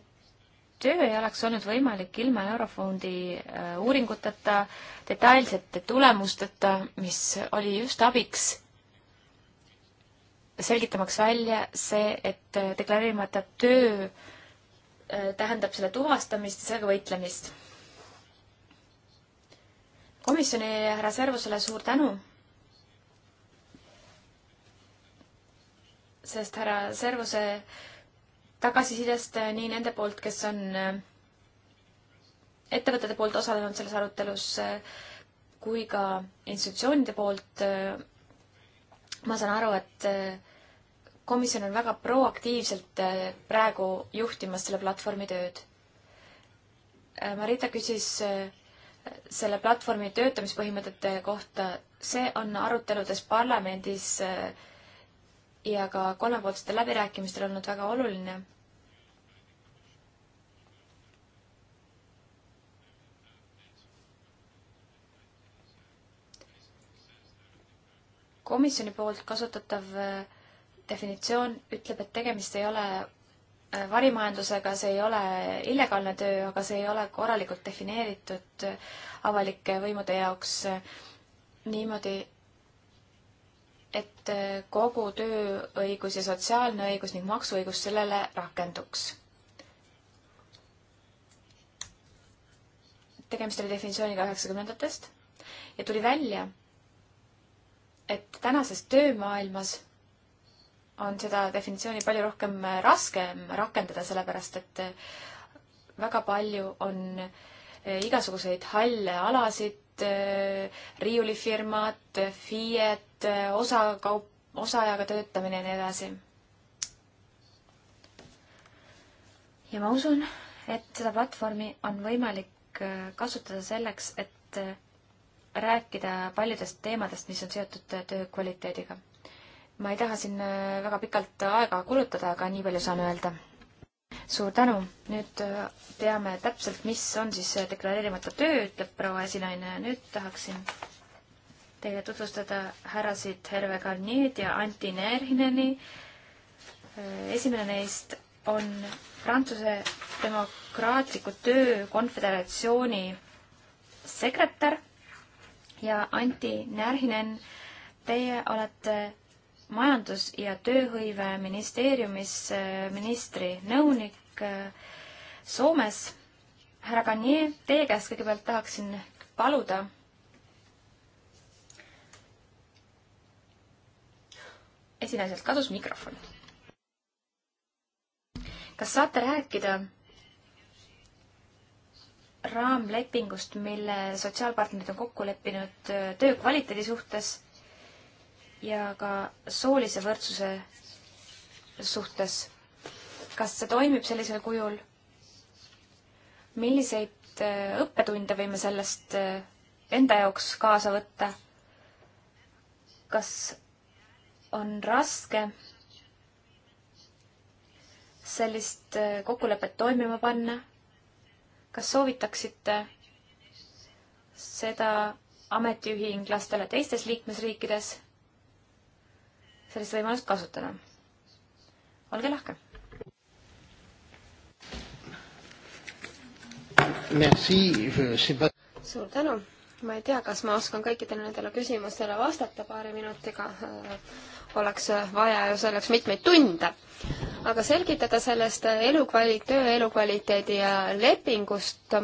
töö ei oleks olnud võimalik ilma Eurofondi äh, uuringuteta, detailsete tulemusteta, mis oli just abiks selgitamaks välja see, et äh, deklareerimata töö äh, tähendab selle tuvastamist ja sellega võitlemist. komisjoni härra Servusele suur tänu, sest härra Servuse äh, tagasisidest nii nende poolt, kes on äh, ettevõtete poolt osalenud selles arutelus, äh, kui ka institutsioonide poolt. Äh, ma saan aru, et komisjon on väga proaktiivselt praegu juhtimas selle platvormi tööd. Marita küsis selle platvormi töötamispõhimõtete kohta. see on aruteludes parlamendis äh, ja ka kolmepoolsetel läbirääkimistel olnud väga oluline. komisjoni poolt kasutatav äh, definitsioon ütleb, et tegemist ei ole äh, varimajandusega, see ei ole illegaalne töö, aga see ei ole korralikult defineeritud äh, avalike võimude jaoks niimoodi, et kogu tööõigus ja sotsiaalne õigus ning maksuõigus sellele rakenduks. tegemist oli definitsiooniga üheksakümnendatest ja tuli välja, et tänases töömaailmas on seda definitsiooni palju rohkem raskem rakendada, sellepärast et väga palju on igasuguseid halle alasid, Äh, riiulifirmad, FIE-d, äh, osakaup, osaajaga töötamine ja nii edasi. ja ma usun, et seda platvormi on võimalik äh, kasutada selleks, et rääkida paljudest teemadest, mis on seotud töö kvaliteediga. ma ei taha siin väga pikalt aega kulutada, aga nii palju saan öelda suur tänu. nüüd äh, teame täpselt, mis on siis deklareerimata töö, ütleb proua esinaine. nüüd tahaksin teile tutvustada härrasid Herve Kalniid ja Anti Nerhineni. Äh, esimene neist on Prantsuse Demokraatliku Töökonföderatsiooni sekretär ja Anti Närhinen, teie olete majandus- ja tööhõiveministeeriumis äh, ministri nõunik äh, Soomes. härra Kanje, teie käest kõigepealt tahaksin paluda esinaiselt kadus mikrofon. kas saate rääkida raamlepingust, mille sotsiaalpartnerid on kokku leppinud äh, töö kvaliteedi suhtes ja ka soolise võrdsuse suhtes. kas see toimib sellisel kujul? milliseid äh, õppetunde võime sellest äh, enda jaoks kaasa võtta? kas on raske sellist äh, kokkulepet toimima panna? kas soovitaksite seda ametiühinglastele teistes liikmesriikides? sellist võimalust kasutada. olge lahke. Euh, suur tänu. ma ei tea, kas ma oskan kõikidele nendele küsimustele vastata paari minutiga. Äh, oleks vaja ju selleks mitmeid tunde. aga selgitada sellest elukvaliteet, töö elukvaliteedi ja lepingust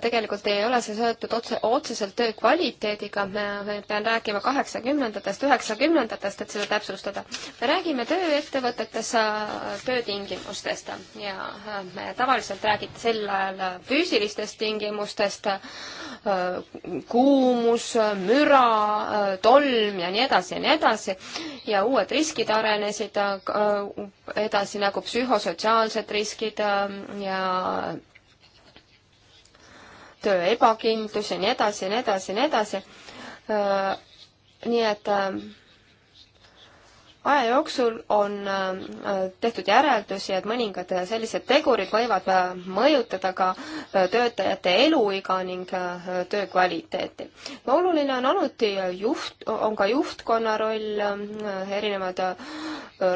tegelikult ei ole see seotud otse, otseselt töö kvaliteediga, ma pean rääkima kaheksakümnendatest, üheksakümnendatest, et seda täpsustada. me räägime tööettevõtetes äh, töötingimustest ja äh, me tavaliselt räägite sel ajal füüsilistest tingimustest, äh, kuumus, müra, tolm ja nii edasi ja nii edasi ja uued riskid arenesid edasi nagu psühhosotsiaalsed riskid ja töö ebakindlus ja nii edasi ja nii edasi ja nii edasi. Äh, nii et äh, aja jooksul on äh, tehtud järeldusi, et mõningad sellised tegurid võivad mõjutada ka töötajate eluiga ning töö kvaliteeti. oluline on alati juht, on ka juhtkonna roll, erinevad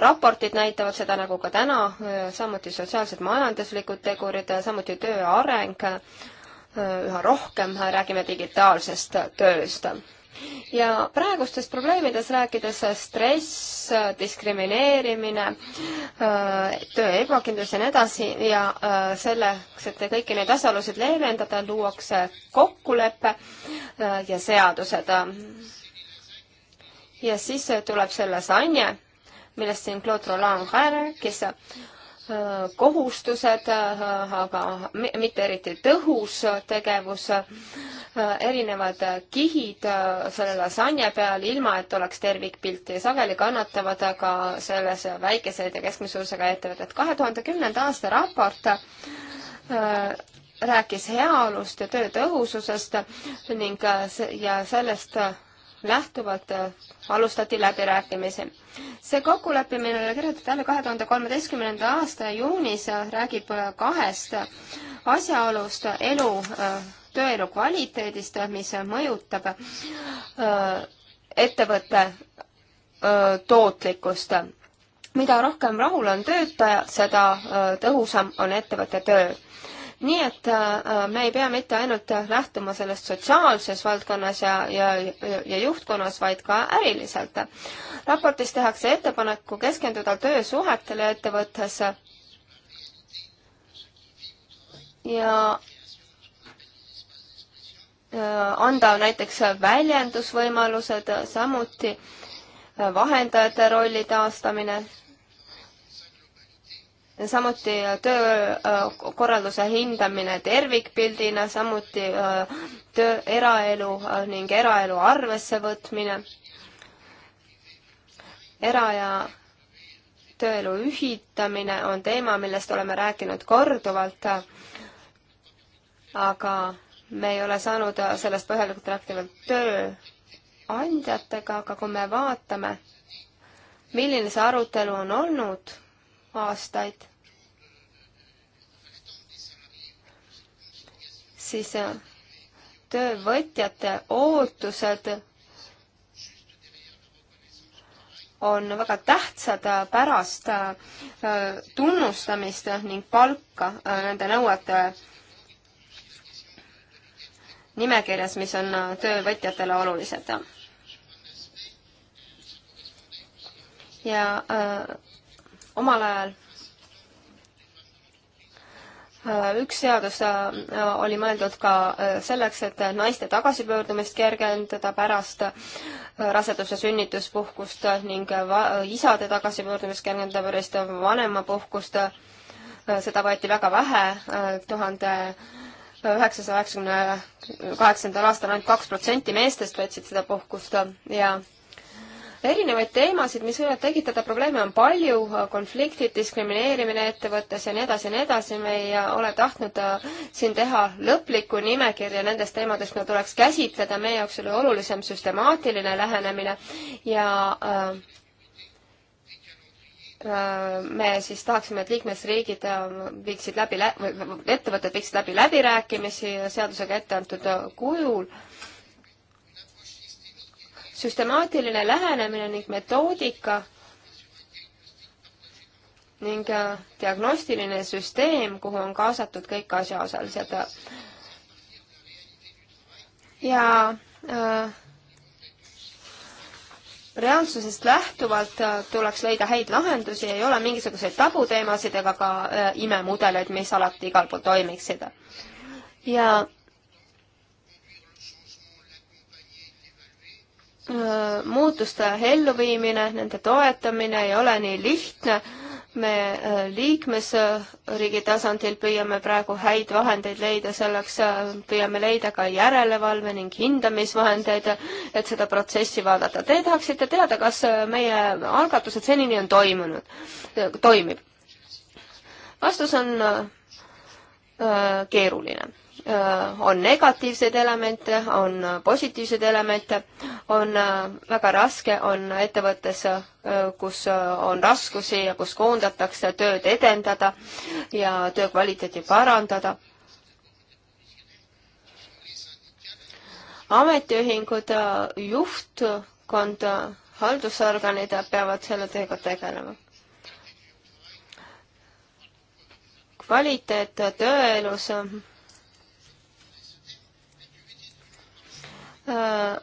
raportid näitavad seda nagu ka täna, samuti sotsiaalsed majanduslikud tegurid, samuti töö areng Äh, üha rohkem räägime digitaalsest tööst. ja praegustest probleemidest rääkides stress, diskrimineerimine, äh, töö ebakindlus ja nii edasi ja äh, selleks, et kõiki neid asjaolusid leevendada, luuakse kokkulepe ja seadused. ja siis tuleb selle sanje, millest siin Claude Roland rääkis, kohustused, aga mitte eriti tõhus tegevus, erinevad kihid selle lasanje peal, ilma et oleks tervikpilti ja sageli kannatavad aga selles väikeseid ja keskmise suurusega ettevõtted. kahe tuhande kümnenda aasta raport äh, rääkis heaolust ja töö tõhususest ning äh, ja sellest, lähtuvalt äh, alustati läbirääkimisi. see kokkulepe, millele kirjutati alla kahe tuhande kolmeteistkümnenda aasta juunis, äh, räägib äh, kahest asjaolust elu, tööelu kvaliteedist, mis mõjutab ettevõtte tootlikkust. mida rohkem rahul on töötaja, seda tõhusam on ettevõtte töö nii et äh, äh, me ei pea mitte ainult lähtuma sellest sotsiaalses valdkonnas ja, ja, ja juhtkonnas, vaid ka äriliselt. raportis tehakse ettepaneku keskenduda töösuhetele ettevõttes ja äh, anda näiteks väljendusvõimalused, samuti vahendajate rolli taastamine samuti äh, töökorralduse hindamine tervikpildina, samuti äh, töö, eraelu äh, ning eraelu arvesse võtmine, era- ja tööelu ühitamine on teema, millest oleme rääkinud korduvalt, aga me ei ole saanud sellest põhjalikult rääkida tööandjatega, aga kui me vaatame, milline see arutelu on olnud aastaid, siis äh, töövõtjate ootused on väga tähtsad äh, pärast äh, tunnustamist ning palka nende nõuete nimekirjas, mis on töövõtjatele olulised. ja äh, omal ajal äh, üks seadus äh, oli mõeldud ka äh, selleks, et naiste tagasipöördumist kergendada pärast rasedus- ja sünnituspuhkust ning isade tagasipöördumist kergendada pärast vanemapuhkust. seda võeti väga vähe, tuhande üheksasaja üheksakümne kaheksandal aastal ainult kaks protsenti meestest võtsid seda puhkust ja erinevaid teemasid, mis võivad tekitada probleeme, on palju, konfliktid, diskrimineerimine ettevõttes ja nii edasi ja nii edasi, me ei ole tahtnud äh, siin teha lõplikku nimekirja nendest teemadest, mida tuleks käsitleda, meie jaoks oli olulisem süstemaatiline lähenemine ja äh, äh, me siis tahaksime, et liikmesriigid viiksid läbi, või ettevõtted viiksid läbi läbirääkimisi seadusega ette antud kujul süstemaatiline lähenemine ning metoodika ning äh, diagnostiline süsteem, kuhu on kaasatud kõik asjaosalised. ja äh, reaalsusest lähtuvalt äh, tuleks leida häid lahendusi, ei ole mingisuguseid tabuteemasid ega ka äh, imemudeleid, mis alati igal pool toimiksid. ja Äh, muutuste elluviimine, nende toetamine ei ole nii lihtne. me äh, liikmesriigi tasandil püüame praegu häid vahendeid leida, selleks äh, püüame leida ka järelevalve ning hindamisvahendeid, et seda protsessi vaadata. Te tahaksite teada, kas meie algatused senini on toimunud, toimib? vastus on keeruline Äh, on negatiivseid elemente, on positiivseid elemente, on äh, väga raske, on ettevõttes, äh, kus on raskusi ja kus koondatakse tööd edendada ja töö kvaliteeti parandada. ametiühingud, juhtkond, haldusorganid peavad selle tööga tegelema kvaliteet tööelus Äh,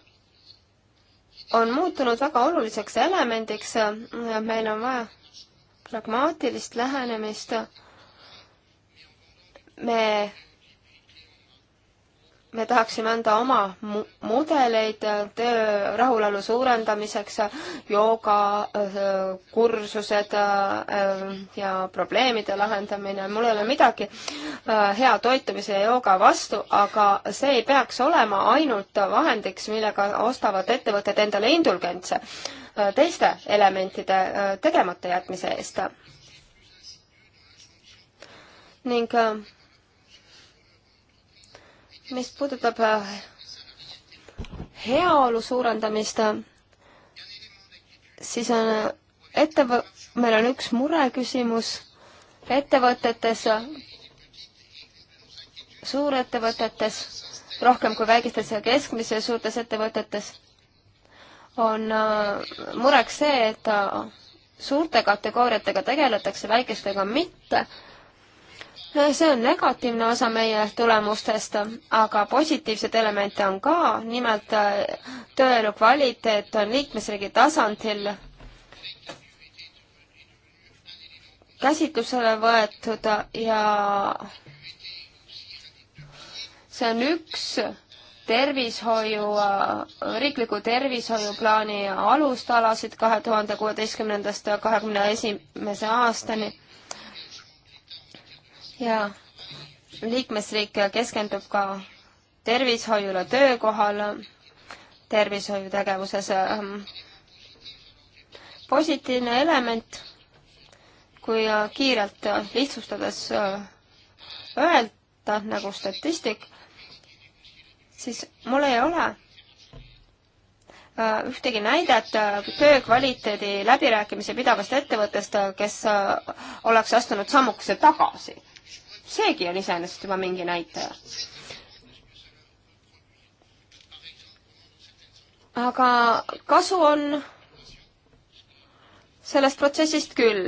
on muutunud väga oluliseks elemendiks. meil on vaja pragmaatilist lähenemist. me me tahaksime anda oma mudeleid töö rahulolu suurendamiseks, jooga, äh, kursused äh, ja probleemide lahendamine, mul ei ole midagi äh, hea toitumise ja jooga vastu, aga see ei peaks olema ainult vahendiks, millega ostavad ettevõtted endale indulgentse teiste elementide tegemata jätmise eest. ning mis puudutab äh, heaolu suurendamist, siis on äh, ettevõ-, meil on üks mureküsimus ettevõtetes, suurettevõtetes, rohkem kui väikestes ja keskmises ja suurtes ettevõtetes, on äh, mureks see, et suurte kategooriatega tegeletakse, väikestega mitte see on negatiivne osa meie tulemustest, aga positiivseid elemente on ka, nimelt tööelu kvaliteet on liikmesriigi tasandil käsitlusele võetud ja see on üks tervishoiu, riikliku tervishoiuplaani alustalasid kahe tuhande kuueteistkümnendast kahekümne esimese aastani ja liikmesriik keskendub ka tervishoiule töökohal, tervishoiutegevuses ähm, positiivne element, kui äh, kiirelt äh, lihtsustades äh, öelda, nagu statistik, siis mul ei ole ühtegi näidet töö kvaliteedi läbirääkimise pidavast ettevõttest, kes oleks astunud sammukese tagasi seegi on iseenesest juba mingi näitaja. aga kasu on sellest protsessist küll,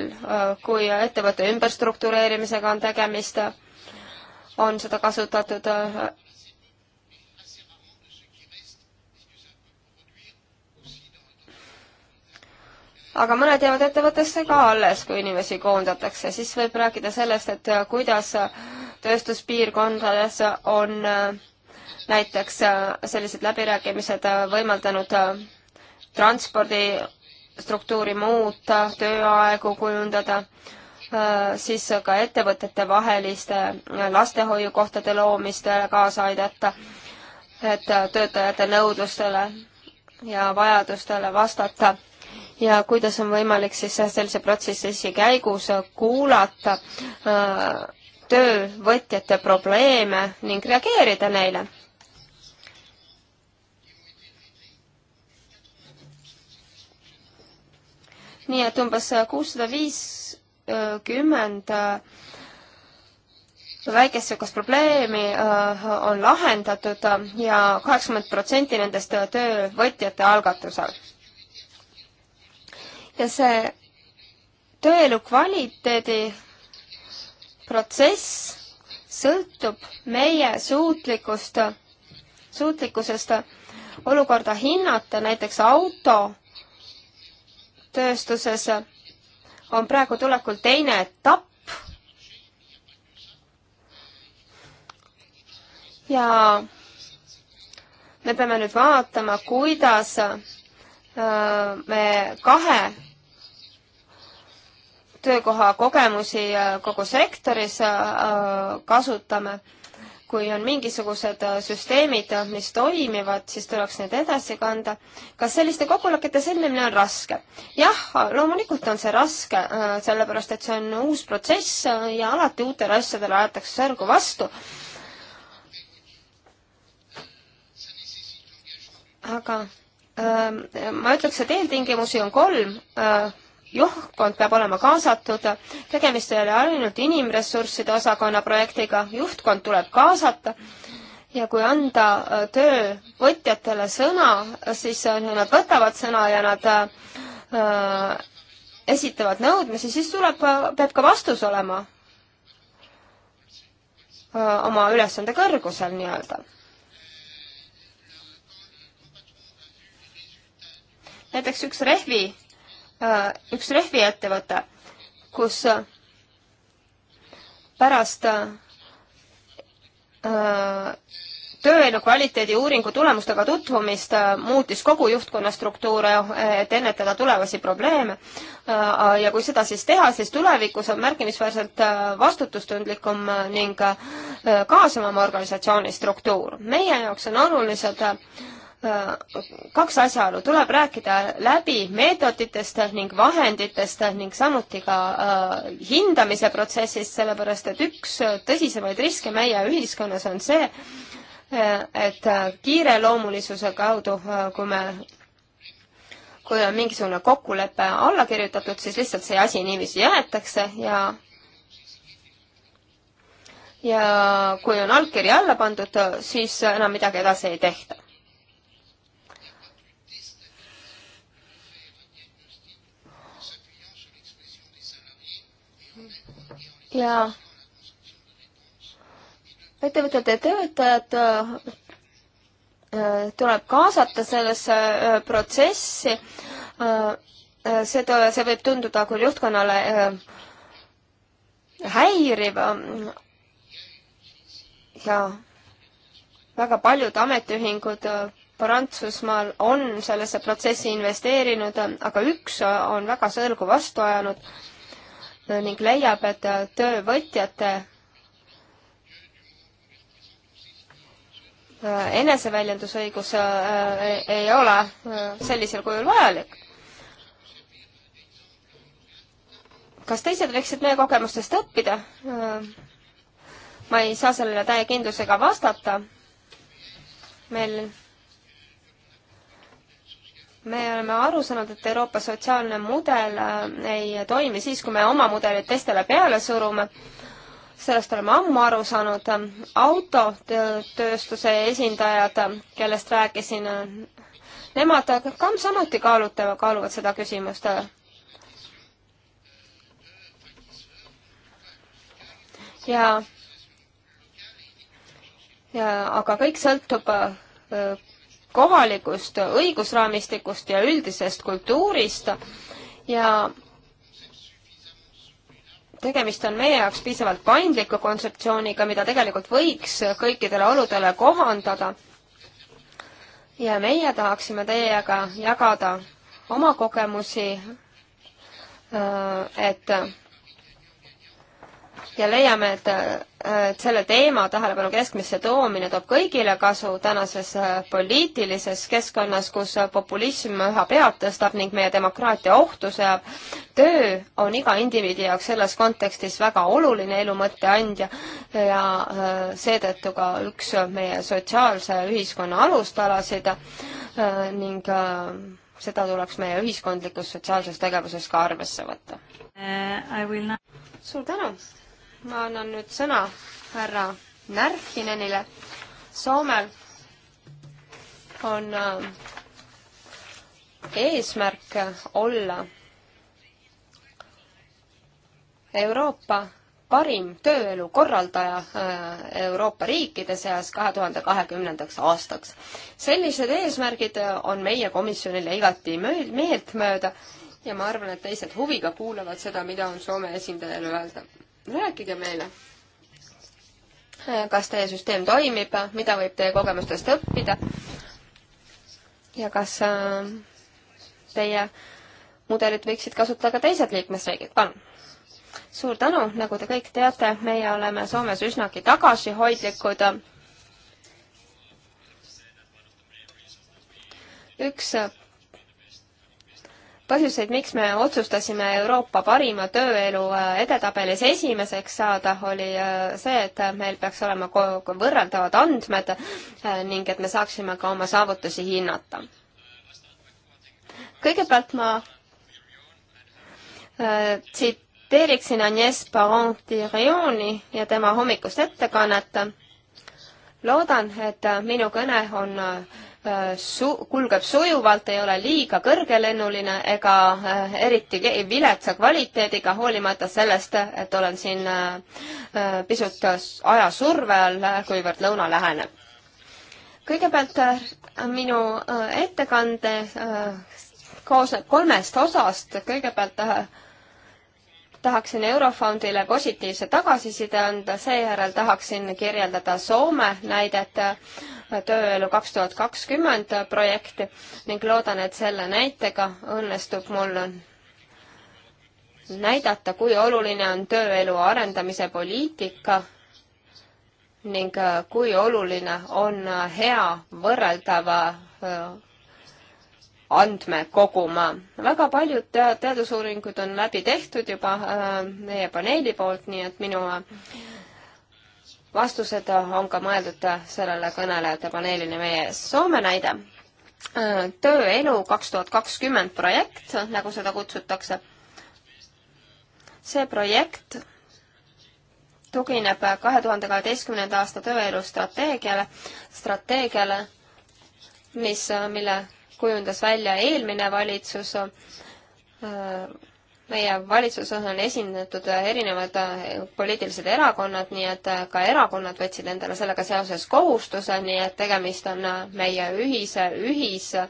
kui ettevõtte ümberstruktureerimisega on tegemist, on seda kasutatud aga mõned jäävad ettevõttesse ka alles, kui inimesi koondatakse, siis võib rääkida sellest, et äh, kuidas äh, tööstuspiirkondades on äh, näiteks sellised läbirääkimised võimaldanud transpordistruktuuri muuta, tööaegu kujundada, siis ka ettevõtete vaheliste lastehoiukohtade loomistele kaasa aidata, et töötajate nõudlustele ja vajadustele vastata ja kuidas on võimalik siis sellise protsessi käigus kuulata äh, töövõtjate probleeme ning reageerida neile. nii et umbes kuussada viiskümmend äh, väikesugust probleemi äh, on lahendatud ja kaheksakümmend protsenti nendest töövõtjate algatusel ja see tööelu kvaliteedi protsess sõltub meie suutlikust, suutlikkusest olukorda hinnata, näiteks autotööstuses on praegu tulekul teine etapp ja me peame nüüd vaatama, kuidas äh, me kahe töökohakogemusi äh, kogu sektoris äh, kasutame. kui on mingisugused äh, süsteemid, mis toimivad, siis tuleks need edasi kanda. kas selliste kokkulepete sõlmimine on raske? jah, loomulikult on see raske, sellepärast et see on uus protsess ja alati uutele asjadele aetakse särgu vastu. aga ähm, ma ütleks, et eeltingimusi on kolm juhtkond peab olema kaasatud, tegemist ei ole ainult inimressursside osakonna projektiga, juhtkond tuleb kaasata ja kui anda äh, töövõtjatele sõna, siis äh, nad võtavad sõna ja nad äh, esitavad nõudmisi, siis tuleb, äh, peab ka vastus olema öö, oma ülesande kõrgusel nii-öelda näiteks üks rehvi Äh, üks rehviettevõte, kus äh, pärast äh, tööelu kvaliteedi uuringu tulemustega tutvumist muutis kogu juhtkonna struktuure, et ennetada tulevasi probleeme. ja kui seda siis teha, siis tulevikus on märkimisväärselt vastutustundlikum ning kaasavam organisatsiooni struktuur. meie jaoks on olulised kaks asjaolu, tuleb rääkida läbi meetoditest ning vahenditest ning samuti ka äh, hindamise protsessist, sellepärast et üks tõsisemaid riske meie ühiskonnas on see, äh, et äh, kiireloomulisuse kaudu, kui me kui on mingisugune kokkulepe alla kirjutatud, siis lihtsalt see asi niiviisi jäetakse ja ja kui on allkiri alla pandud, siis enam midagi edasi ei tehta ja ettevõtete töötajad äh, tuleb kaasata sellesse äh, protsessi. Äh, see, see võib tunduda küll juhtkonnale häiriv ja väga paljud ametiühingud Prantsusmaal on sellesse protsessi investeerinud, aga üks on väga sõrgu vastu ajanud ning leiab, et töövõtjate äh, eneseväljendusõigus äh, ei ole äh, sellisel kujul vajalik. kas teised võiksid meie kogemustest õppida? ma ei saa sellele täie kindlusega vastata. meil me oleme aru saanud, et Euroopa sotsiaalne mudel äh, ei toimi siis, kui me oma mudelit teistele peale surume. sellest oleme ammu aru saanud. autotööstuse esindajad, kellest rääkisin, nemad ka samuti kaalutavad, kaaluvad seda küsimust. ja ja aga kõik sõltub äh, kohalikust õigusraamistikust ja üldisest kultuurist ja tegemist on meie jaoks piisavalt paindliku kontseptsiooniga, mida tegelikult võiks kõikidele oludele kohandada. ja meie tahaksime teiega jagada oma kogemusi, äh, et ja leiame, et, et selle teema tähelepanu keskmisse toomine toob kõigile kasu tänases äh, poliitilises keskkonnas, kus populism üha pead tõstab ning meie demokraatia ohtu seab. töö on iga indiviidi jaoks selles kontekstis väga oluline elu mõtteandja ja äh, seetõttu ka üks meie sotsiaalse ühiskonna alustalasid äh, ning seda tuleks meie ühiskondlikus sotsiaalses tegevuses ka arvesse võtta. Not... suur tänu! ma annan nüüd sõna härra Närkinenile. Soomel on äh, eesmärk olla Euroopa parim tööelu korraldaja äh, Euroopa riikide seas kahe tuhande kahekümnendaks aastaks. sellised eesmärgid äh, on meie komisjonile igati meeltmööda ja ma arvan, et teised huviga kuulavad seda, mida on Soome esindajal öelda rääkige meile, kas teie süsteem toimib, mida võib teie kogemustest õppida ja kas äh, teie mudelit võiksid kasutada ka teised liikmesriigid, palun. suur tänu, nagu te kõik teate, meie oleme Soomes üsnagi tagasihoidlikud üks põhjuseid, miks me otsustasime Euroopa parima tööelu äh, edetabelis esimeseks saada, oli äh, see, et meil peaks olema võrreldavad andmed äh, ning et me saaksime ka oma saavutusi hinnata. kõigepealt ma tsiteeriksin Agnes Baron-Tirioni ja tema hommikust ettekannet. loodan, et minu kõne on Äh, su-, kulgeb sujuvalt, ei ole liiga kõrgelennuline ega äh, eriti viletsa kvaliteediga, hoolimata sellest, et olen siin äh, pisut ajasurve all, kuivõrd lõuna läheneb. kõigepealt minu ettekande koosneb kolmest osast, kõigepealt tahaksin Eurofondile positiivse tagasiside anda, seejärel tahaksin kirjeldada Soome näidet tööelu kaks tuhat kakskümmend projekti ning loodan, et selle näitega õnnestub mul näidata, kui oluline on tööelu arendamise poliitika ning äh, kui oluline on äh, hea võrreldava äh, andmekoguma. väga paljud teadusuuringud on läbi tehtud juba meie paneeli poolt, nii et minu vastused on ka mõeldud sellele kõnelejate paneelini meie ees. Soome näide, äh, tööelu kaks tuhat kakskümmend projekt, nagu seda kutsutakse. see projekt tugineb kahe tuhande kaheteistkümnenda aasta tööelu strateegiale, strateegiale, mis, mille kujundas välja eelmine valitsus äh, meie valitsuses on esindatud erinevad äh, poliitilised erakonnad, nii et äh, ka erakonnad võtsid endale sellega seoses kohustuse, nii et tegemist on äh, meie ühise, ühise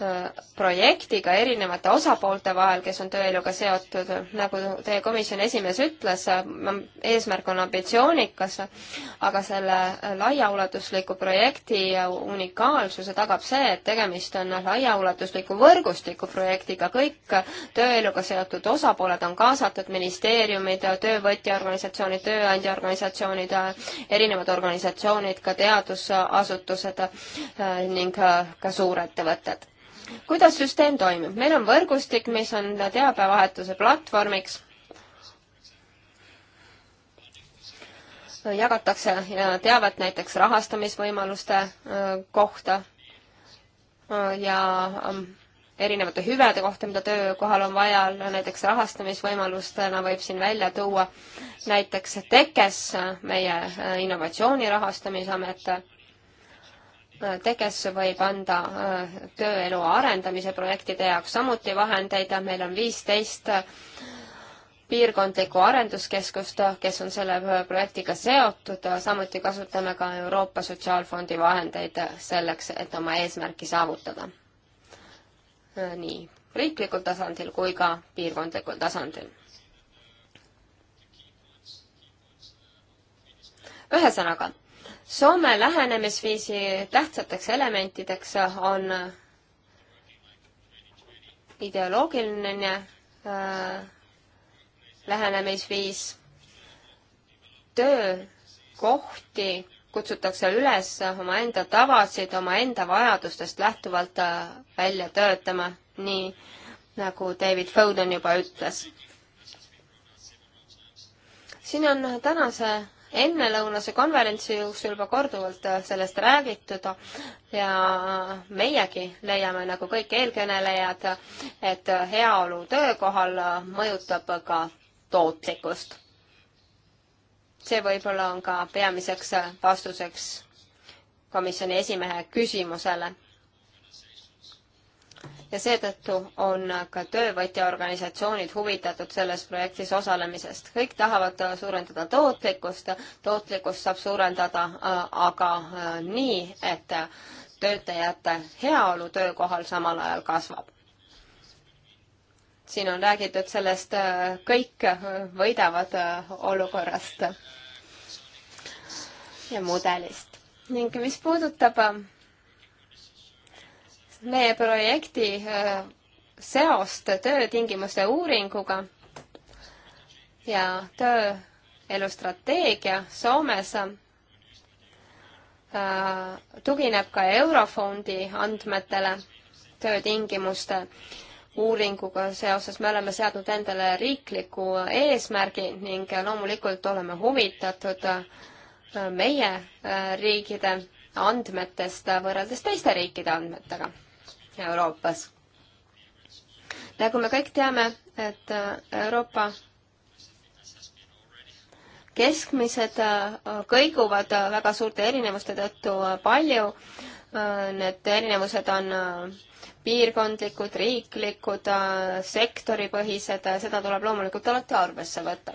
Äh, projektiga erinevate osapoolte vahel, kes on tööeluga seotud, nagu teie komisjoni esimees ütles, äh, eesmärk on ambitsioonikas, aga selle laiaulatusliku projekti unikaalsuse tagab see, et tegemist on laiaulatusliku võrgustiku projektiga, kõik tööeluga seotud osapooled on kaasatud, ministeeriumid, töövõtjaorganisatsioonid, tööandjaorganisatsioonid, erinevad organisatsioonid, ka teadusasutused äh, ning ka suurettevõtted kuidas süsteem toimib? meil on võrgustik, mis on teabevahetuse platvormiks. jagatakse teavet näiteks rahastamisvõimaluste äh, kohta äh, ja ähm, erinevate hüvede kohta, mida töökohal on vaja, näiteks rahastamisvõimalustena võib siin välja tuua näiteks TEKES, äh, meie innovatsiooni rahastamisamet teges võib anda äh, tööelu arendamise projektide jaoks samuti vahendeid ja meil on viisteist äh, piirkondlikku arenduskeskust, kes on selle äh, projektiga seotud, samuti kasutame ka Euroopa Sotsiaalfondi vahendeid selleks, et oma eesmärki saavutada. nii riiklikul tasandil kui ka piirkondlikul tasandil. ühesõnaga Soome lähenemisviisi tähtsateks elementideks on äh, ideoloogiline äh, lähenemisviis, töökohti kutsutakse üles omaenda tavasid, omaenda vajadustest lähtuvalt äh, välja töötama, nii nagu David Foden juba ütles. siin on tänase ennelõunase konverentsi jooksul juba korduvalt äh, sellest räägitud ja meiegi leiame, nagu kõik eelkõnelejad, et heaolu töökohal mõjutab ka tootlikkust. see võib-olla on ka peamiseks vastuseks komisjoni esimehe küsimusele ja seetõttu on ka töövõtjaorganisatsioonid huvitatud selles projektis osalemisest. kõik tahavad suurendada tootlikkust, tootlikkust saab suurendada äh, aga äh, nii, et töötajate heaolu töökohal samal ajal kasvab siin on räägitud sellest, äh, kõik võidavad olukorrast ja mudelist. ning mis puudutab meie projekti äh, seost töötingimuste uuringuga ja tööelustrateegia Soomes äh, tugineb ka Eurofondi andmetele töötingimuste uuringuga seoses me oleme seadnud endale riikliku eesmärgi ning loomulikult oleme huvitatud äh, meie riikide andmetest võrreldes teiste riikide andmetega Euroopas. nagu me kõik teame, et äh, Euroopa keskmised äh, kõiguvad äh, väga suurte erinevuste tõttu palju. Need erinevused on piirkondlikud, riiklikud, sektoripõhised, seda tuleb loomulikult alati arvesse võtta.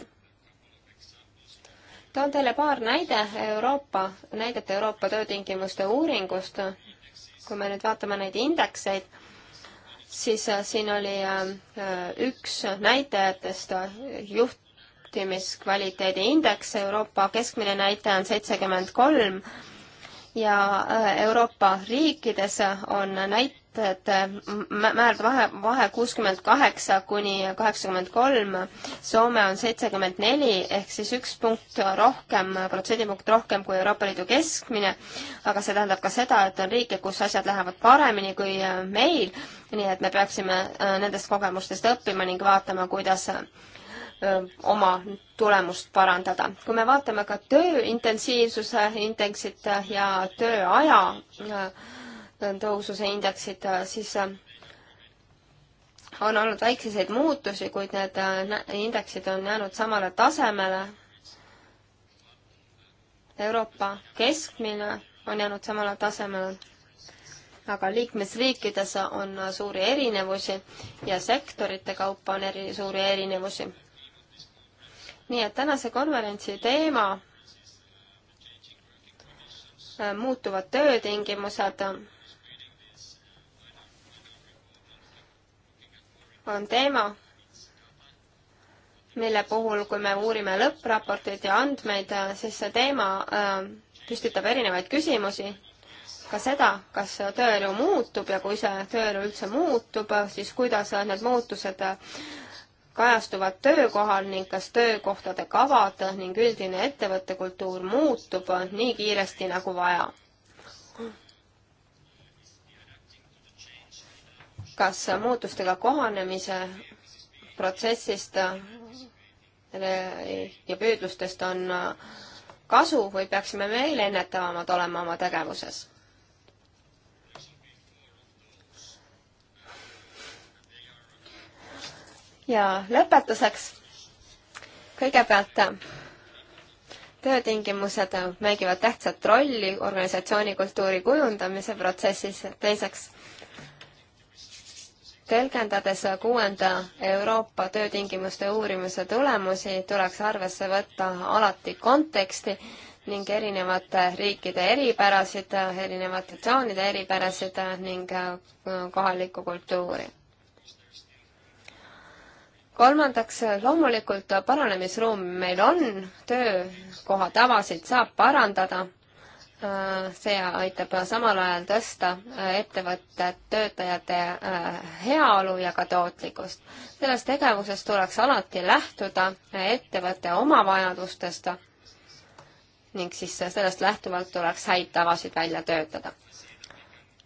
toon teile paar näide Euroopa, näidet Euroopa töötingimuste uuringust, kui me nüüd vaatame neid indekseid, siis äh, siin oli äh, äh, üks näitajatest juhtimiskvaliteedi indeks, Euroopa keskmine näitaja on seitsekümmend kolm ja Euroopa riikides on näit-, et määrad vahe, vahe kuuskümmend kaheksa kuni kaheksakümmend kolm, Soome on seitsekümmend neli, ehk siis üks punkt rohkem, protsendipunkt rohkem kui Euroopa Liidu keskmine, aga see tähendab ka seda, et on riike, kus asjad lähevad paremini kui äh, meil, nii et me peaksime äh, nendest kogemustest õppima ning vaatama, kuidas äh, oma tulemust parandada. kui me vaatame ka töö intensiivsuse indeksit ja tööaja tõususe indeksid, äh, siis äh, on olnud väikseseid muutusi, kuid need äh, indeksid on jäänud samale tasemele. Euroopa keskmine on jäänud samale tasemele, aga liikmesriikides on suuri erinevusi ja sektorite kaupa on eri, suuri erinevusi. nii et tänase konverentsi teema muutuvad töötingimused on teema, mille puhul, kui me uurime lõppraporteid ja andmeid, siis see teema äh, püstitab erinevaid küsimusi, ka seda, kas tööelu muutub ja kui see tööelu üldse muutub, siis kuidas need muutused äh, kajastuvad töökohal ning kas töökohtade kavad ning üldine ettevõttekultuur muutub nii kiiresti nagu vaja. kas muutustega kohanemise protsessist äh, ja püüdlustest on äh, kasu või peaksime veel ennetavamad olema oma tegevuses? ja lõpetuseks kõigepealt äh, töötingimused mängivad tähtsat rolli organisatsioonikultuuri kujundamise protsessis, teiseks tõlgendades kuuenda Euroopa töötingimuste uurimuse tulemusi, tuleks arvesse võtta alati konteksti ning erinevate riikide eripärasid, erinevate tsoonide eripärasid ning äh, kohalikku kultuuri. kolmandaks, loomulikult paranemisruumi meil on, töökoha tavasid saab parandada see aitab samal ajal tõsta ettevõtte töötajate äh, heaolu ja ka tootlikkust. selles tegevuses tuleks alati lähtuda ettevõtte oma vajadustest ning siis sellest lähtuvalt tuleks häid tavasid välja töötada.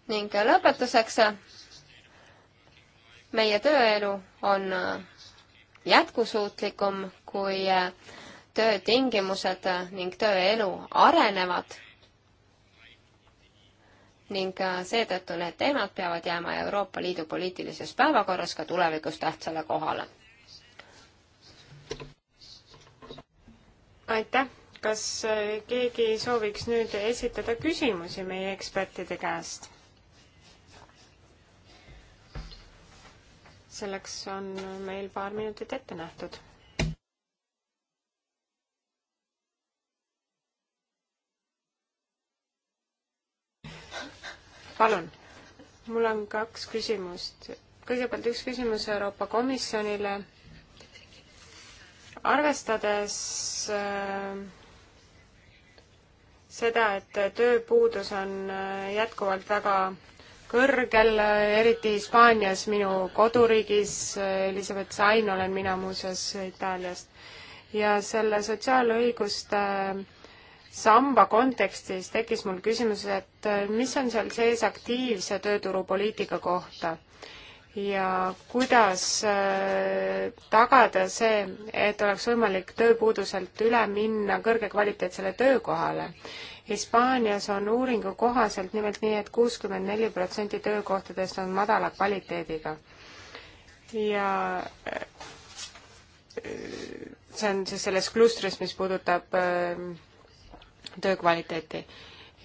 ning lõpetuseks, meie tööelu on jätkusuutlikum, kui töötingimused ning tööelu arenevad ning äh, seetõttu need teemad peavad jääma Euroopa Liidu poliitilises päevakorras ka tulevikus tähtsale kohale. aitäh, kas äh, keegi sooviks nüüd esitada küsimusi meie ekspertide käest? selleks on meil paar minutit ette nähtud palun. mul on kaks küsimust. kõigepealt üks küsimus Euroopa Komisjonile. arvestades äh, seda, et tööpuudus on äh, jätkuvalt väga kõrgel, äh, eriti Hispaanias, minu koduriigis, Elizabeth Sain olen mina muuseas Itaaliast. ja selle sotsiaalõiguste äh, samba kontekstis tekkis mul küsimus, et äh, mis on seal sees aktiivse tööturupoliitika kohta ja kuidas äh, tagada see, et oleks võimalik tööpuuduselt üle minna kõrgekvaliteetsele töökohale. Hispaanias on uuringu kohaselt nimelt nii et, et kuuskümmend neli protsenti töökohtadest on madala kvaliteediga. ja äh, see on siis selles klustris, mis puudutab äh, töö kvaliteeti.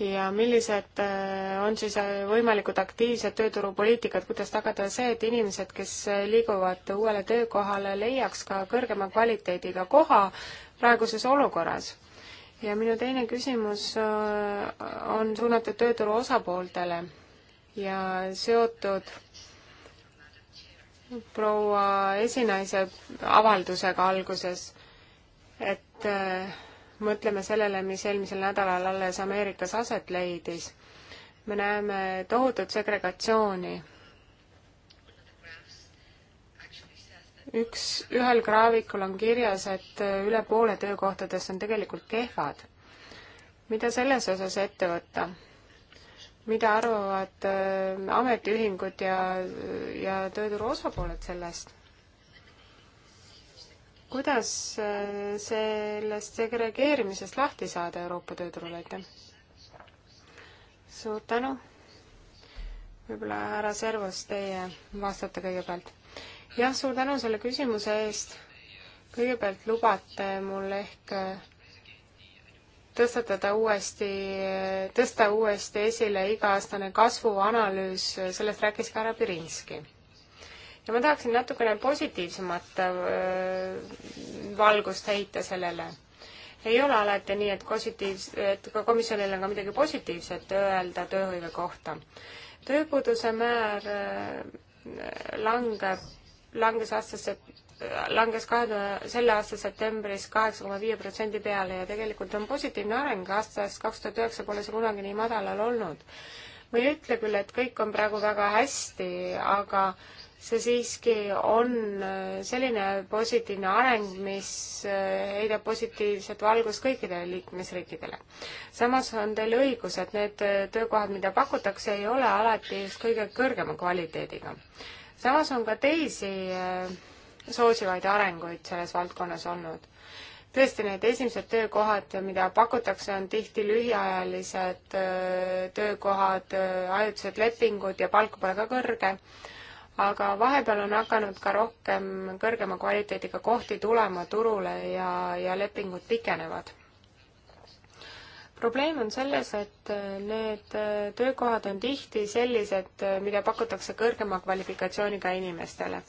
ja millised äh, on siis äh, võimalikud aktiivsed tööturupoliitikad, kuidas tagada see, et inimesed, kes äh, liiguvad uuele töökohale, leiaks ka kõrgema kvaliteediga koha praeguses olukorras? ja minu teine küsimus on suunatud tööturu osapooltele ja seotud proua esinaise avaldusega alguses, et äh, mõtleme sellele, mis eelmisel nädalal alles Ameerikas aset leidis, me näeme tohutut segregatsiooni. üks, ühel graafikul on kirjas, et üle poole töökohtadest on tegelikult kehvad. mida selles osas ette võtta? mida arvavad äh, ametiühingud ja, ja tööturu osapooled sellest? kuidas äh, sellest segregeerimisest lahti saada Euroopa tööturul, aitäh! suur tänu! võib-olla härra Servus, teie vastate kõigepealt. jah, suur tänu selle küsimuse eest. kõigepealt lubate mul ehk äh, tõstatada uuesti, tõsta uuesti esile iga-aastane kasvuanalüüs, sellest rääkis ka härra Pirinski ja ma tahaksin natukene positiivsemat äh, valgust heita sellele. ei ole alati nii, et positiivs-, et ka komisjonil on ka midagi positiivset öelda tööhõive kohta. tööpuuduse määr äh, langeb, langes aastasse langes kahe tuhande, selle aasta septembris kaheksa koma viie protsendi peale ja tegelikult on positiivne areng, aastast kaks tuhat üheksa pole see kunagi nii madalal olnud. ma ei ütle küll, et kõik on praegu väga hästi, aga äh, see siiski on äh, selline positiivne areng, mis äh, heidab positiivset valgust kõikidele liikmesriikidele. samas on teil õigus, et need äh, töökohad, mida pakutakse, ei ole alati just kõige kõrgema kvaliteediga. samas on ka teisi soosivaid arenguid selles valdkonnas olnud tõesti, need esimesed töökohad, mida pakutakse, on tihti lühiajalised töökohad, ajutised lepingud ja palk pole ka kõrge aga vahepeal on hakanud ka rohkem kõrgema kvaliteediga kohti tulema turule ja, ja lepingud pikenevad. probleem on selles, et need töökohad on tihti sellised, mida pakutakse kõrgema kvalifikatsiooniga inimestele.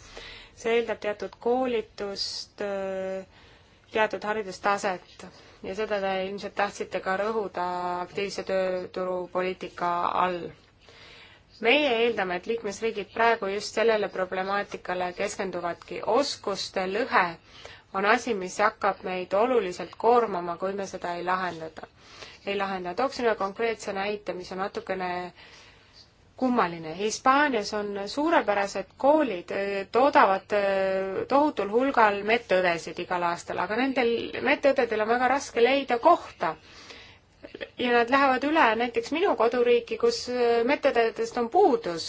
see eeldab teatud koolitust, teatud haridustaset ja seda te ilmselt tahtsite ka rõhuda aktiivse tööturupoliitika all meie eeldame, et liikmesriigid praegu just sellele problemaatikale keskenduvadki. oskuste lõhe on asi, mis hakkab meid oluliselt koormama, kui me seda ei lahendada, ei lahenda. tooksin ühe konkreetse näite, mis on natukene kummaline. Hispaanias on suurepärased koolid, toodavad äh, tohutul hulgal medõdesid igal aastal, aga nendel medõdedel on väga raske leida kohta ja nad lähevad üle näiteks minu koduriiki, kus äh, mettedest on puudus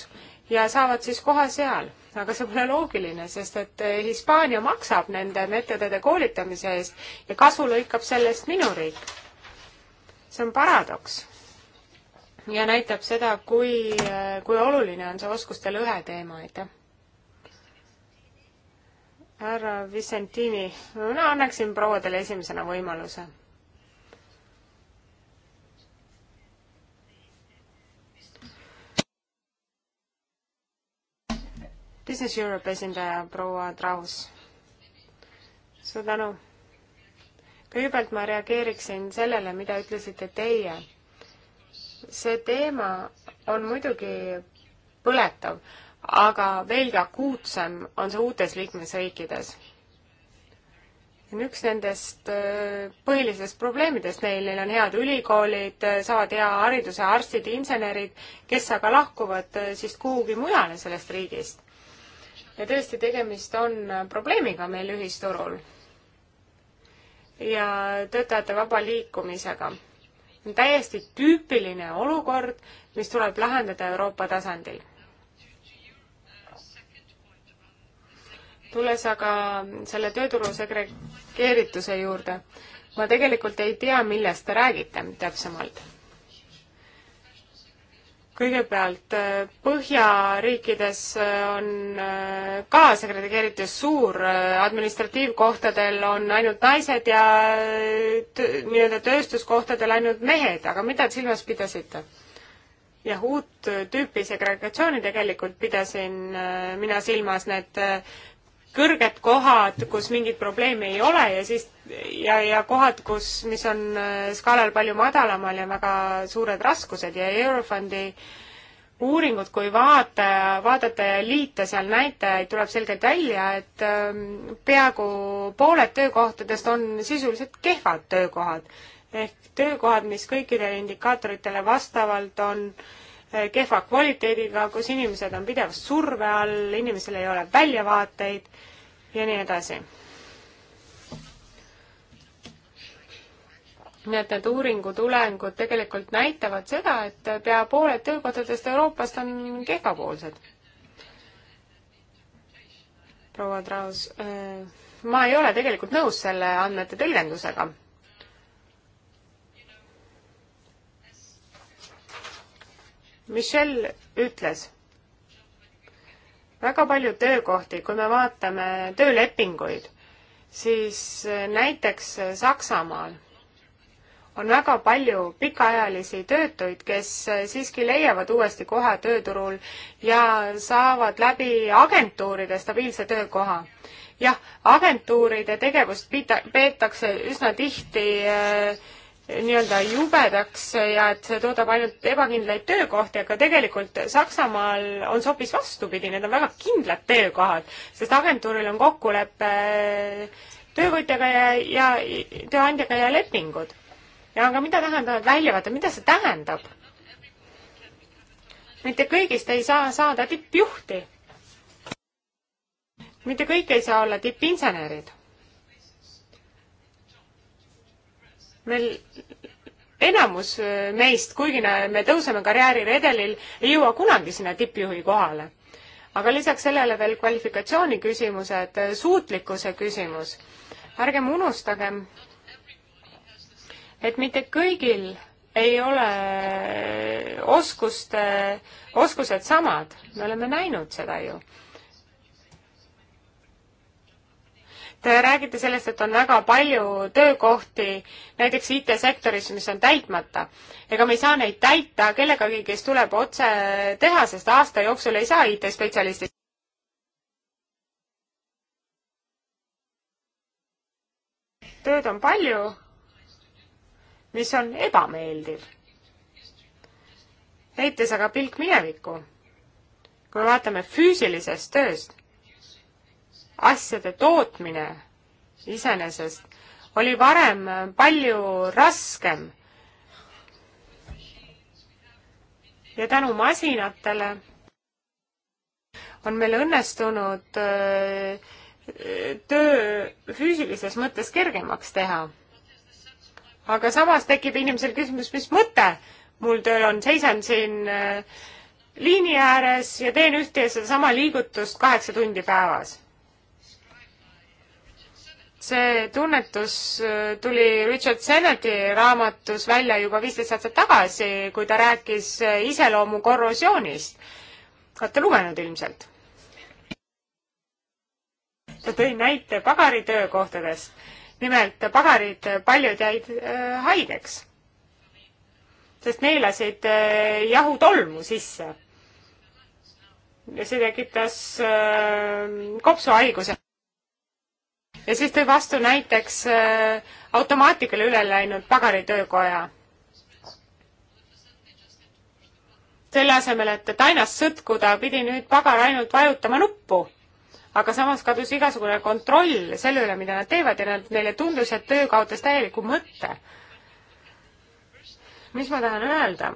ja saavad siis koha seal. aga see pole loogiline, sest et äh, Hispaania maksab nende mettedede koolitamise eest ja kasu lõikab sellest minu riik. see on paradoks. ja näitab seda, kui, äh, kui oluline on see oskuste lõhe teema, aitäh. härra Vicentini, mina annaksin prouadele esimesena võimaluse Business Europe esindaja proua Traus. suur tänu. kõigepealt ma reageeriksin sellele, mida ütlesite teie. see teema on muidugi põletav, aga veelgi akuutsem on see uutes liikmesriikides. see on üks nendest äh, põhilistest probleemidest neil, neil on head ülikoolid, äh, saavad hea hariduse arstid, insenerid, kes aga lahkuvad äh, siis kuhugi mujale sellest riigist ja tõesti, tegemist on probleemiga meil ühisturul ja töötajate vaba liikumisega. täiesti tüüpiline olukord, mis tuleb lahendada Euroopa tasandil. tulles aga selle tööturu segregeerituse juurde, ma tegelikult ei tea, millest te räägite täpsemalt kõigepealt äh, Põhjariikides äh, on äh, ka segregeeritus suur, administratiivkohtadel on ainult naised ja nii-öelda tööstuskohtadel ainult mehed, aga mida te silmas pidasite? jah, uut tüüpi segregatsiooni tegelikult pidasin mina silmas, need kõrged kohad, kus mingit probleemi ei ole ja siis ja, ja kohad, kus, mis on äh, skaalal palju madalamal ja väga suured raskused ja Eurofondi uuringut, kui vaata, vaadata ja liita seal näitajaid, tuleb selgelt välja, et ähm, peaaegu pooled töökohtadest on sisuliselt kehvad töökohad. ehk töökohad, mis kõikidele indikaatoritele vastavalt on äh, Eh, kehva kvaliteediga, kus inimesed on pidevas surve all, inimesel ei ole väljavaateid ja nii edasi. nii et need uuringutulengud tegelikult näitavad seda, et pea pooled töökohtadest Euroopast on kehvapoolsed. proua Traus, eh, ma ei ole tegelikult nõus selle andmete tõlgendusega Michel ütles, väga palju töökohti, kui me vaatame töölepinguid, siis eh, näiteks eh, Saksamaal on väga palju pikaajalisi töötuid, kes eh, siiski leiavad uuesti koha tööturul ja saavad läbi agentuuride stabiilse töökoha. jah, agentuuride tegevust peetakse üsna tihti äh, nii-öelda jubedaks ja et see toodab ainult ebakindlaid töökohti, aga tegelikult Saksamaal on see hoopis vastupidi, need on väga kindlad töökohad, sest agentuuril on kokkulepe äh, töövõtjaga ja, ja tööandjaga ja lepingud. ja aga mida tähendavad väljavaated, mida see tähendab? mitte kõigist ei saa saada tippjuhti. mitte kõik ei saa olla tippinsenerid meil enamus äh, meist, kuigi me tõuseme karjääriredelil, ei jõua kunagi sinna tippjuhi kohale. aga lisaks sellele veel kvalifikatsiooni küsimused, äh, suutlikkuse küsimus. ärgem unustagem, et mitte kõigil ei ole äh, oskuste, oskused samad, me oleme näinud seda ju Te räägite sellest, et on väga palju töökohti näiteks IT-sektoris, mis on täitmata. ega me ei saa neid täita kellegagi, kes tuleb otse tehasest, aasta jooksul ei saa IT-spetsialistist. tööd on palju, mis on ebameeldiv. heites aga pilk minevikku, kui me vaatame füüsilisest tööst asjade tootmine iseenesest oli varem palju raskem. ja tänu masinatele on meil õnnestunud äh, töö füüsilises mõttes kergemaks teha. aga samas tekib inimesel küsimus, mis mõte mul tööl on, seisan siin äh, liini ääres ja teen ühte ja sedasama liigutust kaheksa tundi päevas see tunnetus äh, tuli Richard Senneti raamatus välja juba viisteist aastat tagasi, kui ta rääkis äh, iseloomu korrosioonist. olete lugenud ilmselt? ta tõi näite pagaritöökohtadest. nimelt pagarid, äh, paljud jäid äh, haigeks, sest neelasid äh, jahutolmu sisse. ja see tekitas äh, kopsuhaiguse ja siis tõi vastu näiteks äh, automaatikale üle läinud pagaritöökoja. selle asemel, et tainast sõtkuda, pidi nüüd pagar ainult vajutama nuppu. aga samas kadus igasugune kontroll selle üle, mida nad teevad ja nad, neile tundus, et töö kaotas täieliku mõtte. mis ma tahan öelda,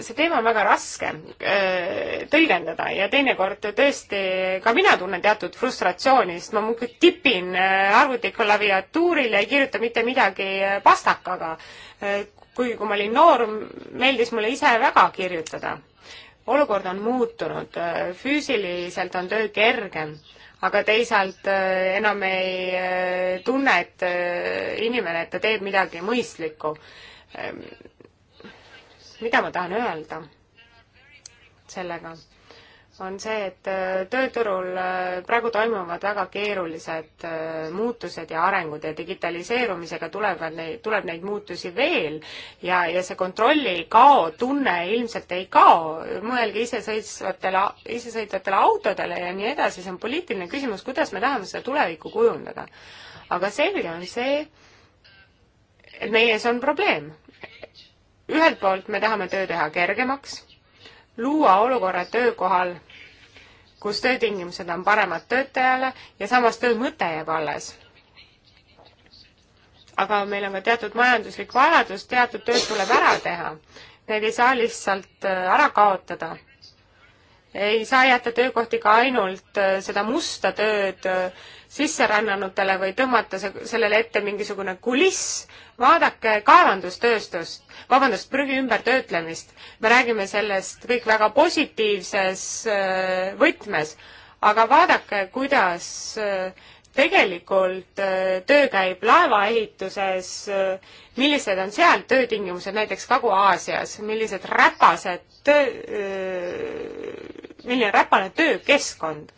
see teema on väga raske äh, tõlgendada ja teinekord tõesti ka mina tunnen teatud frustratsiooni, sest ma muidugi tipin äh, arvuti klaviatuuril ja ei kirjuta mitte midagi äh, pastakaga. kui, kui ma olin noor, meeldis mulle ise väga kirjutada. olukord on muutunud, füüsiliselt on töö kergem aga teisalt enam ei tunne, et inimene, et ta teeb midagi mõistlikku mida ma tahan öelda sellega, on see, et äh, tööturul äh, praegu toimuvad väga keerulised äh, muutused ja arengud ja digitaliseerumisega tulevad neid, tuleb neid muutusi veel ja, ja see kontrolli kao tunne ilmselt ei kao. mõelge iseseisvatele, isesõitvatele autodele ja nii edasi, see on poliitiline küsimus, kuidas me tahame seda tulevikku kujundada. aga selge on see, et meie ees on probleem ühelt poolt me tahame töö teha kergemaks, luua olukorra töökohal, kus töötingimused on paremad töötajale ja samas töö mõte jääb alles. aga meil on ka teatud majanduslik vajadus, teatud tööd tuleb ära teha. Need ei saa lihtsalt äh, ära kaotada ei saa jätta töökohti ka ainult äh, seda musta tööd äh, sisserännanutele või tõmmata sellele ette mingisugune kuliss. vaadake kaevandustööstust, vabandust, prügi ümbertöötlemist. me räägime sellest kõik väga positiivses äh, võtmes, aga vaadake, kuidas tegelikult töö käib laevaehituses, millised on seal töötingimused näiteks Kagu-Aasias, millised räpased töö, milline räpane töökeskkond.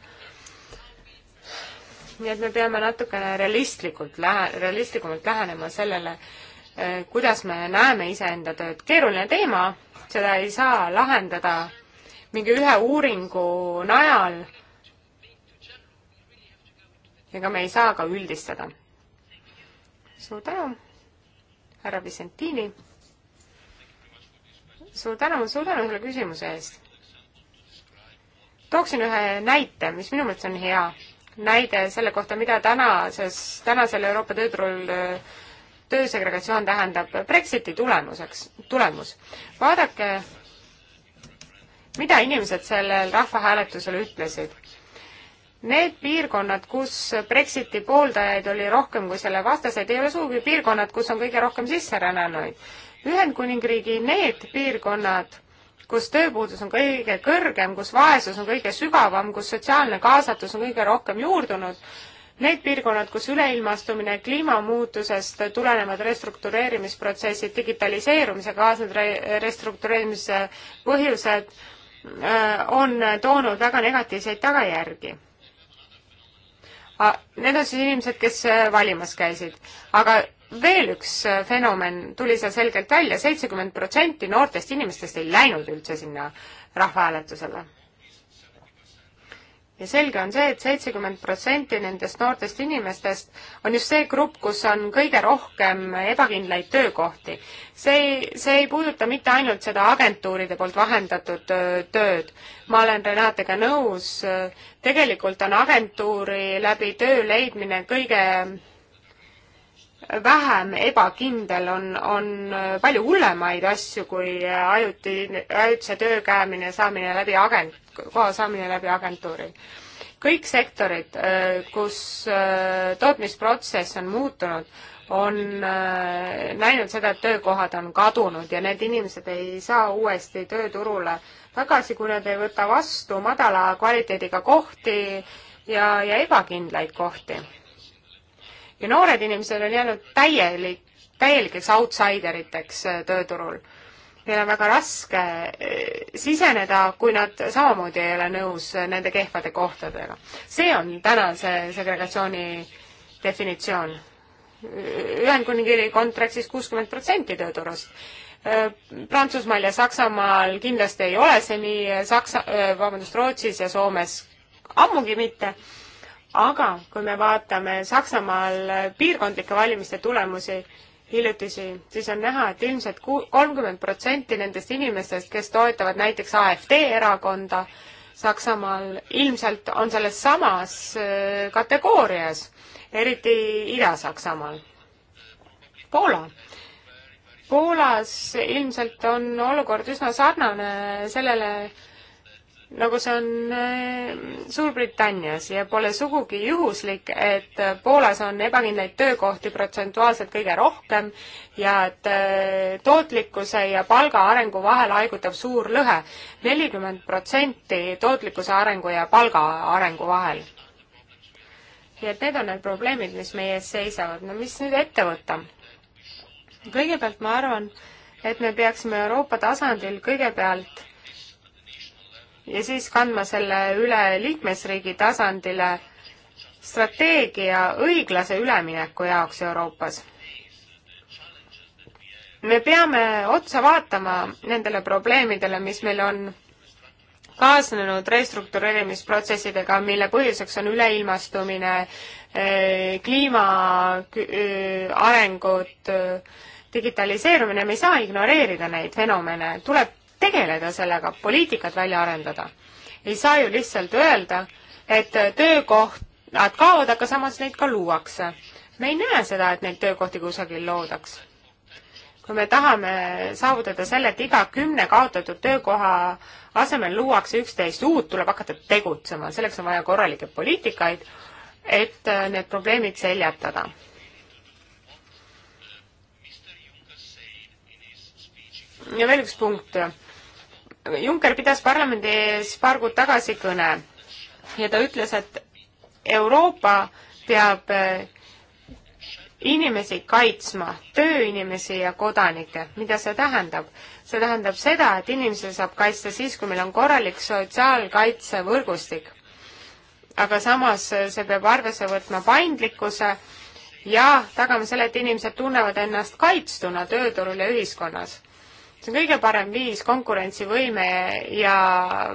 nii et me peame natukene realistlikult lähe-, realistlikumalt lähenema sellele, eh, kuidas me näeme iseenda tööd. keeruline teema, seda ei saa lahendada mingi ühe uuringu najal. ega me ei saa ka üldistada. suur tänu, härra Vicentini. suur tänu, suur tänu selle küsimuse eest tooksin ühe näite, mis minu meelest on hea näide selle kohta, mida tänases, tänasel Euroopa tööturul töösegregatsioon tähendab Brexiti tulemuseks, tulemus. vaadake, mida inimesed sellel rahvahääletusel ütlesid. Need piirkonnad, kus Brexiti pooldajaid oli rohkem kui selle vastaseid, ei ole sugugi piirkonnad, kus on kõige rohkem sisserännanuid. Ühendkuningriigi need piirkonnad, kus tööpuudus on kõige kõrgem, kus vaesus on kõige sügavam, kus sotsiaalne kaasatus on kõige rohkem juurdunud, need piirkonnad, kus üleilmastumine, kliimamuutusest tulenevad restruktureerimisprotsessid, digitaliseerumise kaasnevad restruktureerimise põhjused, äh, on toonud väga negatiivseid tagajärgi need on siis inimesed, kes äh, valimas käisid. aga veel üks äh, fenomen tuli seal selgelt välja, seitsekümmend protsenti noortest inimestest ei läinud üldse sinna rahvahääletusele. ja selge on see et, et seitsekümmend protsenti nendest noortest inimestest on just see grupp, kus on kõige rohkem ebakindlaid töökohti. see ei, see ei puuduta mitte ainult seda agentuuride poolt vahendatud tööd. ma olen Renatega nõus, tegelikult on agentuuri läbi töö leidmine kõige vähem ebakindel, on, on palju hullemaid asju kui ajutine, ajutise töö käemine, saamine läbi agent, koha saamine läbi agentuuri. kõik sektorid, kus äh, tootmisprotsess on muutunud, on äh, näinud seda, et töökohad on kadunud ja need inimesed ei saa uuesti tööturule tagasi, kui nad ei võta vastu madala kvaliteediga kohti ja, ja ebakindlaid kohti ja noored inimesed on jäänud täielik, täielikeks outsideriteks äh, tööturul. Neil on väga raske äh, siseneda, kui nad samamoodi ei ole nõus äh, nende kehvade kohtadega. see on tänase segregatsiooni definitsioon. Ühendkuningriigi kontrakt siis kuuskümmend protsenti tööturust. Prantsusmaal ja Saksamaal kindlasti ei ole see nii, Saksa, vabandust, Rootsis ja Soomes ammugi mitte aga kui me vaatame Saksamaal piirkondlike valimiste tulemusi, hiljutisi, siis on näha, et ilmselt kolmkümmend protsenti nendest inimestest, kes toetavad näiteks AfD erakonda Saksamaal, ilmselt on selles samas äh, kategoorias, eriti Ida-Saksamaal. Poola. Poolas ilmselt on olukord üsna sarnane sellele, nagu see on äh, Suurbritannias ja pole sugugi juhuslik, et äh, Poolas on ebakindlaid töökohti protsentuaalselt kõige rohkem ja et äh, tootlikkuse ja palga arengu vahel haigutab suur lõhe, nelikümmend protsenti tootlikkuse arengu ja palga arengu vahel. nii et need on need probleemid, mis meie ees seisavad, no mis nüüd ette võtta? kõigepealt ma arvan, et me peaksime Euroopa tasandil kõigepealt ja siis kandma selle üle liikmesriigi tasandile strateegia õiglase ülemineku jaoks Euroopas. me peame otsa vaatama nendele probleemidele, mis meil on kaasnenud restruktureerimisprotsessidega, mille põhjuseks on üleilmastumine, eh, kliima eh, arengud, eh, digitaliseerumine, me ei saa ignoreerida neid fenomene, tuleb tegeleda sellega, poliitikat välja arendada. ei saa ju lihtsalt öelda, et töökoht, nad kaovad, aga samas neid ka luuakse. me ei näe seda, et neid töökohti kusagil loodaks. kui me tahame saavutada selle, et iga kümne kaotatud töökoha asemel luuakse üksteist uut, tuleb hakata tegutsema, selleks on vaja korralikke poliitikaid, et need probleemid seljatada ja veel üks punkt. Juncker pidas parlamendi ees paar kuud tagasi kõne ja ta ütles, et Euroopa peab eh, inimesi kaitsma, tööinimesi ja kodanikke. mida see tähendab? see tähendab seda, et inimesi saab kaitsta siis, kui meil on korralik sotsiaalkaitsevõrgustik. aga samas eh, see peab arvesse võtma paindlikkuse ja tagama selle, et inimesed tunnevad ennast kaitstuna tööturul ja ühiskonnas see on kõige parem viis konkurentsivõime ja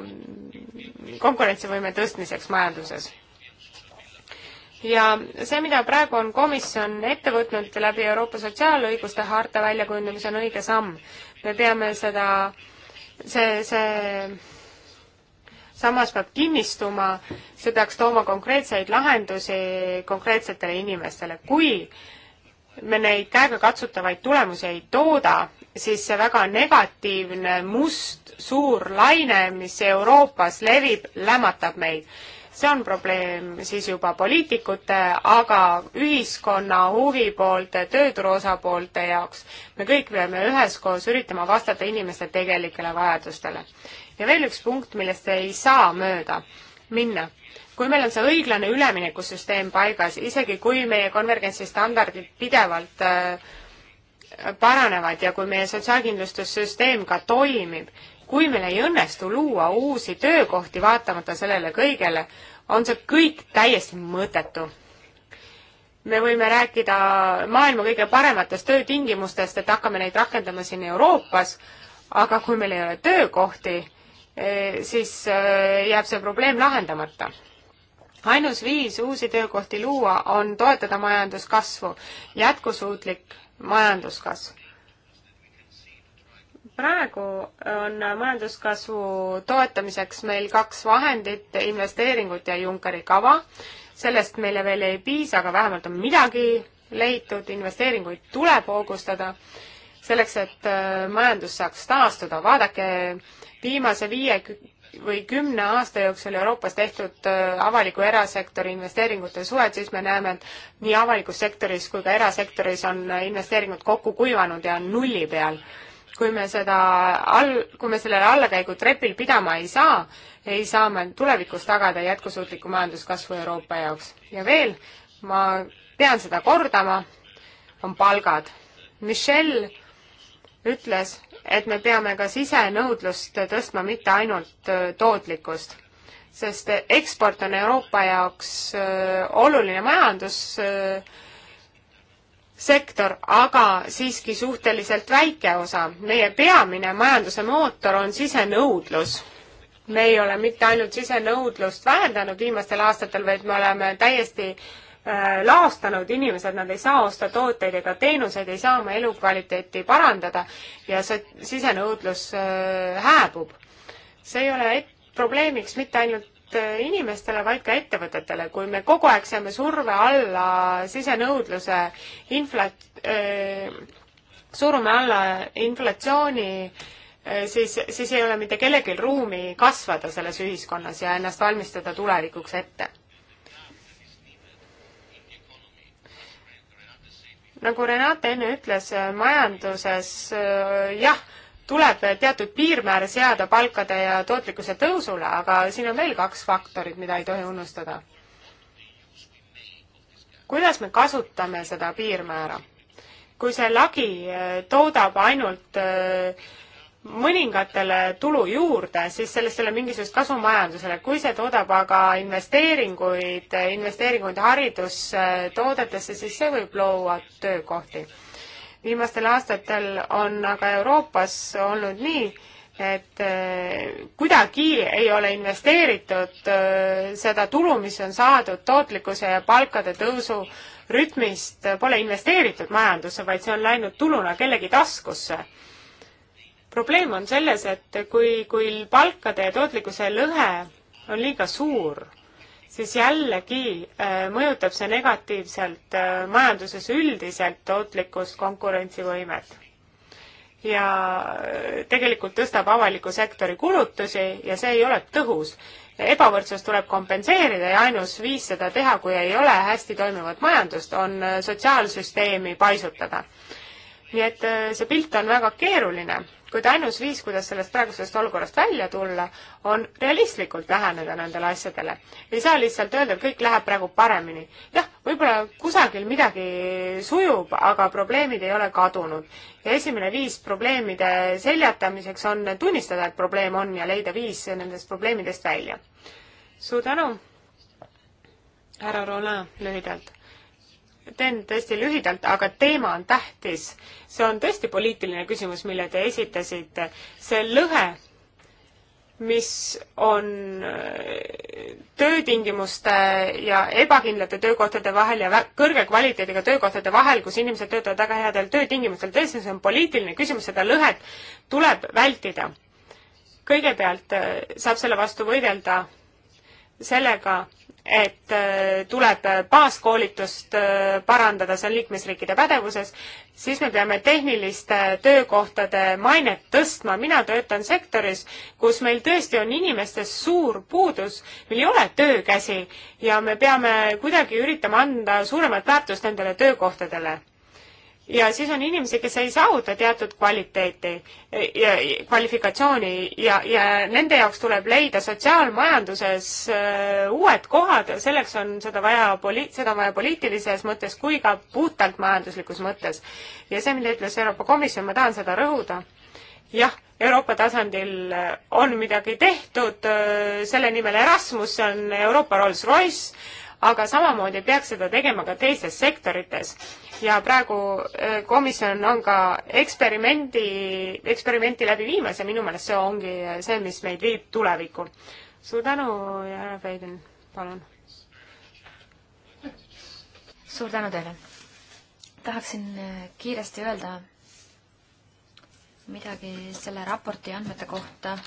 konkurentsivõime tõstmiseks majanduses. ja see, mida praegu on komisjon ette võtnud läbi Euroopa sotsiaalõiguste harta väljakujundamise, on õige samm. me peame seda, see, see samas peab kinnistuma, see peaks tooma konkreetseid lahendusi konkreetsetele inimestele, kui me neid käegakatsutavaid tulemusi ei tooda, siis see väga negatiivne must suur laine, mis Euroopas levib, lämmatab meid. see on probleem siis juba poliitikute, aga ühiskonna huvipoolte, tööturu osapoolte jaoks. me kõik peame üheskoos üritama vastata inimeste tegelikele vajadustele. ja veel üks punkt, millest ei saa mööda minna kui meil on see õiglane üleminekusüsteem paigas, isegi kui meie konvergentsistandardid pidevalt äh, paranevad ja kui meie sotsiaalkindlustussüsteem ka toimib, kui meil ei õnnestu luua uusi töökohti vaatamata sellele kõigele, on see kõik täiesti mõttetu. me võime rääkida maailma kõige parematest töötingimustest, et hakkame neid rakendama siin Euroopas, aga kui meil ei ole töökohti, eh, siis eh, jääb see probleem lahendamata ainus viis uusi töökohti luua on toetada majanduskasvu. jätkusuutlik majanduskasv. praegu on majanduskasvu toetamiseks meil kaks vahendit, investeeringud ja Junckeri kava. sellest meile veel ei piisa, aga vähemalt on midagi leitud, investeeringuid tuleb hoogustada selleks, et äh, majandus saaks taastuda. vaadake viimase viie või kümne aasta jooksul Euroopas tehtud äh, avaliku erasektori investeeringute suhet, siis me näeme, et nii avalikus sektoris kui ka erasektoris on investeeringud kokku kuivanud ja on nulli peal. kui me seda all, kui me sellele allakäigu trepil pidama ei saa, ei saa me tulevikus tagada jätkusuutlikku majanduskasvu Euroopa jaoks. ja veel, ma pean seda kordama, on palgad. Michelle ütles, et me peame ka sisenõudlust tõstma, mitte ainult äh, tootlikkust. sest äh, eksport on Euroopa jaoks äh, oluline majandussektor, aga siiski suhteliselt väike osa. meie peamine majanduse mootor on sisenõudlus me ei ole mitte ainult sisenõudlust vähendanud viimastel aastatel, vaid me oleme täiesti äh, Äh, laastanud inimesed, nad ei saa osta tooteid ega teenuseid, ei saa oma elukvaliteeti parandada ja see sisenõudlus äh, hääbub. see ei ole probleemiks mitte ainult äh, inimestele, vaid ka ettevõtetele, kui me kogu aeg saame surve alla sisenõudluse infla-, surume alla inflatsiooni äh, siis, siis ei ole mitte kellelgi ruumi kasvada selles ühiskonnas ja ennast valmistada tulevikuks ette. nagu Renate enne ütles, äh, majanduses äh, jah, tuleb teatud piirmäär seada palkade ja tootlikkuse tõusule, aga siin on veel kaks faktorit, mida ei tohi unustada. kuidas me kasutame seda piirmäära? kui see lagi äh, toodab ainult äh, mõningatele tulu juurde, siis sellest ei ole mingisugust kasu majandusele. kui see toodab aga investeeringuid, investeeringuid haridustoodetesse, siis see võib luua töökohti. viimastel aastatel on aga Euroopas olnud nii, et eh, kuidagi ei ole investeeritud eh, seda tulu, mis on saadud tootlikkuse ja palkade tõusu rütmist, pole investeeritud majandusse, vaid see on läinud tuluna kellegi taskusse probleem on selles, et kui, kui palkade ja tootlikkuse lõhe on liiga suur, siis jällegi äh, mõjutab see negatiivselt äh, majanduses üldiselt tootlikkust, konkurentsivõimet. ja äh, tegelikult tõstab avaliku sektori kulutusi ja see ei ole tõhus. ebavõrdsust tuleb kompenseerida ja ainus viis seda teha, kui ei ole hästi toimivat majandust, on sotsiaalsüsteemi paisutada nii et see pilt on väga keeruline kuid ainus viis, kuidas sellest praegusest olukorrast välja tulla, on realistlikult läheneda nendele asjadele. ei saa lihtsalt öelda, et kõik läheb praegu paremini. jah, võib-olla kusagil midagi sujub, aga probleemid ei ole kadunud. ja esimene viis probleemide seljatamiseks on tunnistada, et probleem on ja leida viis nendest probleemidest välja. suur tänu, härra Roland, lühidalt teen tõesti lühidalt, aga teema on tähtis. see on tõesti poliitiline küsimus, mille te esitasite. see lõhe, mis on äh, töötingimuste ja ebakindlate töökohtade vahel ja kõrge kvaliteediga töökohtade vahel, kus inimesed töötavad väga headel töötingimustel, tõesti, see on poliitiline küsimus, seda lõhet tuleb vältida. kõigepealt äh, saab selle vastu võidelda sellega, et äh, tuleb baaskoolitust äh, parandada, see on liikmesriikide pädevuses, siis me peame tehniliste töökohtade mainet tõstma, mina töötan sektoris, kus meil tõesti on inimestes suur puudus, meil ei ole töökäsi ja me peame kuidagi üritama anda suuremat väärtust nendele töökohtadele ja siis on inimesi, kes ei saavuta teatud kvaliteeti ja kvalifikatsiooni ja, ja nende jaoks tuleb leida sotsiaalmajanduses äh, uued kohad, selleks on seda vaja poli-, seda on vaja poliitilises mõttes kui ka puhtalt majanduslikus mõttes. ja see, mida ütles Euroopa Komisjon, ma tahan seda rõhuda, jah, Euroopa tasandil äh, on midagi tehtud, äh, selle nimel Erasmus, see on Euroopa Rolls-Royce, aga samamoodi peaks seda tegema ka teistes sektorites. ja praegu eh, komisjon on ka eksperimendi, eksperimenti läbi viimas ja minu meelest see ongi see, mis meid viib tulevikku. suur tänu ja härra Feiden, palun. suur tänu teile. tahaksin eh, kiiresti öelda midagi selle raporti andmete kohta,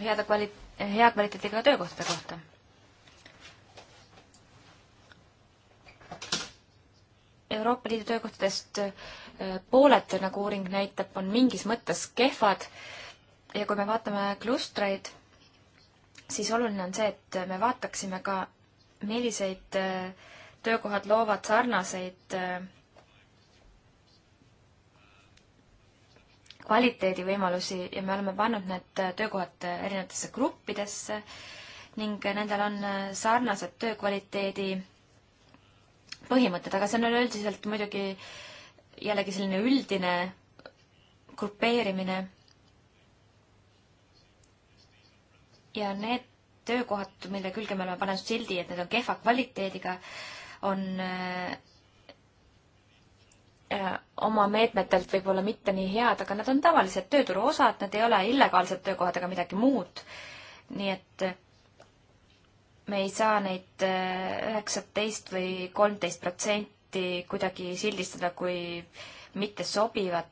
heade kvali-, hea kvaliteediga töökohtade kohta Euroopa Liidu töökohtadest äh, pooled, nagu uuring näitab, on mingis mõttes kehvad. ja kui me vaatame klustreid, siis oluline on see, et me vaataksime ka, milliseid äh, töökohad loovad sarnaseid äh, kvaliteedivõimalusi ja me oleme pannud need töökohad erinevatesse gruppidesse ning nendel on sarnased töökvaliteedi põhimõtted, aga see on üleüldiselt muidugi jällegi selline üldine grupeerimine. ja need töökohad, mille külge me oleme pannud sildi, et need on kehva kvaliteediga, on äh, äh, oma meetmetelt võib-olla mitte nii head, aga nad on tavalised tööturu osad, nad ei ole illegaalsed töökohad ega midagi muud. nii et me ei saa neid äh, üheksateist või kolmteist protsenti kuidagi sildistada kui mittesobivat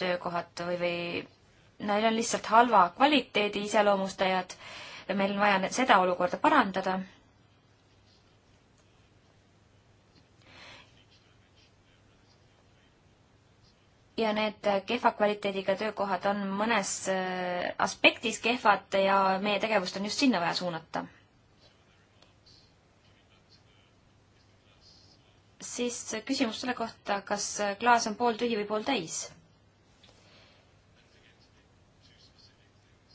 töökohad või, või neil on lihtsalt halva kvaliteedi iseloomustajad ja meil on vaja seda olukorda parandada. ja need kehva kvaliteediga töökohad on mõnes äh, aspektis kehvad ja meie tegevust on just sinna vaja suunata siis küsimus selle kohta, kas klaas on pooltühi või pooltäis.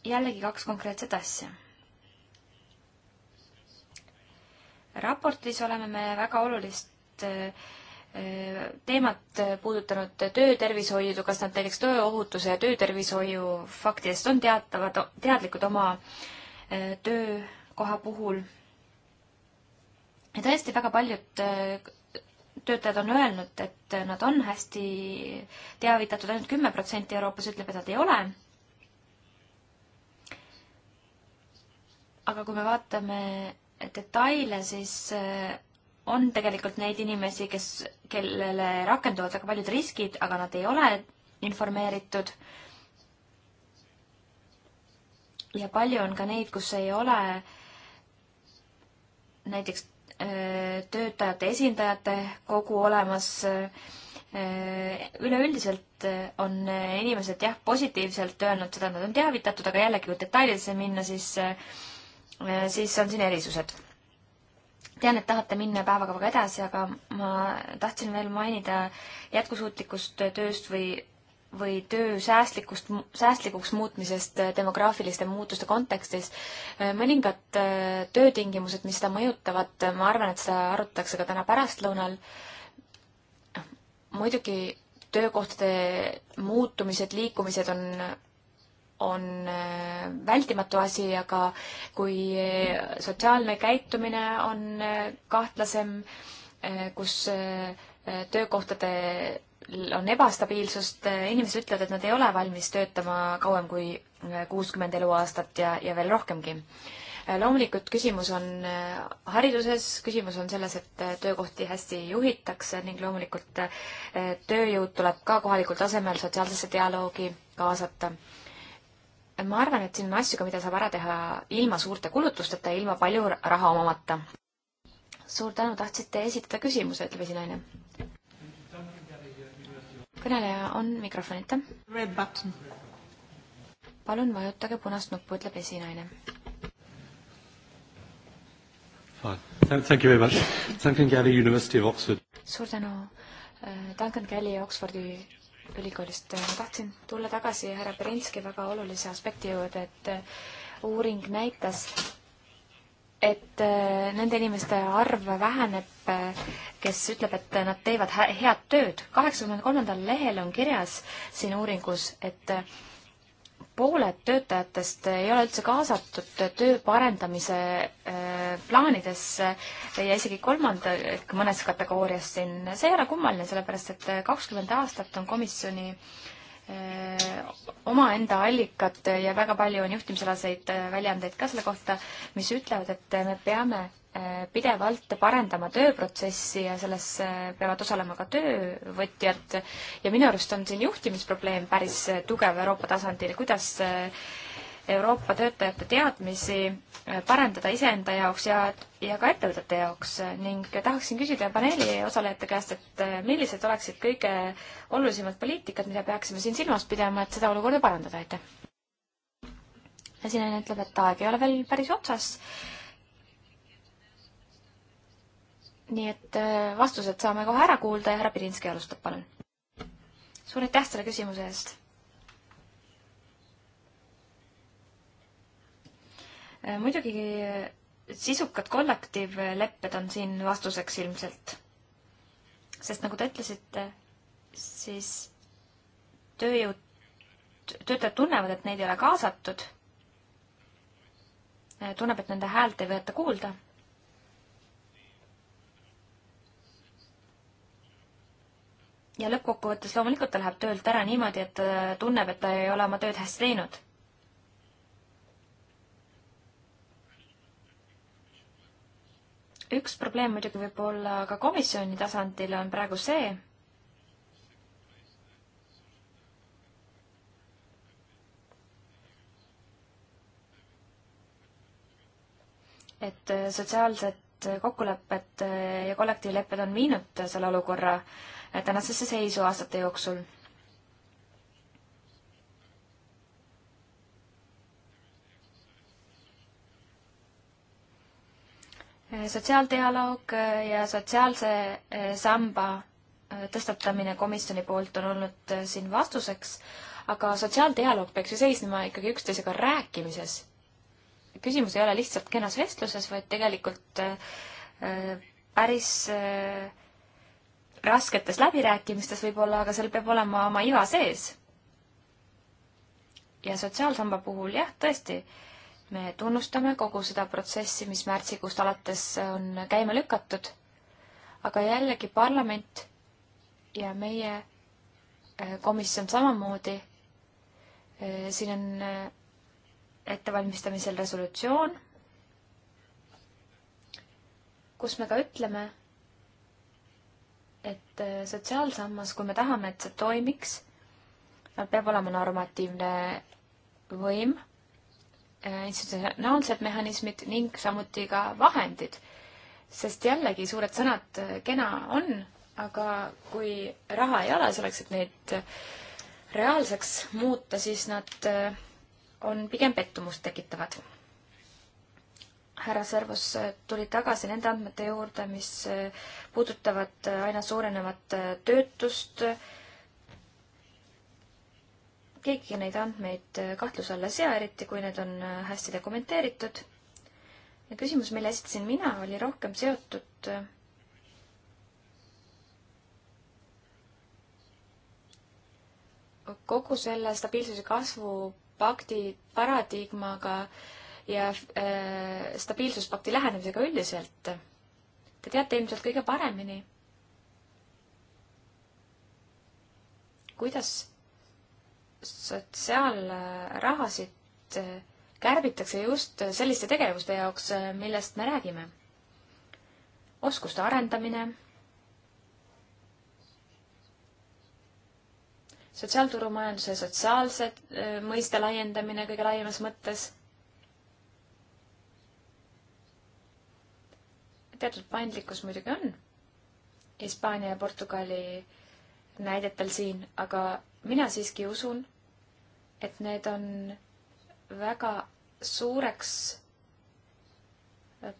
jällegi kaks konkreetset asja. raportis oleme me väga olulist äh, äh, teemat puudutanud töötervishoidu, kas nad näiteks tööohutuse ja töötervishoiu faktidest on teatavad, teadlikud oma äh, töökoha puhul ja tõesti, väga paljud töötajad on öelnud, et nad on hästi teavitatud ainult, ainult kümme protsenti Euroopas ütleb, et nad ei ole. aga kui me vaatame detaile, siis eh, on tegelikult neid inimesi, kes, kellele rakenduvad väga paljud riskid, aga nad ei ole informeeritud. ja palju on ka neid, kus ei ole näiteks Äh, töötajate esindajate kogu olemas. Äh, üleüldiselt äh, on inimesed jah, positiivselt öelnud seda, et nad on teavitatud, aga jällegi, kui detailidesse minna, siis, siis on siin erisused. tean, et tahate minna päevakavaga edasi, aga ma tahtsin veel mainida jätkusuutlikust tööst või või töö säästlikust, säästlikuks muutmisest äh, demograafiliste muutuste kontekstis. Äh, mõningad äh, töötingimused, mis seda mõjutavad, ma arvan, et seda arutatakse ka täna pärastlõunal. muidugi töökohtade muutumised, liikumised on on vältimatu asi, aga kui sotsiaalne käitumine on kahtlasem, kus töökohtade on ebastabiilsust, inimesed ütlevad, et nad ei ole valmis töötama kauem kui äh, kuuskümmend eluaastat ja, ja veel rohkemgi. Äh, loomulikult küsimus on äh, hariduses, küsimus on selles, et töökohti hästi juhitakse ning loomulikult tööjõud tuleb ka kohalikul tasemel sotsiaalsesse dialoogi kaasata. ma arvan, et siin on asju ka, mida saab ära teha ilma suurte kulutusteta ja ilma palju raha omamata. suur tänu, tahtsite esitada küsimuse, ütleb esinaine kõneleja on mikrofonita. palun vajutage punast nuppu, ütleb esinaine. suur tänu. Äh, Duncan Kelly Oxfordi ülikoolist. Äh, ma tahtsin tulla tagasi härra Berenski väga olulise aspekti juurde, et äh, uuring näitas, et äh, nende inimeste arv väheneb, äh, kes ütleb, et nad teevad head tööd. kaheksakümne kolmandal lehel on kirjas siin uuringus, et äh, pooled töötajatest ei ole üldse kaasatud töö parendamise plaanidesse ja isegi kolmanda, mõnes kategoorias siin. see ei ole kummaline, sellepärast et kakskümmend aastat on komisjoni äh, Äh, omaenda allikat ja väga palju on juhtimisalaseid äh, väljaandeid ka selle kohta, mis ütlevad, et äh, me peame pidevalt parendama tööprotsessi ja selles peavad osalema ka töövõtjad. ja minu arust on siin juhtimisprobleem päris tugev Euroopa tasandil, kuidas Euroopa töötajate teadmisi äh, parendada iseenda jaoks ja, ja ka ettevõtete jaoks äh, ning tahaksin küsida paneeli osalejate käest, et äh, millised oleksid kõige olulisemad poliitikad, mida peaksime siin silmas pidama, et seda olukorda parandada, aitäh! esinejana ütleb, et aeg ei ole veel päris otsas. nii et vastused saame kohe ära kuulda ja härra Pirinski alustab, palun. suur aitäh selle küsimuse eest Äh, muidugi äh, sisukad kollektiivlepped on siin vastuseks ilmselt. sest nagu te ütlesite, siis tööjõud, töötajad tunnevad, et neid ei ole kaasatud. Äh, tunneb, et nende häält ei võeta kuulda. ja lõppkokkuvõttes loomulikult ta läheb töölt ära niimoodi, et tunneb, et ta ei ole oma tööd hästi teinud üks probleem muidugi võib-olla ka komisjoni tasandil on praegu see, et sotsiaalsed kokkulepped ja kollektiivlepped on viinud selle olukorra tänasesse seisu aastate jooksul sotsiaaldialoog eh, ja sotsiaalse eh, samba eh, tõstatamine komisjoni poolt on olnud siin vastuseks, aga sotsiaaldialoog peaks ju seisnema ikkagi üksteisega rääkimises. küsimus ei ole lihtsalt kenas vestluses, vaid tegelikult päris rasketes läbirääkimistes võib-olla, aga seal peab olema oma iva sees. ja sotsiaalsamba puhul jah, tõesti me tunnustame kogu seda protsessi, mis märtsikuust alates on käima lükatud, aga jällegi parlament ja meie eh, komisjon samamoodi, eh, siin on eh, ettevalmistamisel resolutsioon, kus me ka ütleme, et sotsiaalsammas, kui me tahame, et see toimiks, peab olema normatiivne võim Äh, institutsionaalsed mehhanismid ning samuti ka vahendid. sest jällegi, suured sõnad äh, kena on, aga kui raha ei ole selleks, et neid äh, reaalseks muuta, siis nad on pigem pettumust tekitavad. härra Servus tuli tagasi nende andmete juurde, mis puudutavad aina suurenevat töötust keegi neid andmeid kahtluse alla ei sea, eriti kui need on hästi dokumenteeritud. ja küsimus, mille esitasin mina, oli rohkem seotud kogu selle stabiilsuse kasvu pakti paradigmaga ja äh, stabiilsuspakti lähenemisega üldiselt. Te teate ilmselt kõige paremini, kuidas sotsiaalrahasid äh, kärbitakse just selliste tegevuste jaoks, äh, millest me räägime. oskuste arendamine, sotsiaalturumajanduse sotsiaalse äh, mõiste laiendamine kõige laiemas mõttes teatud paindlikkus muidugi on Hispaania ja Portugali näidetel siin, aga mina siiski usun, et need on väga suureks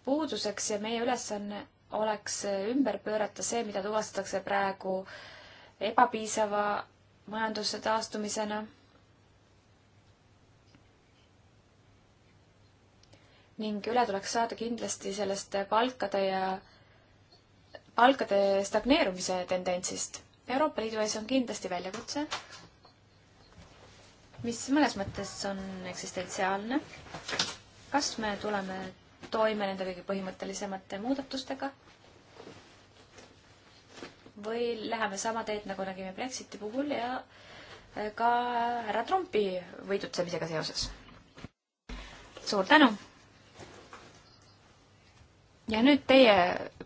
puuduseks ja meie ülesanne oleks ümber pöörata see, mida tuvastatakse praegu ebapiisava majanduse taastumisena. ning üle tuleks saada kindlasti sellest palkade ja, palkade stagneerumise tendentsist. Euroopa Liidu ees on kindlasti väljakutse mis mõnes mõttes on eksistentsiaalne. kas me tuleme toime nende kõige põhimõttelisemate muudatustega või läheme sama teed, nagu nägime Brexiti puhul ja äh, ka härra Trumpi võidutsemisega seoses. suur tänu! ja nüüd teie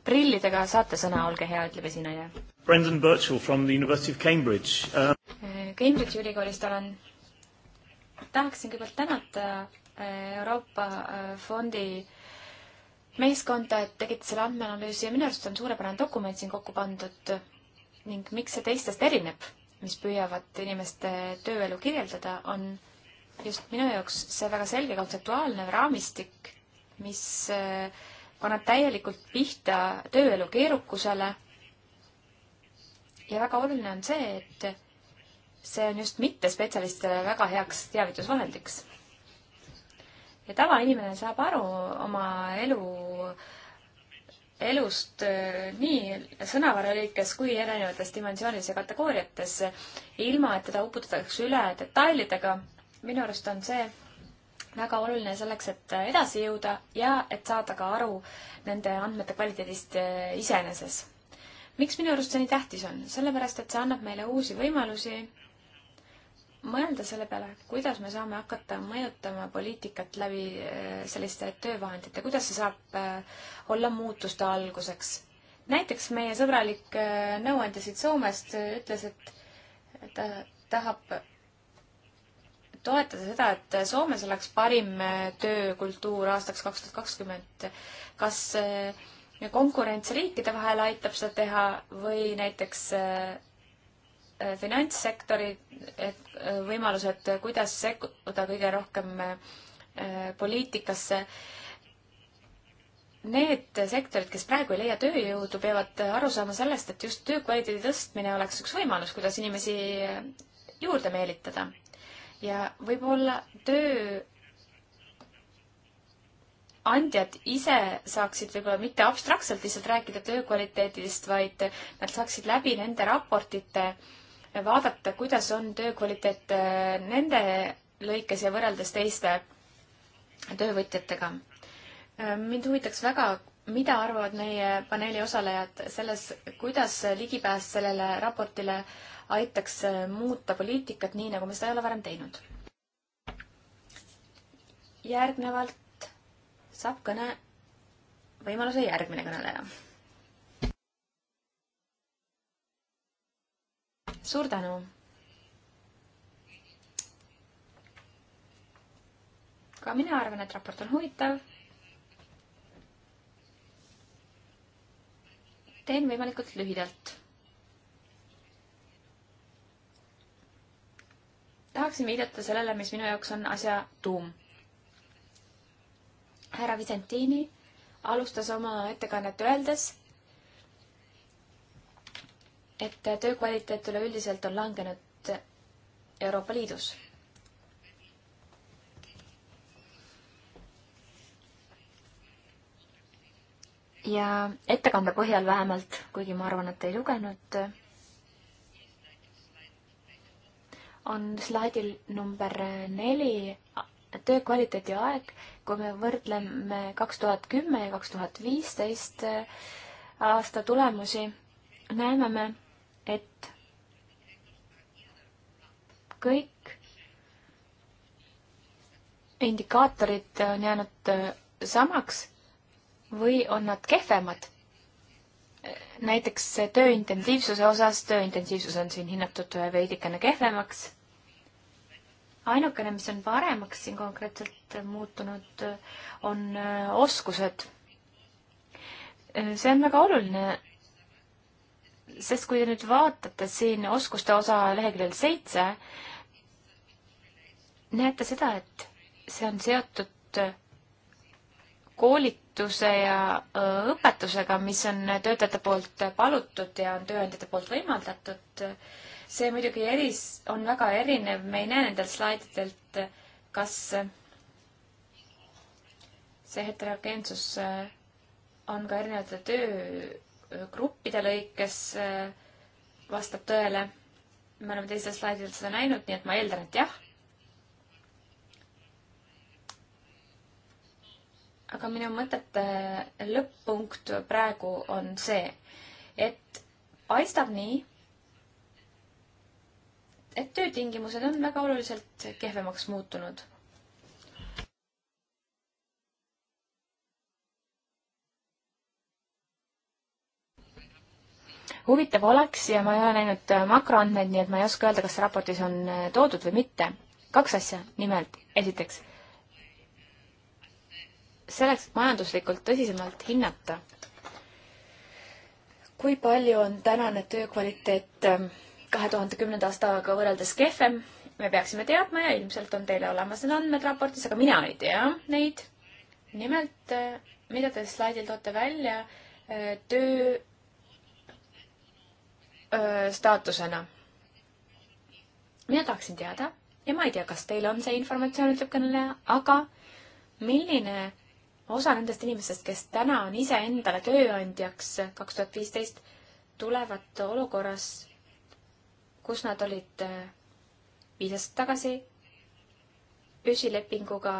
prillidega saate sõna, olge hea, ütleb esineja. Brendan Birchall from the University of Cambridge uh.... Cambridge'i ülikoolist olen tahaksin kõigepealt tänada äh, Euroopa äh, Fondi meeskonda, et tegite selle andmeanalüüsi ja minu arust on suurepärane dokument siin kokku pandud ning miks see teistest erineb, mis püüavad inimeste tööelu kirjeldada, on just minu jaoks see väga selge kontseptuaalne raamistik, mis äh, paneb täielikult pihta tööelu keerukusele. ja väga oluline on see, et see on just mittespetsialistidele väga heaks teavitusvahendiks. ja tavainimene saab aru oma elu, elust äh, nii sõnavara lõikes kui erinevates dimensioonides ja kategooriates, ilma et teda uputatakse üle detailidega. minu arust on see väga oluline selleks, et edasi jõuda ja et saada ka aru nende andmete kvaliteedist äh, iseeneses. miks minu arust see nii tähtis on? sellepärast, et see annab meile uusi võimalusi mõelda selle peale, kuidas me saame hakata mõjutama poliitikat läbi äh, selliste töövahendite, kuidas see saab äh, olla muutuste alguseks. näiteks meie sõbralik äh, nõuandja siit Soomest ütles, et ta tahab toetada seda, et Soomes oleks parim töökultuur aastaks kaks tuhat kakskümmend. kas konkurents riikide vahel aitab seda teha või näiteks Äh, finantssektori äh, võimalused, kuidas sekkuda kõige rohkem äh, poliitikasse. Need sektorid, kes praegu ei leia tööjõudu, peavad aru saama sellest, et just töökvaliteedi tõstmine oleks üks võimalus, kuidas inimesi juurde meelitada. ja võib-olla töö andjad ise saaksid võib-olla mitte abstraktselt lihtsalt rääkida töö kvaliteedist, vaid nad saaksid läbi nende raportite äh, vaadata, kuidas on töö kvaliteet äh, nende lõikes ja võrreldes teiste töövõtjatega. Äh, mind huvitaks väga, mida arvavad meie paneeli osalejad selles, kuidas ligipääs sellele raportile aitaks äh, muuta poliitikat nii, nagu me seda ei ole varem teinud. järgnevalt saab kõne, võimaluse järgmine kõneleja suur tänu! ka mina arvan, et raport on huvitav. teen võimalikult lühidalt. tahaksin viidata sellele, mis minu jaoks on asja tuum. härra Vicentini alustas oma ettekannet öeldes, et töö kvaliteet üleüldiselt on langenud Euroopa Liidus. ja ettekande põhjal vähemalt, kuigi ma arvan, et ei lugenud, on slaidil number neli töö kvaliteedi aeg, kui me võrdleme kaks tuhat kümme ja kaks tuhat viisteist aasta tulemusi, näeme me, et kõik indikaatorid on jäänud äh, samaks või on nad kehvemad? näiteks töö intensiivsuse osas, töö intensiivsus on siin hinnatud äh, veidikene kehvemaks. ainukene, mis on paremaks siin konkreetselt äh, muutunud, on oskused. see on väga oluline sest kui te nüüd vaatate siin oskuste osa leheküljel seitse, näete seda, et see on seotud koolituse ja õpetusega, mis on töötajate poolt palutud ja on tööandjate poolt võimaldatud. see muidugi eris, on väga erinev, me ei näe nendelt slaididelt, kas see heterogeensus on ka erinevate töö gruppide lõikes äh, vastab tõele. me oleme teisel slaidil seda näinud, nii et ma eeldan, et jah. aga minu mõtete lõpp-punkt praegu on see, et paistab nii, et töötingimused on väga oluliselt kehvemaks muutunud huvitav oleks ja ma ei ole näinud äh, makroandmeid, nii et ma ei oska öelda, kas raportis on äh, toodud või mitte. kaks asja, nimelt, esiteks, selleks, et majanduslikult tõsisemalt hinnata, kui palju on tänane töökvaliteet ähm, kahe tuhande kümnenda aastaga võrreldes kehvem, me peaksime teadma ja ilmselt on teile olemas need andmed raportis, aga mina ei tea neid. nimelt, äh, mida te slaidil toote välja, töö staatusena. mina tahaksin teada ja ma ei tea, kas teil on see informatsioon, ütleb kõneleja, aga milline osa nendest inimestest, kes täna on iseendale tööandjaks kaks tuhat viisteist, tulevad olukorras, kus nad olid viis aastat tagasi püsilepinguga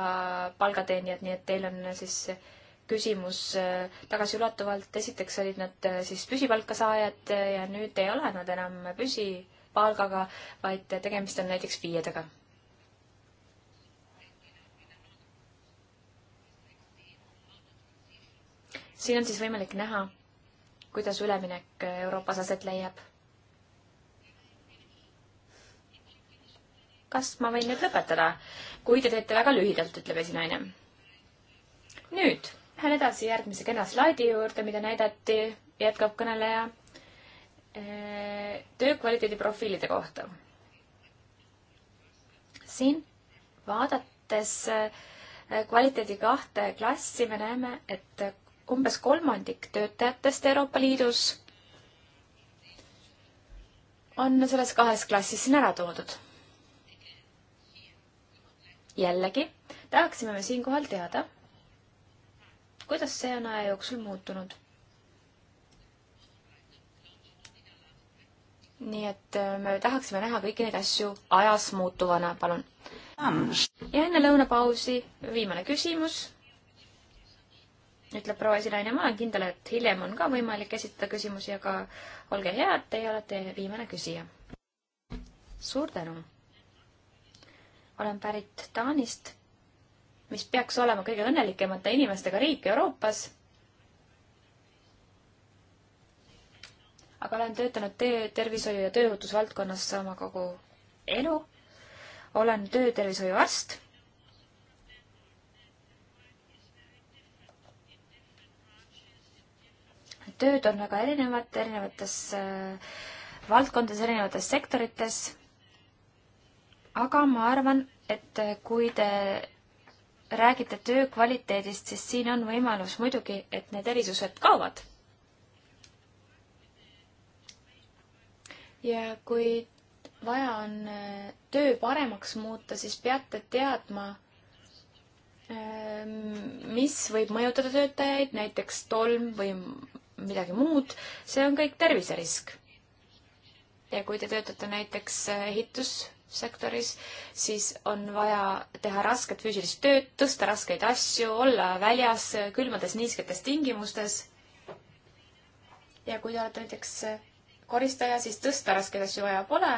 palgateenijad, nii et teil on siis äh, küsimus äh, tagasiulatuvalt. esiteks olid nad äh, siis püsipalka saajad äh, ja nüüd ei ole nad enam püsipalgaga, vaid tegemist on näiteks FIE-dega. siin on siis võimalik näha, kuidas üleminek Euroopas aset leiab. kas ma võin nüüd lõpetada? kui te teete väga lühidalt, ütleb esinaine. nüüd Lähen edasi järgmise kena slaidi juurde, mida näidati, jätkab kõneleja, eh, töökvaliteedi profiilide kohta. siin vaadates eh, kvaliteedi kahte klassi me näeme, et umbes kolmandik töötajatest Euroopa Liidus on selles kahes klassis siin ära toodud. jällegi tahaksime me siinkohal teada kuidas see on aja jooksul muutunud? nii et äh, me tahaksime näha kõiki neid asju ajas muutuvana, palun. ja enne lõunapausi viimane küsimus. ütleb proua esinaine, ma olen kindel, et hiljem on ka võimalik esitada küsimusi, aga olge head, teie olete viimane küsija. suur tänu. olen pärit Taanist mis peaks olema kõige õnnelikemate inimestega riik Euroopas. aga olen töötanud töö, tervishoiu ja tööohutusvaldkonnas sama kogu elu. olen töötervishoiuarst. tööd on väga erinevad, erinevates äh, valdkondades, erinevates sektorites. aga ma arvan, et kui te räägite töö kvaliteedist, siis siin on võimalus muidugi, et need erisused kaovad. ja kui vaja on äh, töö paremaks muuta, siis peate teadma, ähm, mis võib mõjutada töötajaid, näiteks tolm või midagi muud, see on kõik terviserisk. ja kui te töötate näiteks äh, ehitus- sektoris, siis on vaja teha rasket füüsilist tööd, tõsta raskeid asju, olla väljas külmades niisketes tingimustes. ja kui te olete näiteks koristaja, siis tõsta raskeid asju vaja pole,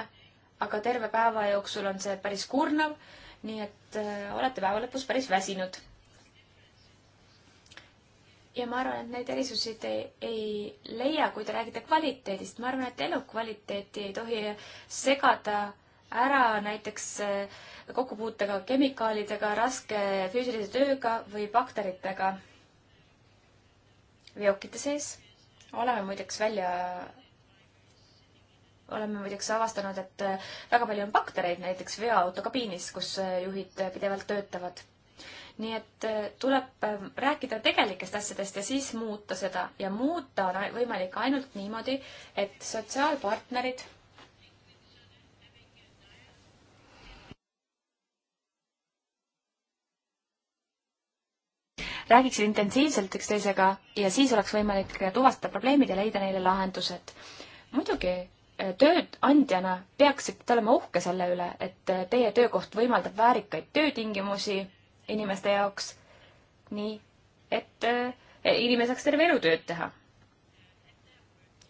aga terve päeva jooksul on see päris kurnav, nii et äh, olete päeva lõpus päris väsinud. ja ma arvan, et neid erisusi te ei leia, kui te räägite kvaliteedist. ma arvan, et elukvaliteeti ei tohi segada äh, ära näiteks eh, kokkupuutega kemikaalidega, raske füüsilise tööga või bakteritega veokite sees. oleme muideks välja, oleme muideks avastanud, et eh, väga palju on baktereid näiteks veoauto kabiinis, kus eh, juhid pidevalt töötavad. nii et tuleb rääkida tegelikest asjadest ja siis muuta seda ja muuta on võimalik ainult niimoodi, et sotsiaalpartnerid räägiksid intensiivselt üksteisega ja siis oleks võimalik tuvastada probleemid ja leida neile lahendused. muidugi, äh, tööandjana peaksite olema uhke selle üle, et äh, teie töökoht võimaldab väärikaid töötingimusi inimeste jaoks, nii et äh, inimene saaks terve elu tööd teha.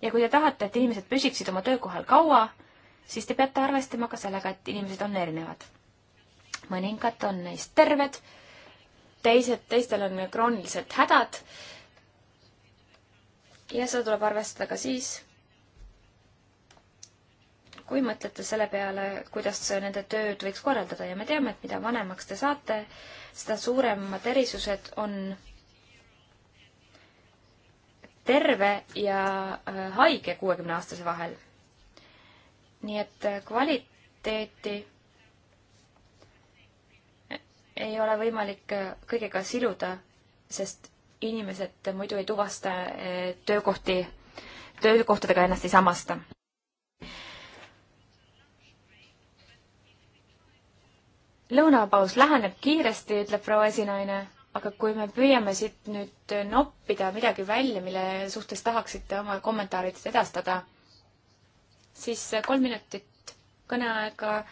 ja kui te tahate, et inimesed püsiksid oma töökohal kaua, siis te peate arvestama ka sellega, et inimesed on erinevad. mõningad on neist terved teised, teistel on kroonilised hädad. ja seda tuleb arvestada ka siis, kui mõtlete selle peale, kuidas nende tööd võiks korraldada ja me teame, et mida vanemaks te saate, seda suuremad erisused on terve ja äh, haige kuuekümne aastase vahel. nii et äh, kvaliteeti ei ole võimalik äh, kõigega siluda, sest inimesed muidu ei tuvasta äh, töökohti, töökohtadega ennast ei samasta. lõunapaus läheneb kiiresti, ütleb proua esinaine, aga kui me püüame siit nüüd noppida midagi välja, mille suhtes tahaksite oma kommentaarid edastada, siis kolm minutit kõneaega äh,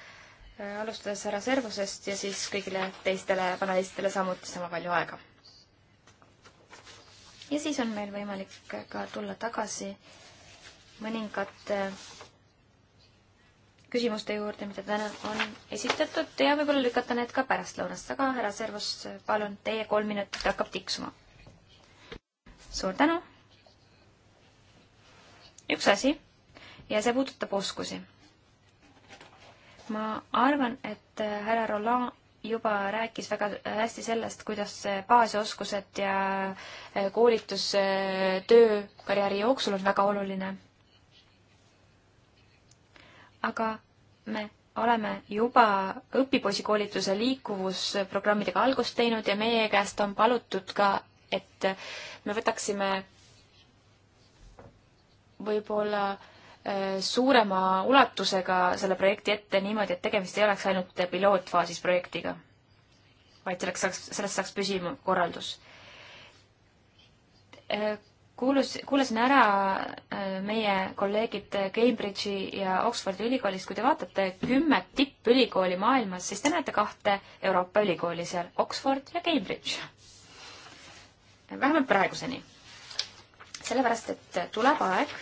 Äh, alustades härra Servusest ja siis kõigile teistele panelistidele samuti sama palju aega. ja siis on meil võimalik ka tulla tagasi mõningate küsimuste juurde, mida täna on esitatud ja võib-olla lükata need ka pärastlõunast, aga härra Servus, palun, teie kolm minutit hakkab tiksuma. suur tänu. üks asi ja see puudutab oskusi ma arvan, et äh, härra Roland juba rääkis väga äh, hästi sellest, kuidas äh, baasoskused ja koolitus töö karjääri jooksul on väga oluline. aga me oleme juba õpipoisikoolituse liikuvusprogrammidega algust teinud ja meie käest on palutud ka, et me võtaksime võib-olla äh, suurema ulatusega selle projekti ette niimoodi, et tegemist ei oleks ainult pilootfaasis projektiga, vaid selleks saaks, sellest saaks püsiv korraldus. Kuulus, kuulasin ära äh, meie kolleegid Cambridge'i ja Oxfordi ülikoolist, kui te vaatate kümmet tippülikooli maailmas, siis te näete kahte Euroopa ülikooli seal, Oxford ja Cambridge. vähemalt praeguseni. sellepärast, et tuleb aeg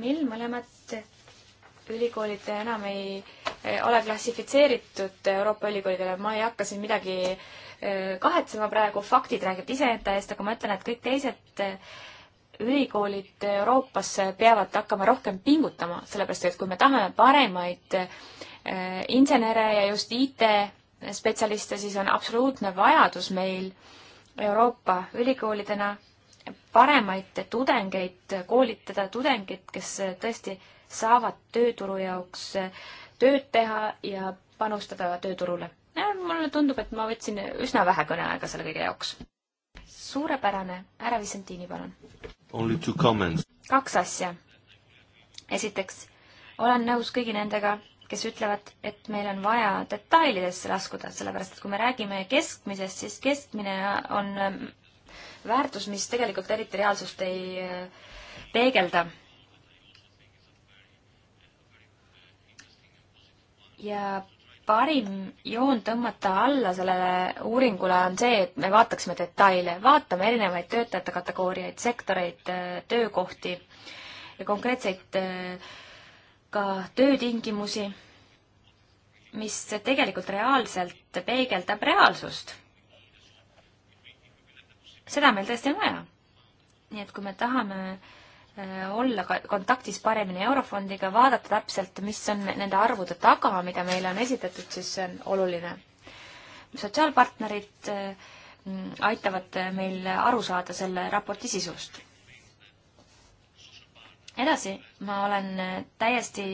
mil mõlemad ülikoolid enam ei ole klassifitseeritud Euroopa ülikoolidele, ma ei hakka siin midagi e, kahetsema praegu, faktid räägivad iseenda eest, aga ma ütlen, et kõik teised e, ülikoolid Euroopas peavad hakkama rohkem pingutama, sellepärast et kui me tahame paremaid e, insenere ja just IT-spetsialiste, siis on absoluutne vajadus meil Euroopa ülikoolidena paremaid tudengeid, koolitada tudengeid, kes tõesti saavad tööturu jaoks tööd teha ja panustada tööturule. mulle tundub, et ma võtsin üsna vähe kõneaega selle kõige jaoks. suurepärane, härra Vicentini, palun. kaks asja. esiteks, olen nõus kõigi nendega, kes ütlevad, et meil on vaja detailidesse laskuda, sellepärast et kui me räägime keskmisest, siis keskmine on väärtus, mis tegelikult eriti reaalsust ei äh, peegelda. ja parim joon tõmmata alla sellele uuringule on see, et me vaataksime detaile, vaatame erinevaid töötajate kategooriaid, sektoreid, äh, töökohti ja konkreetseid äh, ka töötingimusi, mis tegelikult reaalselt peegeldab reaalsust seda meil tõesti on vaja. nii et kui me tahame äh, olla kontaktis paremini Eurofondiga, vaadata täpselt, mis on nende arvude taga, mida meile on esitatud, siis see on oluline. sotsiaalpartnerid äh, aitavad meil aru saada selle raporti sisust. edasi, ma olen äh, täiesti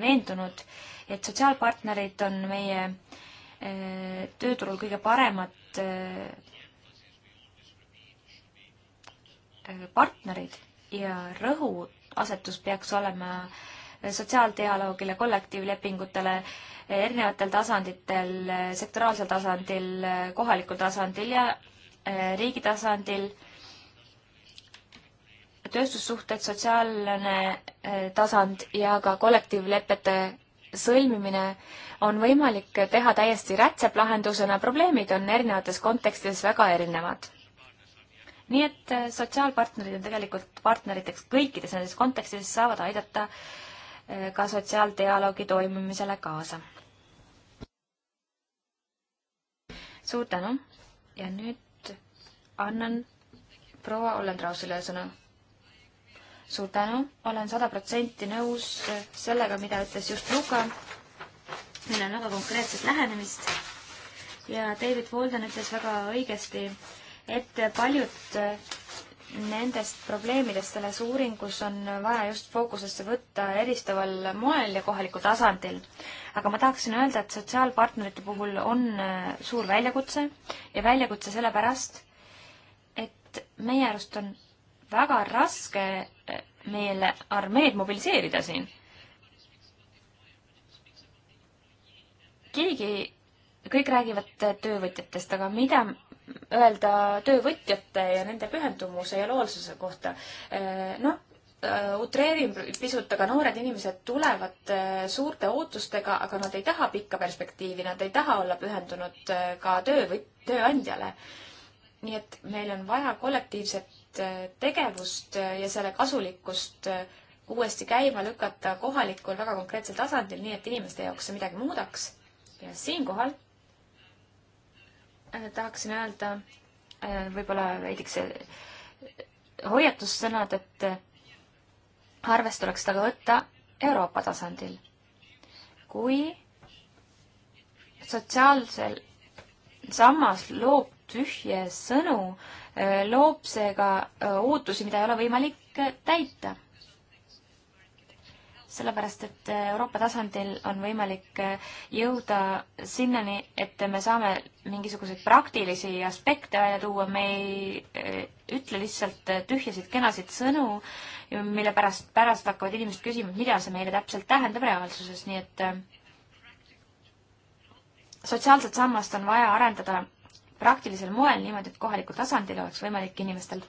veendunud, et sotsiaalpartnerid on meie tööturul kõige paremad Äh, partnerid ja rõhuasetus peaks olema sotsiaaldialoogile, kollektiivlepingutele, äh, erinevatel tasanditel, äh, sektoraalsel tasandil, kohalikul tasandil ja riigi tasandil, tööstussuhted, sotsiaalne tasand ja ka kollektiivlepete sõlmimine on võimalik teha täiesti rätseplahendusena, probleemid on erinevates kontekstides väga erinevad nii et äh, sotsiaalpartnerid on tegelikult partneriteks kõikides nendes kontekstides, saavad aidata äh, ka sotsiaaldialoogi toimimisele kaasa. suur tänu ja nüüd annan proua Ollendrausile sõna. suur tänu, olen sada protsenti nõus äh, sellega, mida ütles just Luka. meil on väga konkreetset lähenemist ja David Walden ütles väga õigesti, et paljud eh, nendest probleemidest selles uuringus on vaja just fookusesse võtta eristaval moel ja kohalikul tasandil. aga ma tahaksin öelda, et sotsiaalpartnerite puhul on eh, suur väljakutse ja väljakutse sellepärast, et meie arust on väga raske eh, meile armeed mobiliseerida siin. keegi, kõik räägivad töövõtjatest, aga mida öelda töövõtjate ja nende pühendumuse ja loolsuse kohta. Eh, noh, eh, utreerin pisut, aga noored inimesed tulevad eh, suurte ootustega, aga nad ei taha pikka perspektiivi, nad ei taha olla pühendunud ka töövõt-, tööandjale. nii et meil on vaja kollektiivset tegevust ja selle kasulikkust uuesti käima lükata kohalikul väga konkreetsel tasandil, nii et inimeste jaoks see midagi muudaks. ja siinkohal Äh, tahaksin öelda äh, võib-olla veidikese hoiatussõnad, et äh, arvest tuleks taga võtta Euroopa tasandil. kui sotsiaalsel sammas loob tühje sõnu, loob see ka ootusi, mida ei ole võimalik täita sellepärast, et Euroopa tasandil on võimalik jõuda sinnani, et me saame mingisuguseid praktilisi aspekte välja tuua, me ei eh, ütle lihtsalt tühjasid kenasid sõnu, mille pärast, pärast hakkavad inimesed küsima, mida see meile täpselt tähendab reaalsuses, nii et eh, sotsiaalset sammast on vaja arendada praktilisel moel, niimoodi, et kohalikul tasandil oleks võimalik inimestel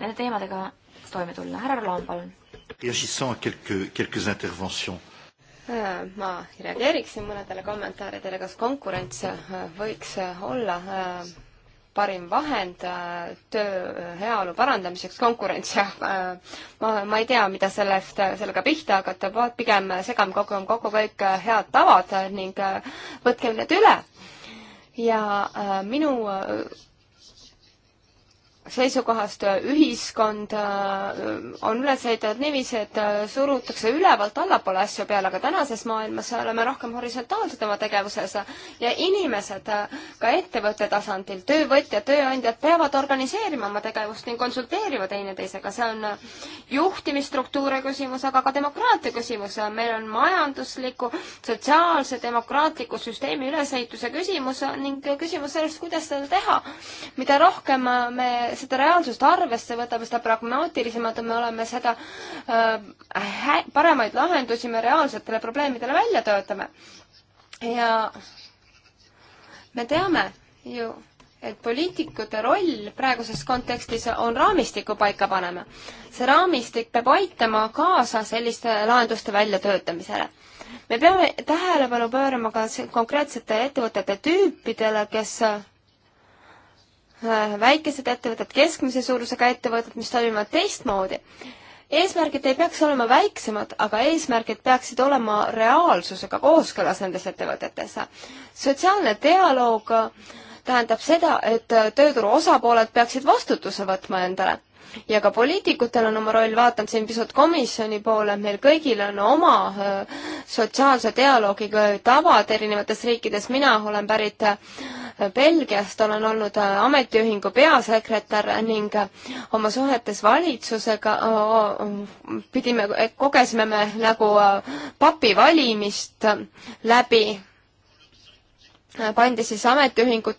nende teemadega toime tulla. härra Rolaan, palun Äh, ma reageeriksin mõnedele kommentaaridele, kas konkurents äh, võiks äh, olla parim vahend töö heaolu parandamiseks, konkurents jah, ma, ma ei tea, mida sellest, sellega pihta hakata, pigem segame kogu, kokku kõik head tavad ning võtkem need üle. ja minu seisukohast äh, ühiskond äh, on üles ehitatud niiviisi, et äh, surutakse ülevalt allapoole asju peale, aga tänases maailmas oleme rohkem horisontaalsed oma tegevuses ja inimesed ka ettevõtte tasandil, töövõtjad, tööandjad peavad organiseerima oma tegevust ning konsulteerima teineteisega, see on juhtimisstruktuure küsimus, aga ka demokraatia küsimus, meil on majandusliku, sotsiaalse, demokraatliku süsteemi ülesehituse küsimus ning küsimus sellest, kuidas seda teha. mida rohkem me seda reaalsust arvesse võtame, seda pragmaatilisemad me oleme, seda äh, paremaid lahendusi me reaalsetele probleemidele välja töötame. ja me teame ju, et poliitikute roll praeguses kontekstis on raamistiku paika panema. see raamistik peab aitama kaasa selliste lahenduste väljatöötamisele. me peame tähelepanu pöörama ka konkreetsete ettevõtete tüüpidele, kes Äh, väikesed ettevõtted, keskmise suurusega ettevõtted, mis toimivad teistmoodi. eesmärgid ei peaks olema väiksemad, aga eesmärgid peaksid olema reaalsusega kooskõlas nendes ettevõtetes. sotsiaalne dialoog tähendab seda, et tööturu osapooled peaksid vastutuse võtma endale. ja ka poliitikutel on oma roll, vaatan siin pisut komisjoni poole, meil kõigil on oma äh, sotsiaalse dialoogi tavad erinevates riikides, mina olen pärit äh, Belgiast, olen olnud äh, ametiühingu peasekretär ning äh, oma suhetes valitsusega äh, pidime, eh, kogesime me nagu papi valimist läbi pandi siis ametiühingud,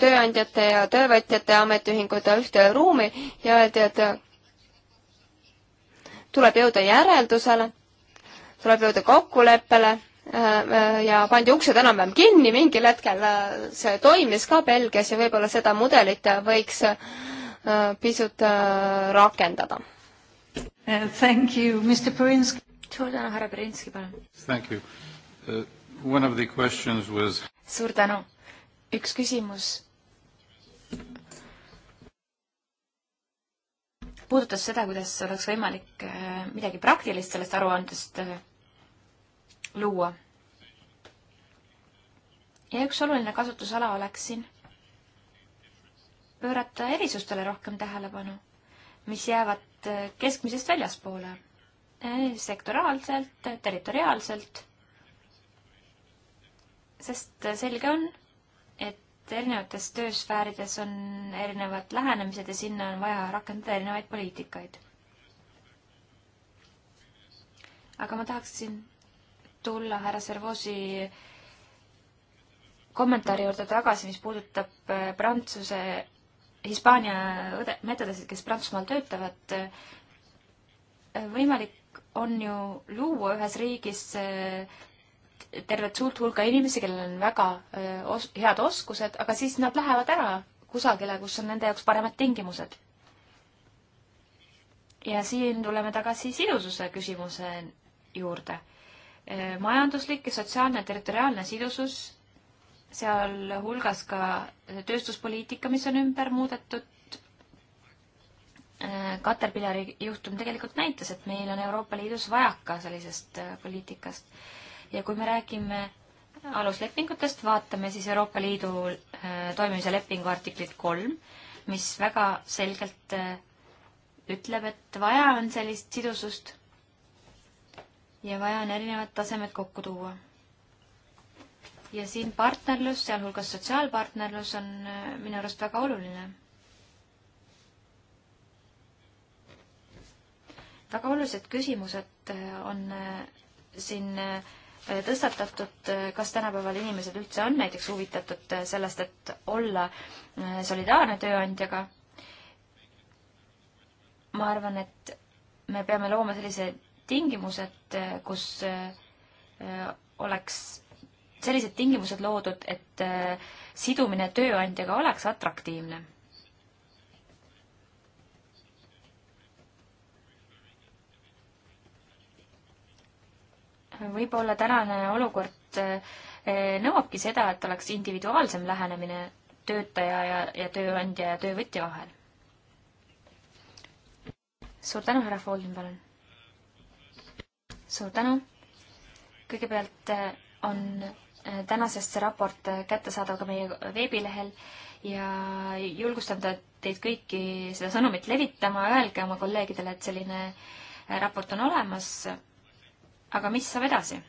tööandjate ja töövõtjate ametiühingud ühte ruumi ja öeldi, et tuleb jõuda järeldusele, tuleb jõuda kokkuleppele Äh, äh, ja pandi uksed enam-vähem kinni, mingil hetkel äh, see toimis ka Belgias ja võib-olla seda mudelit võiks pisut rakendada. Thank you, Mr Purinski. suur tänu, härra Purinski, palun. Thank you uh,. One of the questions was suur tänu. üks küsimus puudutas seda, kuidas oleks võimalik midagi praktilist sellest aruandest luua. ja üks oluline kasutusala oleks siin pöörata erisustele rohkem tähelepanu, mis jäävad äh, keskmisest väljaspoole, äh, sektoraalselt, äh, territoriaalselt. sest selge on, et erinevates töösfäärides on erinevad lähenemised ja sinna on vaja rakendada erinevaid poliitikaid. aga ma tahaksin tulla härra Servosi kommentaari juurde tagasi, mis puudutab äh, Prantsuse, Hispaania õde, metedesid, kes Prantsusmaal töötavad. Äh, võimalik on ju luua ühes riigis äh, tervet suurt hulka inimesi, kellel on väga os-, head oskused, aga siis nad lähevad ära kusagile, kus on nende jaoks paremad tingimused. ja siin tuleme tagasi sidususe küsimuse juurde Äh, majanduslik ja sotsiaalne territoriaalne sidusus, sealhulgas ka äh, tööstuspoliitika, mis on ümber muudetud. Caterpillari äh, juhtum tegelikult näitas, et meil on Euroopa Liidus vajaka sellisest poliitikast. ja kui me räägime aluslepingutest, vaatame siis Euroopa Liidu toimimise lepingu artiklit kolm, mis väga selgelt ütleb, et vaja on sellist sidusust ja vaja on erinevad tasemed kokku tuua. ja siin partnerlus, sealhulgas sotsiaalpartnerlus, on äh, minu arust väga oluline. väga olulised küsimused äh, on äh, siin tõstatatud, kas tänapäeval inimesed üldse on näiteks huvitatud sellest, et olla solidaarne tööandjaga. ma arvan, et me peame looma selliseid tingimused, eh, kus eh, eh, oleks sellised tingimused loodud, et sidumine tööandjaga oleks atraktiivne. võib-olla tänane olukord nõuabki seda, et oleks individuaalsem lähenemine töötaja ja, ja tööandja ja töövõtja vahel. suur tänu, härra Foldin, palun suur tänu. kõigepealt eh, on eh, tänasest see raport eh, kättesaadav ka meie veebilehel ja julgustan teid kõiki seda sõnumit levitama, öelge oma kolleegidele, et selline raport on olemas. aga mis saab edasi?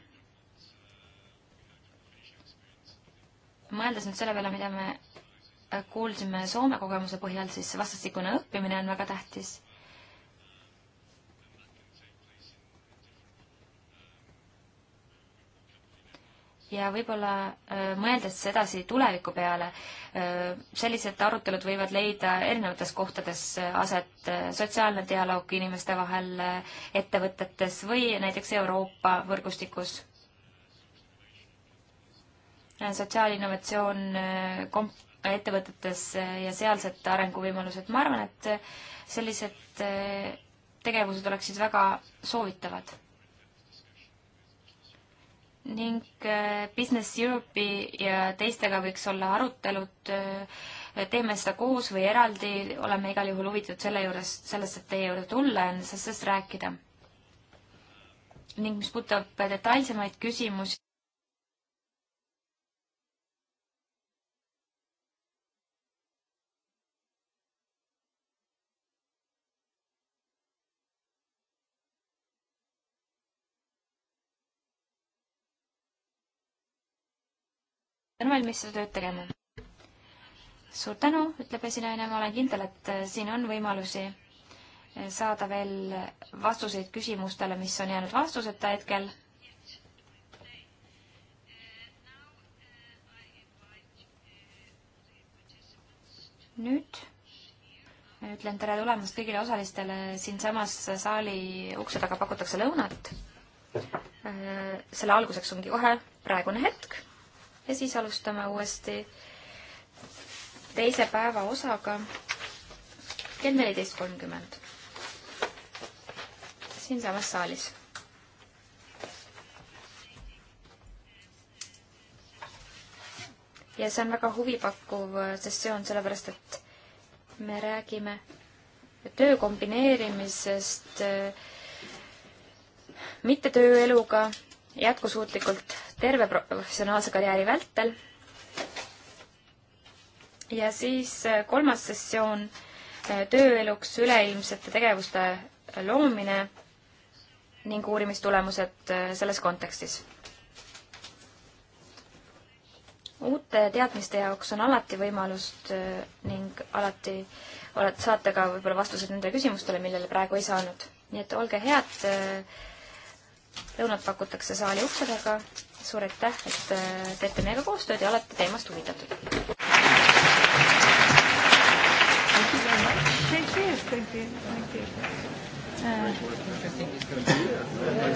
mõeldes nüüd selle peale, mida me kuulsime Soome kogemuse põhjal, siis vastastikune õppimine on väga tähtis ja võib-olla äh, mõeldes edasi tuleviku peale, äh, sellised arutelud võivad leida erinevates kohtades äh, aset, sotsiaalne dialoog inimeste vahel, ettevõtetes või näiteks Euroopa võrgustikus. sotsiaalinnovatsioon komp-, ettevõtetes ja sealsed arenguvõimalused, ma arvan, et sellised tegevused oleksid väga soovitavad ning äh, Business Europe'i ja teistega võiks olla arutelud, äh, teeme seda koos või eraldi, oleme igal juhul huvitatud selle juures, sellest, et teie juurde tulla ja sellest rääkida. ning mis puudutab detailsemaid küsimusi, on valmis seda tööd tegema. suur tänu, ütleb esinaine, ma olen kindel, et siin on võimalusi saada veel vastuseid küsimustele, mis on jäänud vastuseta hetkel nüüd ütlen tere tulemast kõigile osalistele, siinsamas saali ukse taga pakutakse lõunat. selle alguseks ongi kohe praegune hetk ja siis alustame uuesti teise päeva osaga kell neliteist kolmkümmend siinsamas saalis. ja see on väga huvipakkuv sessioon, sellepärast et me räägime töö kombineerimisest mittetööeluga jätkusuutlikult terve professionaalse karjääri vältel. ja siis äh, kolmas sessioon, äh, tööeluks üleilmsete tegevuste äh, loomine ning uurimistulemused selles kontekstis. uute teadmiste jaoks on alati võimalust ning alati olete, saate ka võib-olla vastused nendele küsimustele, millele praegu ei saanud. nii et olge head, lõunat pakutakse saali ukse taga suur aitäh, et äh, teete meiega koostööd ja olete teemast huvitatud. Thank you. Thank you. Thank you. Uh,